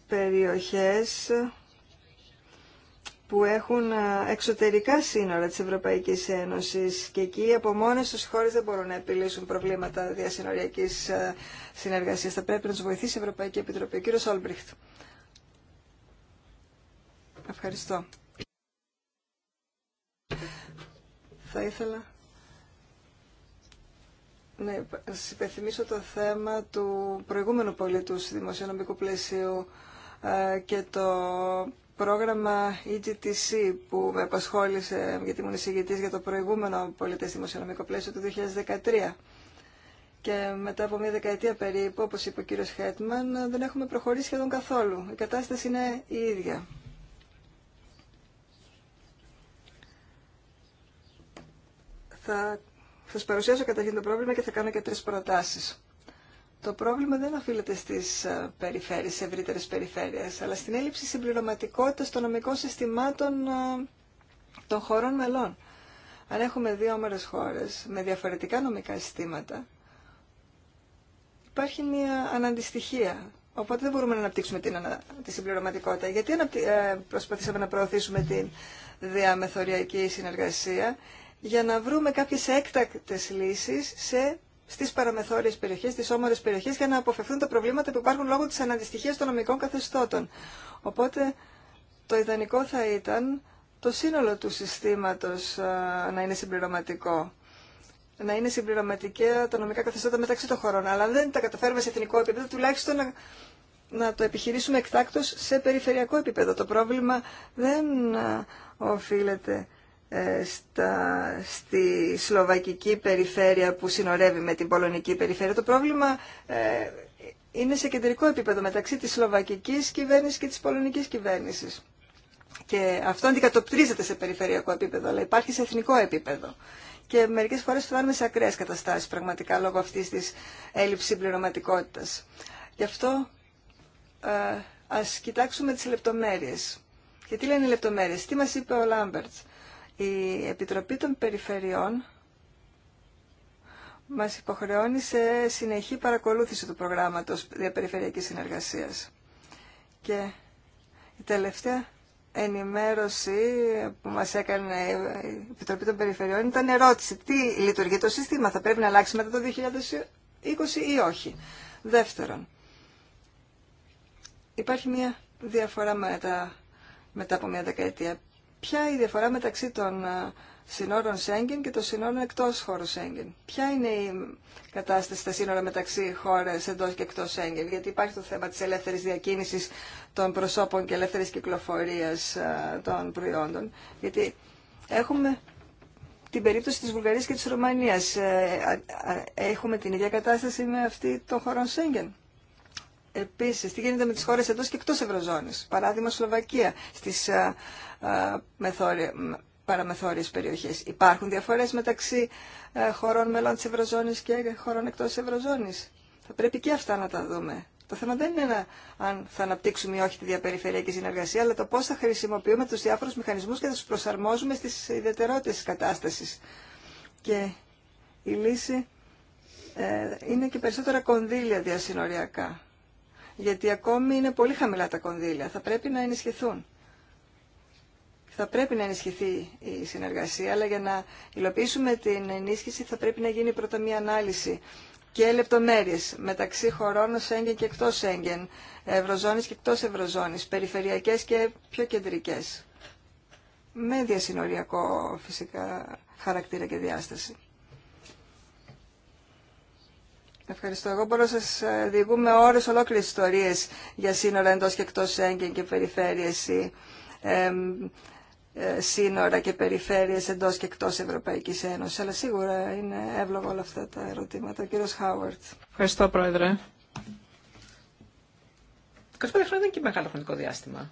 περιοχές που έχουν εξωτερικά σύνορα της Ευρωπαϊκής Ένωσης και εκεί από μόνες τους χώρες δεν μπορούν να επιλύσουν προβλήματα διασυνοριακής συνεργασίας. Θα πρέπει να τους βοηθήσει η Ευρωπαϊκή Επιτροπή. Ο κύριος Όλμπριχτ. Ευχαριστώ. Θα ήθελα να σας υπενθυμίσω το θέμα του προηγούμενου πολίτου δημοσιονομικού πλαισίου ε, και το πρόγραμμα EGTC που με απασχόλησε γιατί ήμουν εισηγητής για το προηγούμενο πολιτές δημοσιονομικό πλαίσιο του 2013. Και μετά από μια δεκαετία περίπου, όπως είπε ο κύριος Χέτμαν, δεν έχουμε προχωρήσει σχεδόν καθόλου. Η κατάσταση είναι η ίδια. Θα σας παρουσιάσω καταρχήν το πρόβλημα και θα κάνω και τρεις προτάσεις. Το πρόβλημα δεν οφείλεται στις ε, περιφέρειες, σε ευρύτερες περιφέρειες, αλλά στην έλλειψη συμπληρωματικότητας των νομικών συστημάτων ε, των χωρών μελών. Αν έχουμε δύο όμερε χώρες με διαφορετικά νομικά συστήματα, υπάρχει μια αναντιστοιχία. Οπότε δεν μπορούμε να αναπτύξουμε την, τη συμπληρωματικότητα. Γιατί ε, προσπαθήσαμε να προωθήσουμε την διαμεθοριακή συνεργασία για να βρούμε κάποιες έκτακτες λύσεις σε στι παραμεθόρειε περιοχέ, στι όμορε περιοχέ, για να αποφευθούν τα προβλήματα που υπάρχουν λόγω τη αναντιστοιχία των νομικών καθεστώτων. Οπότε το ιδανικό θα ήταν το σύνολο του συστήματο να είναι συμπληρωματικό. Να είναι συμπληρωματικά τα νομικά καθεστώτα μεταξύ των χωρών. Αλλά δεν τα καταφέρουμε σε εθνικό επίπεδο, τουλάχιστον να, να το επιχειρήσουμε εκτάκτως σε περιφερειακό επίπεδο. Το πρόβλημα δεν οφείλεται ε, στα, στη Σλοβακική περιφέρεια που συνορεύει με την Πολωνική περιφέρεια. Το πρόβλημα ε, είναι σε κεντρικό επίπεδο μεταξύ της Σλοβακικής κυβέρνησης και της Πολωνικής κυβέρνησης. Και αυτό αντικατοπτρίζεται σε περιφερειακό επίπεδο, αλλά υπάρχει σε εθνικό επίπεδο. Και μερικέ φορέ φτάνουμε σε ακραίε καταστάσεις πραγματικά λόγω αυτή τη έλλειψη πληρωματικότητα. Γι' αυτό ε, ας κοιτάξουμε τι λεπτομέρειε. Και τι λένε οι λεπτομέρειε. Τι μα είπε ο Λάμπερτ. Η Επιτροπή των Περιφερειών μας υποχρεώνει σε συνεχή παρακολούθηση του προγράμματος διαπεριφερειακής συνεργασίας. Και η τελευταία ενημέρωση που μας έκανε η Επιτροπή των Περιφερειών ήταν ερώτηση τι λειτουργεί το σύστημα, θα πρέπει να αλλάξει μετά το 2020 ή όχι. Δεύτερον, υπάρχει μια διαφορά μετά, μετά από μια δεκαετία ποια είναι η διαφορά μεταξύ των ε, συνόρων Σέγγεν και των συνόρων εκτό χώρου Σέγγεν. Ποια είναι η κατάσταση στα σύνορα μεταξύ χώρε εντό και εκτός Σέγγεν, γιατί υπάρχει το θέμα της ελεύθερη διακίνησης των προσώπων και ελεύθερη κυκλοφορία ε, των προϊόντων. Γιατί έχουμε την περίπτωση της Βουλγαρίας και της Ρουμανίας. Ε, έχουμε την ίδια κατάσταση με αυτή των χωρών Σέγγεν. Επίση, τι γίνεται με τι χώρε εντό και εκτό Ευρωζώνη. Παράδειγμα, Σλοβακία, στι α, περιοχέ. Υπάρχουν διαφορέ μεταξύ α, ε, χωρών μελών τη Ευρωζώνη και χωρών εκτός Ευρωζώνη. Θα πρέπει και αυτά να τα δούμε. Το θέμα δεν είναι αν θα αναπτύξουμε ή όχι τη διαπεριφερειακή συνεργασία, αλλά το πώ θα χρησιμοποιούμε του διάφορου μηχανισμού και θα του προσαρμόζουμε στι ιδιαιτερότητε τη κατάσταση. Και η λύση ε, είναι και περισσότερα κονδύλια διασυνοριακά γιατί ακόμη είναι πολύ χαμηλά τα κονδύλια. Θα πρέπει να ενισχυθούν. Θα πρέπει να ενισχυθεί η συνεργασία, αλλά για να υλοποιήσουμε την ενίσχυση θα πρέπει να γίνει πρώτα μία ανάλυση και λεπτομέρειε μεταξύ χωρών Σέγγεν και εκτό Σέγγεν, Ευρωζώνης και εκτό Ευρωζώνης, περιφερειακές και πιο κεντρικέ. Με διασυνοριακό φυσικά χαρακτήρα και διάσταση. Ευχαριστώ. Εγώ μπορώ να σας ε, διηγούμε ώρες ολόκληρες ιστορίες για σύνορα εντός και εκτός έγκεν και περιφέρειες ή ε, σύνορα και περιφέρειες εντός και εκτός Ευρωπαϊκής Ένωσης. Αλλά σίγουρα είναι εύλογο όλα αυτά τα ερωτήματα. κύριος Χάουαρτ. Ευχαριστώ, Πρόεδρε. 25 χρόνια δεν είναι και μεγάλο χρονικό διάστημα.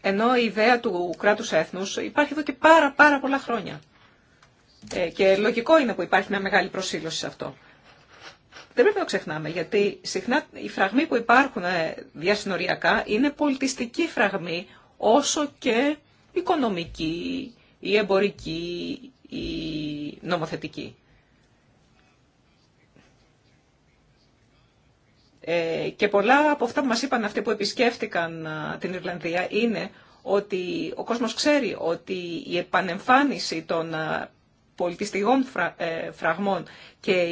Ενώ η ιδέα του κράτους έθνους υπάρχει εδώ και πάρα πάρα πολλά χρόνια. Ε, και λογικό είναι που υπάρχει μια μεγάλη προσήλωση σε αυτό. Δεν πρέπει να το ξεχνάμε, γιατί συχνά οι φραγμοί που υπάρχουν ε, διασυνοριακά είναι πολιτιστικοί φραγμοί, όσο και οικονομικοί ή εμπορικοί ή νομοθετικοί. Ε, και πολλά από αυτά που μας είπαν αυτοί που επισκέφτηκαν την Ιρλανδία είναι ότι ο κόσμος ξέρει ότι η επανεμφάνιση των πολιτιστικών ε, φραγμών και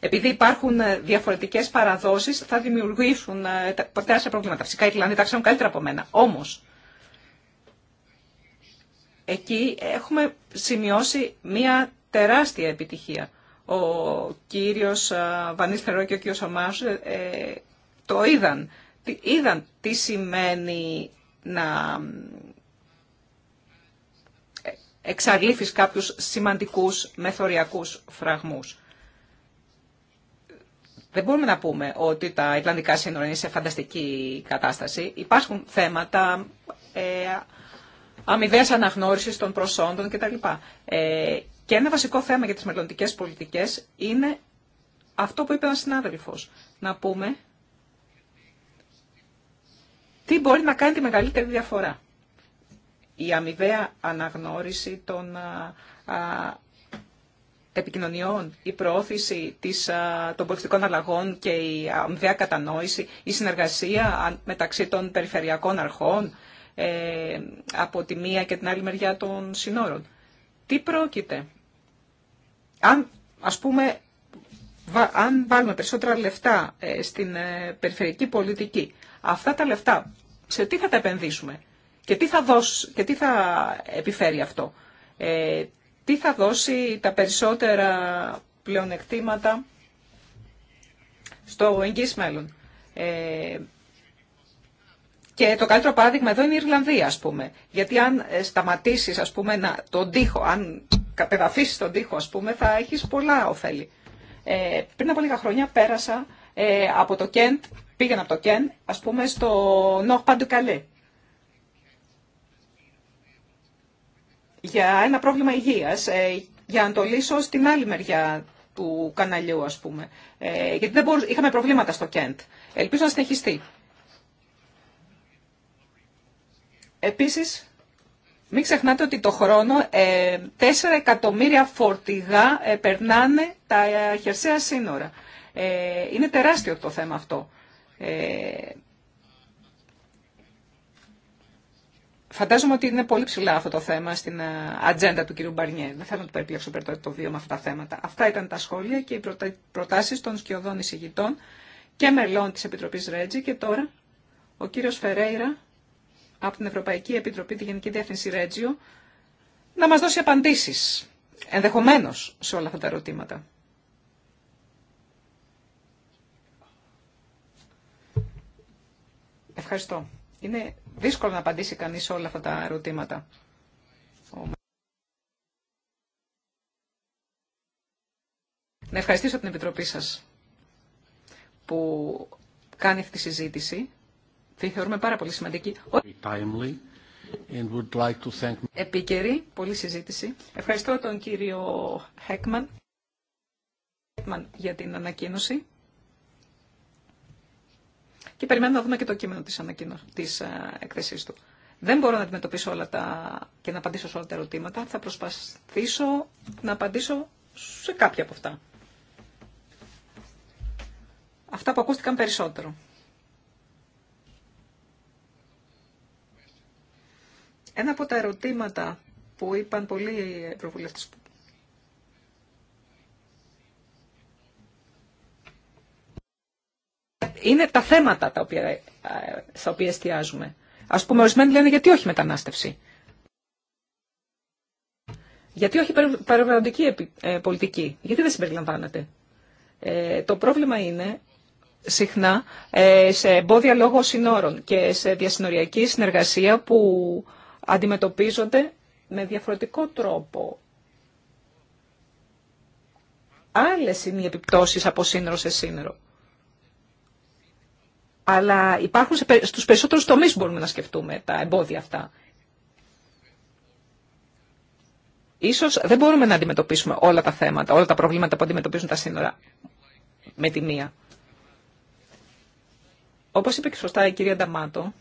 επειδή υπάρχουν ε, διαφορετικές παραδόσεις θα δημιουργήσουν ε, τεράστια προβλήματα. Φυσικά οι Ιρλανδοί τα ξέρουν καλύτερα από μένα. Όμως, εκεί έχουμε σημειώσει μία τεράστια επιτυχία. Ο κύριος Βανίστερο και ο κύριος ε, το είδαν. Είδαν τι σημαίνει να εξαλείφεις κάποιους σημαντικούς μεθοριακούς φραγμούς. Δεν μπορούμε να πούμε ότι τα Ιρλανδικά σύνορα είναι σε φανταστική κατάσταση. Υπάρχουν θέματα ε, αμοιβαίας αναγνώρισης των προσόντων κτλ. Ε, και ένα βασικό θέμα για τις μελλοντικέ πολιτικές είναι αυτό που είπε ένα συνάδελφος. Να πούμε τι μπορεί να κάνει τη μεγαλύτερη διαφορά η αμοιβαία αναγνώριση των α, επικοινωνιών, η προώθηση της, των πολιτικών αλλαγών και η αμοιβαία κατανόηση, η συνεργασία μεταξύ των περιφερειακών αρχών ε, από τη μία και την άλλη μεριά των συνόρων. Τι πρόκειται. Αν, ας πούμε, αν βάλουμε περισσότερα λεφτά ε, στην ε, περιφερειακή πολιτική, αυτά τα λεφτά σε τι θα τα επενδύσουμε. Και τι θα, δώσει, και τι θα επιφέρει αυτό. Ε, τι θα δώσει τα περισσότερα πλεονεκτήματα στο εγγύς μέλλον. Ε, και το καλύτερο παράδειγμα εδώ είναι η Ιρλανδία, ας πούμε. Γιατί αν ε, σταματήσεις, ας πούμε, να, τον τοίχο, αν κατεδαφίσεις τον τοίχο, ας πούμε, θα έχεις πολλά ωφέλη. Ε, πριν από λίγα χρόνια πέρασα από το Κέντ, πήγαινα από το Κέντ, ας πούμε, στο Νοχ Παντουκαλέ. για ένα πρόβλημα υγείας, ε, για να το λύσω στην άλλη μεριά του καναλιού, ας πούμε. Ε, γιατί δεν μπορούσα, είχαμε προβλήματα στο Κέντ. Ελπίζω να συνεχιστεί. Επίσης, μην ξεχνάτε ότι το χρόνο ε, 4 εκατομμύρια φορτηγά ε, περνάνε τα χερσαία σύνορα. είναι τεράστιο το θέμα αυτό. Φαντάζομαι ότι είναι πολύ ψηλά αυτό το θέμα στην ε, ατζέντα του κυρίου Μπαρνιέ. Δεν θέλω να του περιπλέξω περιττό το βίο με αυτά τα θέματα. Αυτά ήταν τα σχόλια και οι προτάσει των σκιωδών εισηγητών και μελών τη Επιτροπή Ρέτζη. Και τώρα ο κύριο Φερέιρα από την Ευρωπαϊκή Επιτροπή, τη Γενική Διεύθυνση Ρέτζιο, να μα δώσει απαντήσει ενδεχομένω σε όλα αυτά τα ερωτήματα. Ευχαριστώ. Είναι δύσκολο να απαντήσει κανείς όλα αυτά τα ερωτήματα. Να ευχαριστήσω την Επιτροπή σας που κάνει αυτή τη συζήτηση. Τη θεωρούμε πάρα πολύ σημαντική. Επίκαιρη, πολύ συζήτηση. Ευχαριστώ τον κύριο Χέκμαν για την ανακοίνωση και περιμένουμε να δούμε και το κείμενο της, της ε, εκθεσής του. Δεν μπορώ να αντιμετωπίσω όλα τα και να απαντήσω σε όλα τα ερωτήματα. Θα προσπαθήσω να απαντήσω σε κάποια από αυτά. Αυτά που ακούστηκαν περισσότερο. Ένα από τα ερωτήματα που είπαν πολλοί ευρωβουλευτές είναι τα θέματα τα οποία, ε, στα οποία εστιάζουμε. Ας πούμε, ορισμένοι λένε γιατί όχι μετανάστευση. Γιατί όχι περιβαλλοντική ε, πολιτική. Γιατί δεν συμπεριλαμβάνεται. Ε, το πρόβλημα είναι συχνά σε εμπόδια λόγω συνόρων και σε διασυνοριακή συνεργασία που αντιμετωπίζονται με διαφορετικό τρόπο. Άλλες είναι οι επιπτώσεις από σύνορο σε σύνορο αλλά υπάρχουν στους περισσότερους τομείς που μπορούμε να σκεφτούμε τα εμπόδια αυτά. Ίσως δεν μπορούμε να αντιμετωπίσουμε όλα τα θέματα, όλα τα προβλήματα που αντιμετωπίζουν τα σύνορα με τη μία. Όπως είπε και σωστά η κυρία Νταμάτο,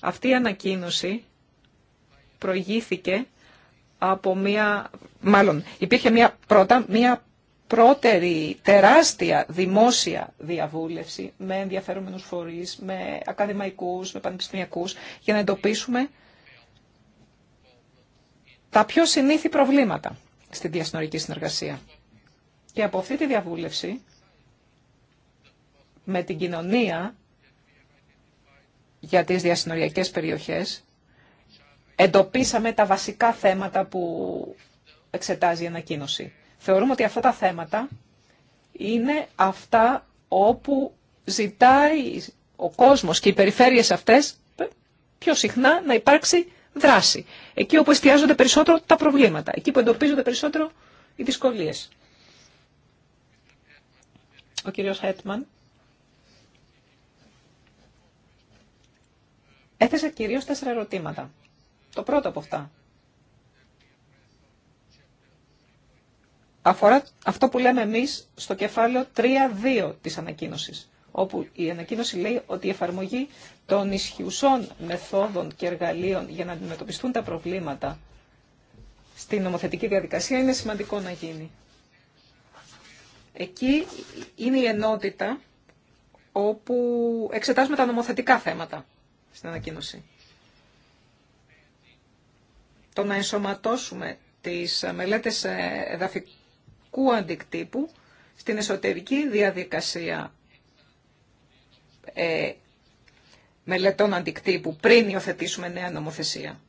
αυτή η ανακοίνωση προηγήθηκε από μία, μάλλον υπήρχε μία πρώτα μία πρώτερη τεράστια δημόσια διαβούλευση με ενδιαφέρομενους φορείς, με ακαδημαϊκούς, με πανεπιστημιακούς, για να εντοπίσουμε τα πιο συνήθη προβλήματα στη διασυνορική συνεργασία. Και από αυτή τη διαβούλευση, με την κοινωνία για τις διασυνοριακές περιοχές, εντοπίσαμε τα βασικά θέματα που εξετάζει η ανακοίνωση. Θεωρούμε ότι αυτά τα θέματα είναι αυτά όπου ζητάει ο κόσμος και οι περιφέρειες αυτές πιο συχνά να υπάρξει δράση. Εκεί όπου εστιάζονται περισσότερο τα προβλήματα, εκεί που εντοπίζονται περισσότερο οι δυσκολίες. Ο κύριος Χέτμαν έθεσε κυρίως τέσσερα ερωτήματα. Το πρώτο από αυτά αφορά αυτό που λέμε εμείς στο κεφάλαιο 3.2 της ανακοίνωσης, όπου η ανακοίνωση λέει ότι η εφαρμογή των ισχυουσών μεθόδων και εργαλείων για να αντιμετωπιστούν τα προβλήματα στην νομοθετική διαδικασία είναι σημαντικό να γίνει. Εκεί είναι η ενότητα όπου εξετάζουμε τα νομοθετικά θέματα στην ανακοίνωση. Το να ενσωματώσουμε τις μελέτες εδαφικών, αντικτύπου στην εσωτερική διαδικασία ε, μελετών αντικτύπου πριν υιοθετήσουμε νέα νομοθεσία.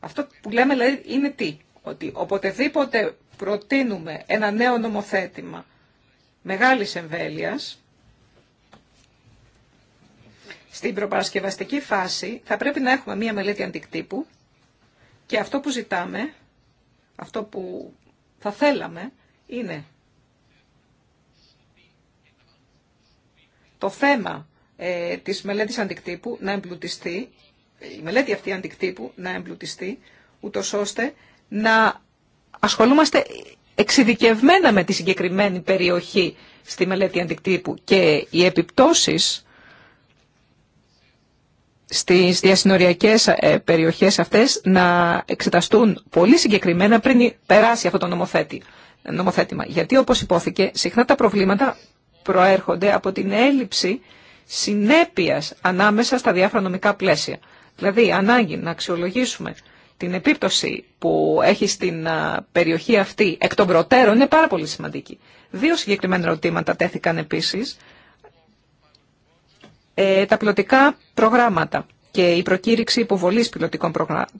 Αυτό που λέμε λέει, είναι τι, ότι οποτεδήποτε προτείνουμε ένα νέο νομοθέτημα μεγάλης εμβέλειας, στην προπαρασκευαστική φάση θα πρέπει να έχουμε μία μελέτη αντικτύπου και αυτό που ζητάμε, αυτό που θα θέλαμε, είναι το θέμα ε, της μελέτης αντικτύπου να εμπλουτιστεί, η μελέτη αυτή αντικτύπου να εμπλουτιστεί, ούτω ώστε να ασχολούμαστε εξειδικευμένα με τη συγκεκριμένη περιοχή στη μελέτη αντικτύπου και οι επιπτώσεις στις διασυνοριακές ε, περιοχές αυτές να εξεταστούν πολύ συγκεκριμένα πριν περάσει αυτό το νομοθέτη, νομοθέτημα. Γιατί όπως υπόθηκε, συχνά τα προβλήματα προέρχονται από την έλλειψη συνέπειας ανάμεσα στα διάφορα νομικά πλαίσια. Δηλαδή, ανάγκη να αξιολογήσουμε την επίπτωση που έχει στην περιοχή αυτή εκ των προτέρων είναι πάρα πολύ σημαντική. Δύο συγκεκριμένα ερωτήματα τέθηκαν επίσης. Ε, τα πιλωτικά προγράμματα και η προκήρυξη υποβολής πιλωτικών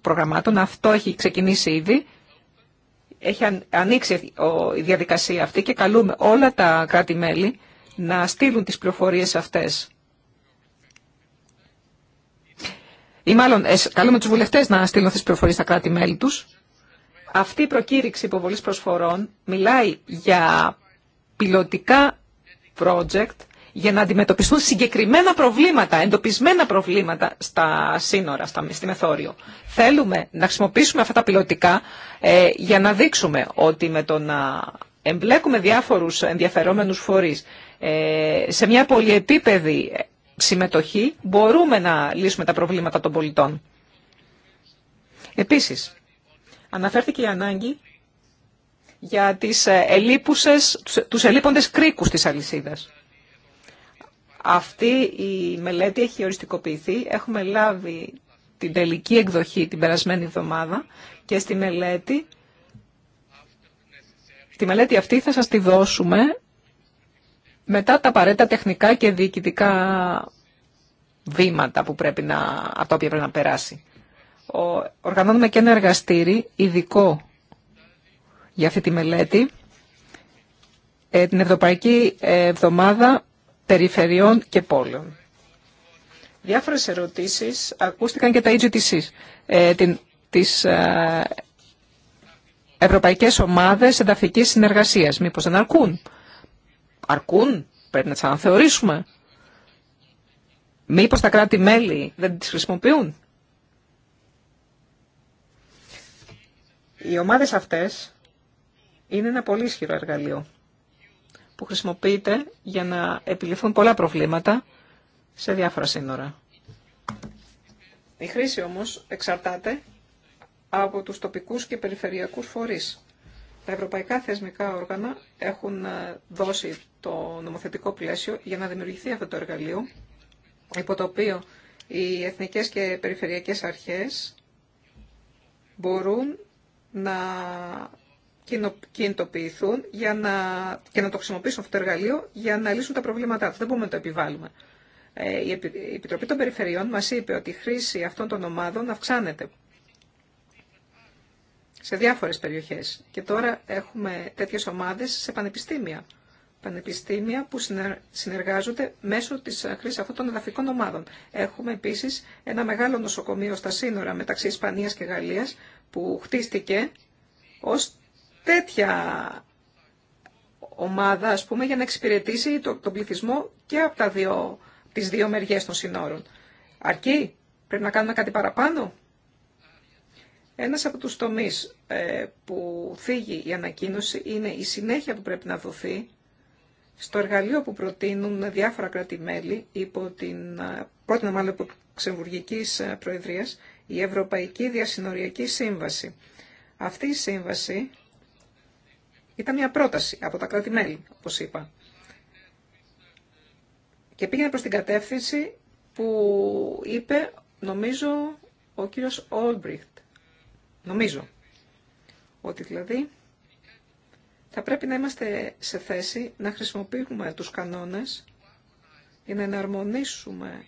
προγραμμάτων, αυτό έχει ξεκινήσει ήδη έχει ανοίξει η διαδικασία αυτή και καλούμε όλα τα κράτη-μέλη να στείλουν τις πληροφορίες αυτές. Ή μάλλον ε, καλούμε τους βουλευτές να στείλουν τις πληροφορίες στα κράτη-μέλη τους. Αυτή η προκήρυξη υποβολής προσφορών μιλάει για πιλωτικά project για να αντιμετωπιστούν συγκεκριμένα προβλήματα, εντοπισμένα προβλήματα στα σύνορα, στα, στη Μεθόριο. Θέλουμε να χρησιμοποιήσουμε αυτά τα πιλωτικά ε, για να δείξουμε ότι με το να εμπλέκουμε διάφορους ενδιαφερόμενους φορείς ε, σε μια πολυεπίπεδη συμμετοχή μπορούμε να λύσουμε τα προβλήματα των πολιτών. Επίσης, αναφέρθηκε η ανάγκη για τις ε, ελίπουσες, τους ελείποντες κρίκους της αλυσίδας. Αυτή η μελέτη έχει οριστικοποιηθεί. Έχουμε λάβει την τελική εκδοχή την περασμένη εβδομάδα και στη μελέτη, στη μελέτη αυτή θα σας τη δώσουμε μετά τα απαραίτητα τεχνικά και διοικητικά βήματα που πρέπει να, από τα οποία πρέπει να περάσει. οργανώνουμε και ένα εργαστήρι ειδικό για αυτή τη μελέτη ε, την Ευρωπαϊκή Εβδομάδα περιφερειών και πόλεων. Διάφορες ερωτήσεις ακούστηκαν και τα EGTC, ε, την, τις ε, Ευρωπαϊκές Ομάδες Ενταφικής Συνεργασίας. Μήπως δεν αρκούν. Αρκούν, πρέπει να τις αναθεωρήσουμε. Μήπως τα κράτη-μέλη δεν τις χρησιμοποιούν. Οι ομάδες αυτές είναι ένα πολύ ισχυρό εργαλείο που χρησιμοποιείται για να επιληθούν πολλά προβλήματα σε διάφορα σύνορα. Η χρήση όμως εξαρτάται από τους τοπικούς και περιφερειακούς φορείς. Τα ευρωπαϊκά θεσμικά όργανα έχουν ε, δώσει το νομοθετικό πλαίσιο για να δημιουργηθεί αυτό το εργαλείο, υπό το οποίο οι εθνικές και περιφερειακές αρχές μπορούν να κινητοποιηθούν για να, και να το χρησιμοποιήσουν αυτό το εργαλείο για να λύσουν τα προβλήματά του. Δεν μπορούμε να το επιβάλλουμε. Ε, η Επιτροπή των Περιφερειών μας είπε ότι η χρήση αυτών των ομάδων αυξάνεται σε διάφορες περιοχές. Και τώρα έχουμε τέτοιες ομάδες σε πανεπιστήμια. Πανεπιστήμια που συνεργάζονται μέσω της χρήσης αυτών των εδαφικών ομάδων. Έχουμε επίσης ένα μεγάλο νοσοκομείο στα σύνορα μεταξύ Ισπανία και Γαλλία που χτίστηκε ως τέτοια ομάδα, ας πούμε, για να εξυπηρετήσει το, τον πληθυσμό και από τα δύο, τις δύο μεριές των συνόρων. Αρκεί, πρέπει να κάνουμε κάτι παραπάνω. Ένας από τους τομείς ε, που θίγει η ανακοίνωση είναι η συνέχεια που πρέπει να δοθεί στο εργαλείο που προτείνουν διάφορα κράτη-μέλη υπό την ε, πρώτη μάλλον υπό Ξεμβουργικής ε, Προεδρίας, η Ευρωπαϊκή Διασυνοριακή Σύμβαση. Αυτή η σύμβαση ήταν μια πρόταση από τα κράτη-μέλη, όπως είπα. Και πήγαινε προς την κατεύθυνση που είπε, νομίζω, ο κύριος Όλμπριχτ. Νομίζω ότι δηλαδή θα πρέπει να είμαστε σε θέση να χρησιμοποιούμε τους κανόνες για να εναρμονίσουμε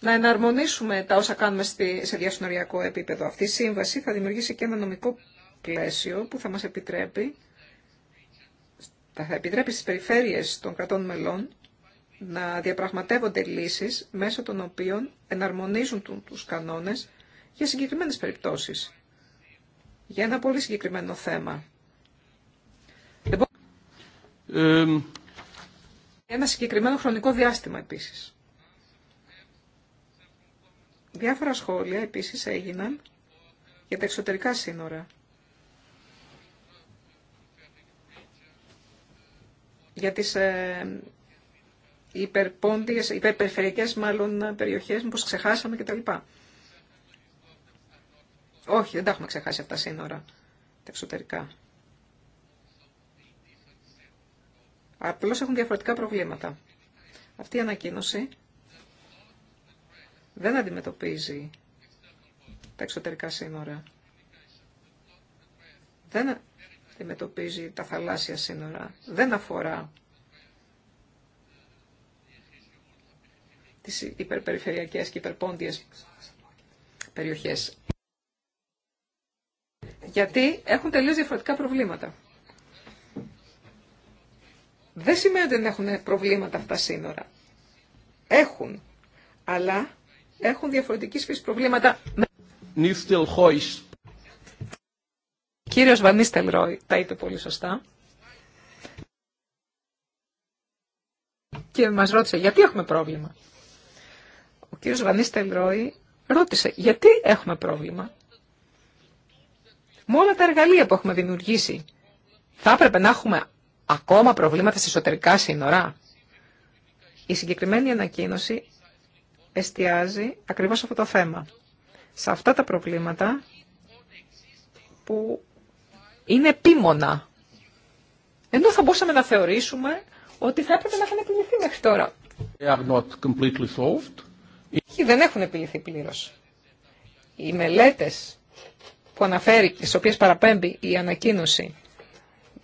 να εναρμονίσουμε τα όσα κάνουμε σε διασυνοριακό επίπεδο. Αυτή η σύμβαση θα δημιουργήσει και ένα νομικό πλαίσιο που θα μας επιτρέπει, θα επιτρέπει στις περιφέρειες των κρατών μελών να διαπραγματεύονται λύσεις μέσω των οποίων εναρμονίζουν τους κανόνες για συγκεκριμένες περιπτώσεις. Για ένα πολύ συγκεκριμένο θέμα. ένα συγκεκριμένο χρονικό διάστημα επίσης. Διάφορα σχόλια επίσης έγιναν για τα εξωτερικά σύνορα. Για τις ε, υπερπόντιες, υπερπεριφερειακές μάλλον περιοχές, μήπως ξεχάσαμε λοιπά. Όχι, δεν τα έχουμε ξεχάσει αυτά τα σύνορα, τα εξωτερικά. Απλώς έχουν διαφορετικά προβλήματα. Αυτή η ανακοίνωση δεν αντιμετωπίζει τα εξωτερικά σύνορα. Δεν αντιμετωπίζει τα θαλάσσια σύνορα. Δεν αφορά τις υπερπεριφερειακές και υπερπόντιες περιοχές. Γιατί έχουν τελείως διαφορετικά προβλήματα. Δεν σημαίνει ότι δεν έχουν προβλήματα αυτά σύνορα. Έχουν. Αλλά έχουν διαφορετικής φύσης προβλήματα. Κύριος Βανίστελ Ρόι τα είπε πολύ σωστά. Και μας ρώτησε γιατί έχουμε πρόβλημα. Ο κύριος Βανίστελ Ρόι ρώτησε γιατί έχουμε πρόβλημα. Με όλα τα εργαλεία που έχουμε δημιουργήσει θα έπρεπε να έχουμε ακόμα προβλήματα στις εσωτερικά σύνορα. Η συγκεκριμένη ανακοίνωση εστιάζει ακριβώς αυτό το θέμα. Σε αυτά τα προβλήματα που είναι επίμονα. Ενώ θα μπορούσαμε να θεωρήσουμε ότι θα έπρεπε να έχουν επιληθεί μέχρι τώρα. δεν έχουν επιληθεί πλήρω. Οι μελέτες που αναφέρει, στις οποίες παραπέμπει η ανακοίνωση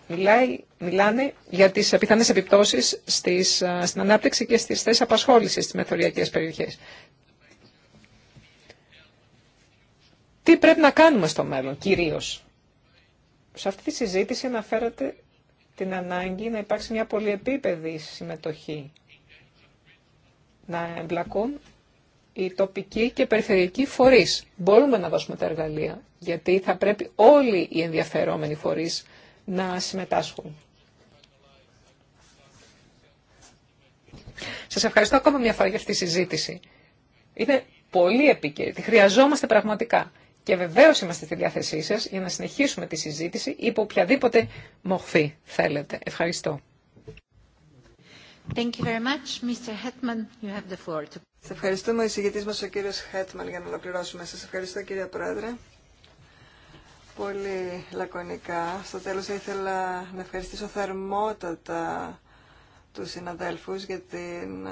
Μιλάει, μιλάνε για τις πιθανές επιπτώσεις στις, στην ανάπτυξη και στις θέσεις απασχόλησης στις μεθοριακές περιοχές. Τι πρέπει να κάνουμε στο μέλλον, κυρίως. Σε αυτή τη συζήτηση αναφέρατε την ανάγκη να υπάρξει μια πολυεπίπεδη συμμετοχή. Να εμπλακούν οι τοπικοί και περιφερειακοί φορείς. Μπορούμε να δώσουμε τα εργαλεία, γιατί θα πρέπει όλοι οι ενδιαφερόμενοι φορείς να συμμετάσχουν. Σας ευχαριστώ ακόμα μια φορά για αυτή τη συζήτηση. Είναι πολύ επίκαιρη, τη χρειαζόμαστε πραγματικά. Και βεβαίως είμαστε στη διάθεσή σας για να συνεχίσουμε τη συζήτηση υπό οποιαδήποτε μορφή θέλετε. Ευχαριστώ. Thank you very much. Mr. Hetman, you have the floor. ευχαριστούμε ο εισηγητής μας ο κύριος Χέτμαν για να ολοκληρώσουμε. Σας ευχαριστώ κύριε Πρόεδρε πολύ λακωνικά. Στο τέλος ήθελα να ευχαριστήσω θερμότατα τους συναδέλφους για την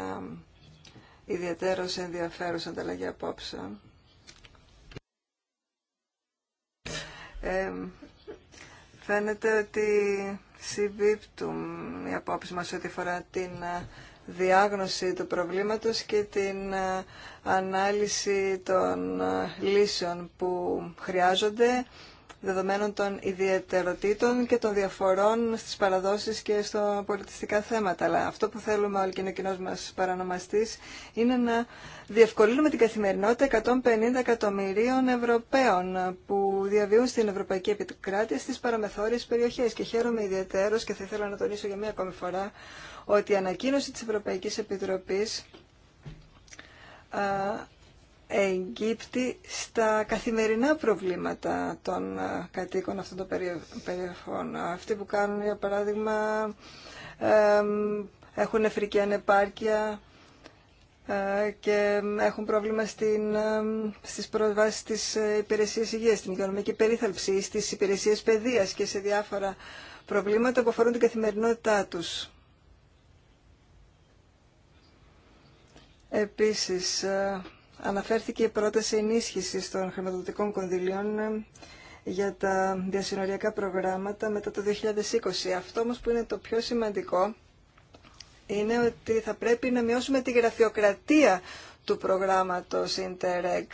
ιδιαίτερο ενδιαφέρουσα ανταλλαγή απόψε. Ε, φαίνεται ότι συμπίπτουν οι απόψεις μας ό,τι φορά την ε, διάγνωση του προβλήματος και την ε, ανάλυση των ε, λύσεων που χρειάζονται δεδομένων των ιδιαιτεροτήτων και των διαφορών στις παραδόσεις και στα πολιτιστικά θέματα. Αλλά αυτό που θέλουμε όλοι και είναι ο κοινός μας παρανομαστής είναι να διευκολύνουμε την καθημερινότητα 150 εκατομμυρίων Ευρωπαίων που διαβιούν στην Ευρωπαϊκή Επικράτεια στις παραμεθόριες περιοχές. Και χαίρομαι ιδιαίτερος και θα ήθελα να τονίσω για μία ακόμη φορά ότι η ανακοίνωση της Ευρωπαϊκής Επιτροπής εγκύπτει στα καθημερινά προβλήματα των ε, κατοίκων αυτών των περιοχών. Αυτοί που κάνουν, για παράδειγμα, έχουν εφρική ανεπάρκεια ε, και έχουν πρόβλημα στην, στις προσβάσεις της ε, υπηρεσίας υγείας, στην οικονομική περίθαλψη, στις υπηρεσίες παιδείας και σε διάφορα προβλήματα που αφορούν την καθημερινότητά τους. Επίσης, αναφέρθηκε η πρόταση ενίσχυση των χρηματοδοτικών κονδυλίων ε, για τα διασυνοριακά προγράμματα μετά το 2020. Αυτό όμως που είναι το πιο σημαντικό είναι ότι θα πρέπει να μειώσουμε τη γραφειοκρατία του προγράμματος Interreg,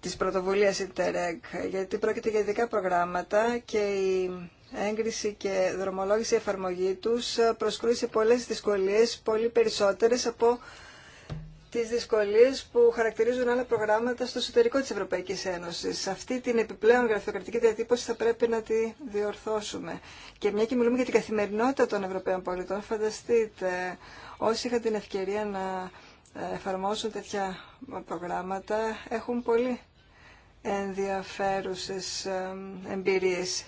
της πρωτοβουλίας Interreg, γιατί πρόκειται για ειδικά προγράμματα και η έγκριση και δρομολόγηση εφαρμογή τους ε, προσκρούει σε πολλές δυσκολίες, πολύ περισσότερες από τις δυσκολίες που χαρακτηρίζουν άλλα προγράμματα στο εσωτερικό της Ευρωπαϊκής Ένωσης. Αυτή την επιπλέον γραφειοκρατική διατύπωση θα πρέπει να τη διορθώσουμε. Και μια και μιλούμε για την καθημερινότητα των Ευρωπαίων πολιτών, φανταστείτε όσοι είχαν την ευκαιρία να ε, εφαρμόσουν τέτοια προγράμματα έχουν πολύ ενδιαφέρουσες ε, εμπειρίες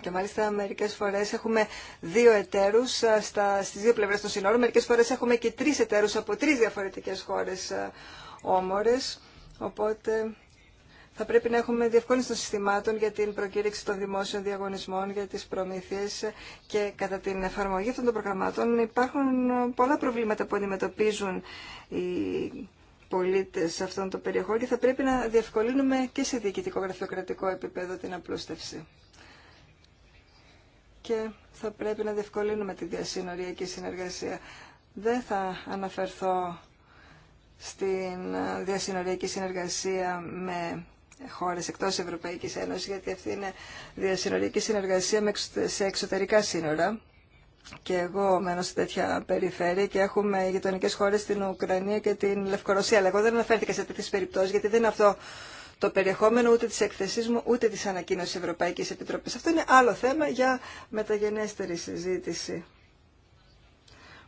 και μάλιστα μερικέ φορέ έχουμε δύο εταίρου ε, στι δύο πλευρέ των συνόρων, Μερικέ φορέ έχουμε και τρει εταίρου από τρει διαφορετικέ χώρε όμορε, οπότε θα πρέπει να έχουμε διευκόλυνση των συστημάτων για την προκήρυξη των δημόσιων διαγωνισμών, για τι προμήθειε και κατά την εφαρμογή αυτών των προγραμμάτων υπάρχουν ε, πολλά προβλήματα που αντιμετωπίζουν οι πολίτες αυτόν των περιοχών και θα πρέπει να διευκολύνουμε και σε διοικητικό γραφειοκρατικό επίπεδο την απλούστευση και θα πρέπει να διευκολύνουμε τη διασύνοριακή συνεργασία. Δεν θα αναφερθώ στην διασυνοριακή συνεργασία με χώρες εκτός Ευρωπαϊκής Ένωσης, γιατί αυτή είναι διασυνοριακή συνεργασία σε εξωτερικά σύνορα. Και εγώ μένω σε τέτοια περιφέρεια και έχουμε γειτονικέ χώρε στην Ουκρανία και την Λευκορωσία. Αλλά εγώ δεν αναφέρθηκα σε τέτοιε περιπτώσει, γιατί δεν είναι αυτό το περιεχόμενο ούτε της εκθεσής μου ούτε της ανακοίνωσης Ευρωπαϊκής Επιτροπής. Αυτό είναι άλλο θέμα για μεταγενέστερη συζήτηση.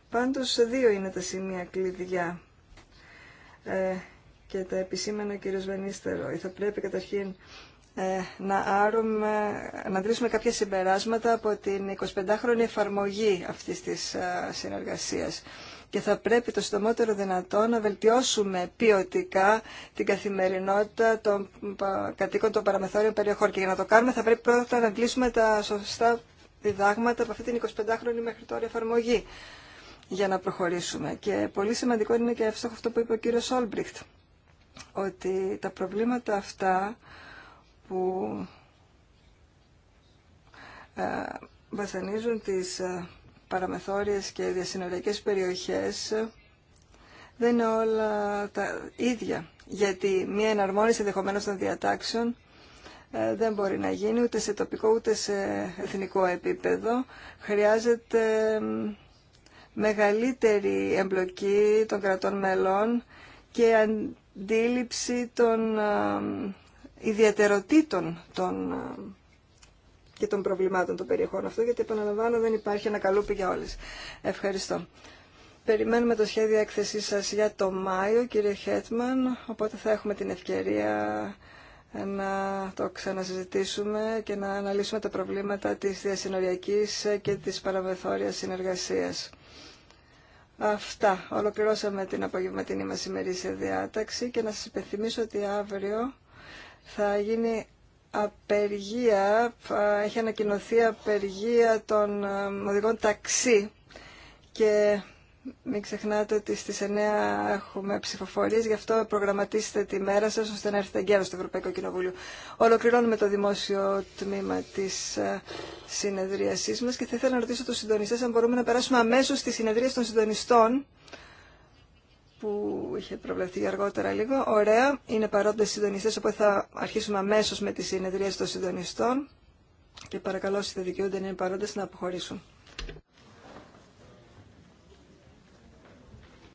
Πάντως δύο είναι τα σημεία κλειδιά ε, και τα επισήμενα ο κύριος Βενίστερο. Ε, θα πρέπει καταρχήν ε, να, άρουμε, να δρήσουμε κάποια συμπεράσματα από την 25χρονη εφαρμογή αυτής της συνεργασία. συνεργασίας και θα πρέπει το συντομότερο δυνατό να βελτιώσουμε ποιοτικά την καθημερινότητα των κατοίκων των παραμεθόριων περιοχών. Και για να το κάνουμε θα πρέπει πρώτα να κλείσουμε τα σωστά διδάγματα από αυτή την 25χρονη μέχρι τώρα εφαρμογή για να προχωρήσουμε. Και πολύ σημαντικό είναι και εύστοχο αυτό που είπε ο κύριο Όλμπριχτ, ότι τα προβλήματα αυτά που ε, βασανίζουν τις ε, παραμεθόριες και διασυνοριακές περιοχές δεν είναι όλα τα ίδια. Γιατί μια εναρμόνιση ενδεχομένω των διατάξεων ε, δεν μπορεί να γίνει ούτε σε τοπικό ούτε σε εθνικό επίπεδο. Χρειάζεται μεγαλύτερη εμπλοκή των κρατών μελών και αντίληψη των ε, ιδιαιτεροτήτων των ε, και των προβλημάτων των περιοχών αυτών, γιατί επαναλαμβάνω δεν υπάρχει ένα καλούπι για όλες. Ευχαριστώ. Περιμένουμε το σχέδιο έκθεσή σας για το Μάιο, κύριε Χέτμαν, οπότε θα έχουμε την ευκαιρία να το ξανασυζητήσουμε και να αναλύσουμε τα προβλήματα της διασυνοριακής και της παραμεθόριας συνεργασίας. Αυτά. Ολοκληρώσαμε την απογευματινή μας ημερήσια διάταξη και να σας υπενθυμίσω ότι αύριο θα γίνει απεργία, έχει ανακοινωθεί απεργία των οδηγών ταξί και μην ξεχνάτε ότι στις 9 έχουμε ψηφοφορίες, γι' αυτό προγραμματίστε τη μέρα σας ώστε να έρθετε εγκαίρως στο Ευρωπαϊκό Κοινοβούλιο. Ολοκληρώνουμε το δημόσιο τμήμα της συνεδρίασής μας και θα ήθελα να ρωτήσω τους συντονιστές αν μπορούμε να περάσουμε αμέσως στη συνεδρία των συντονιστών που είχε προβλεφθεί για αργότερα λίγο. Ωραία, είναι παρόντες οι συντονιστές, οπότε θα αρχίσουμε αμέσω με τι συνεδρίες των συντονιστών και παρακαλώ όσοι δεν δικαιούνται να είναι παρόντες να αποχωρήσουν.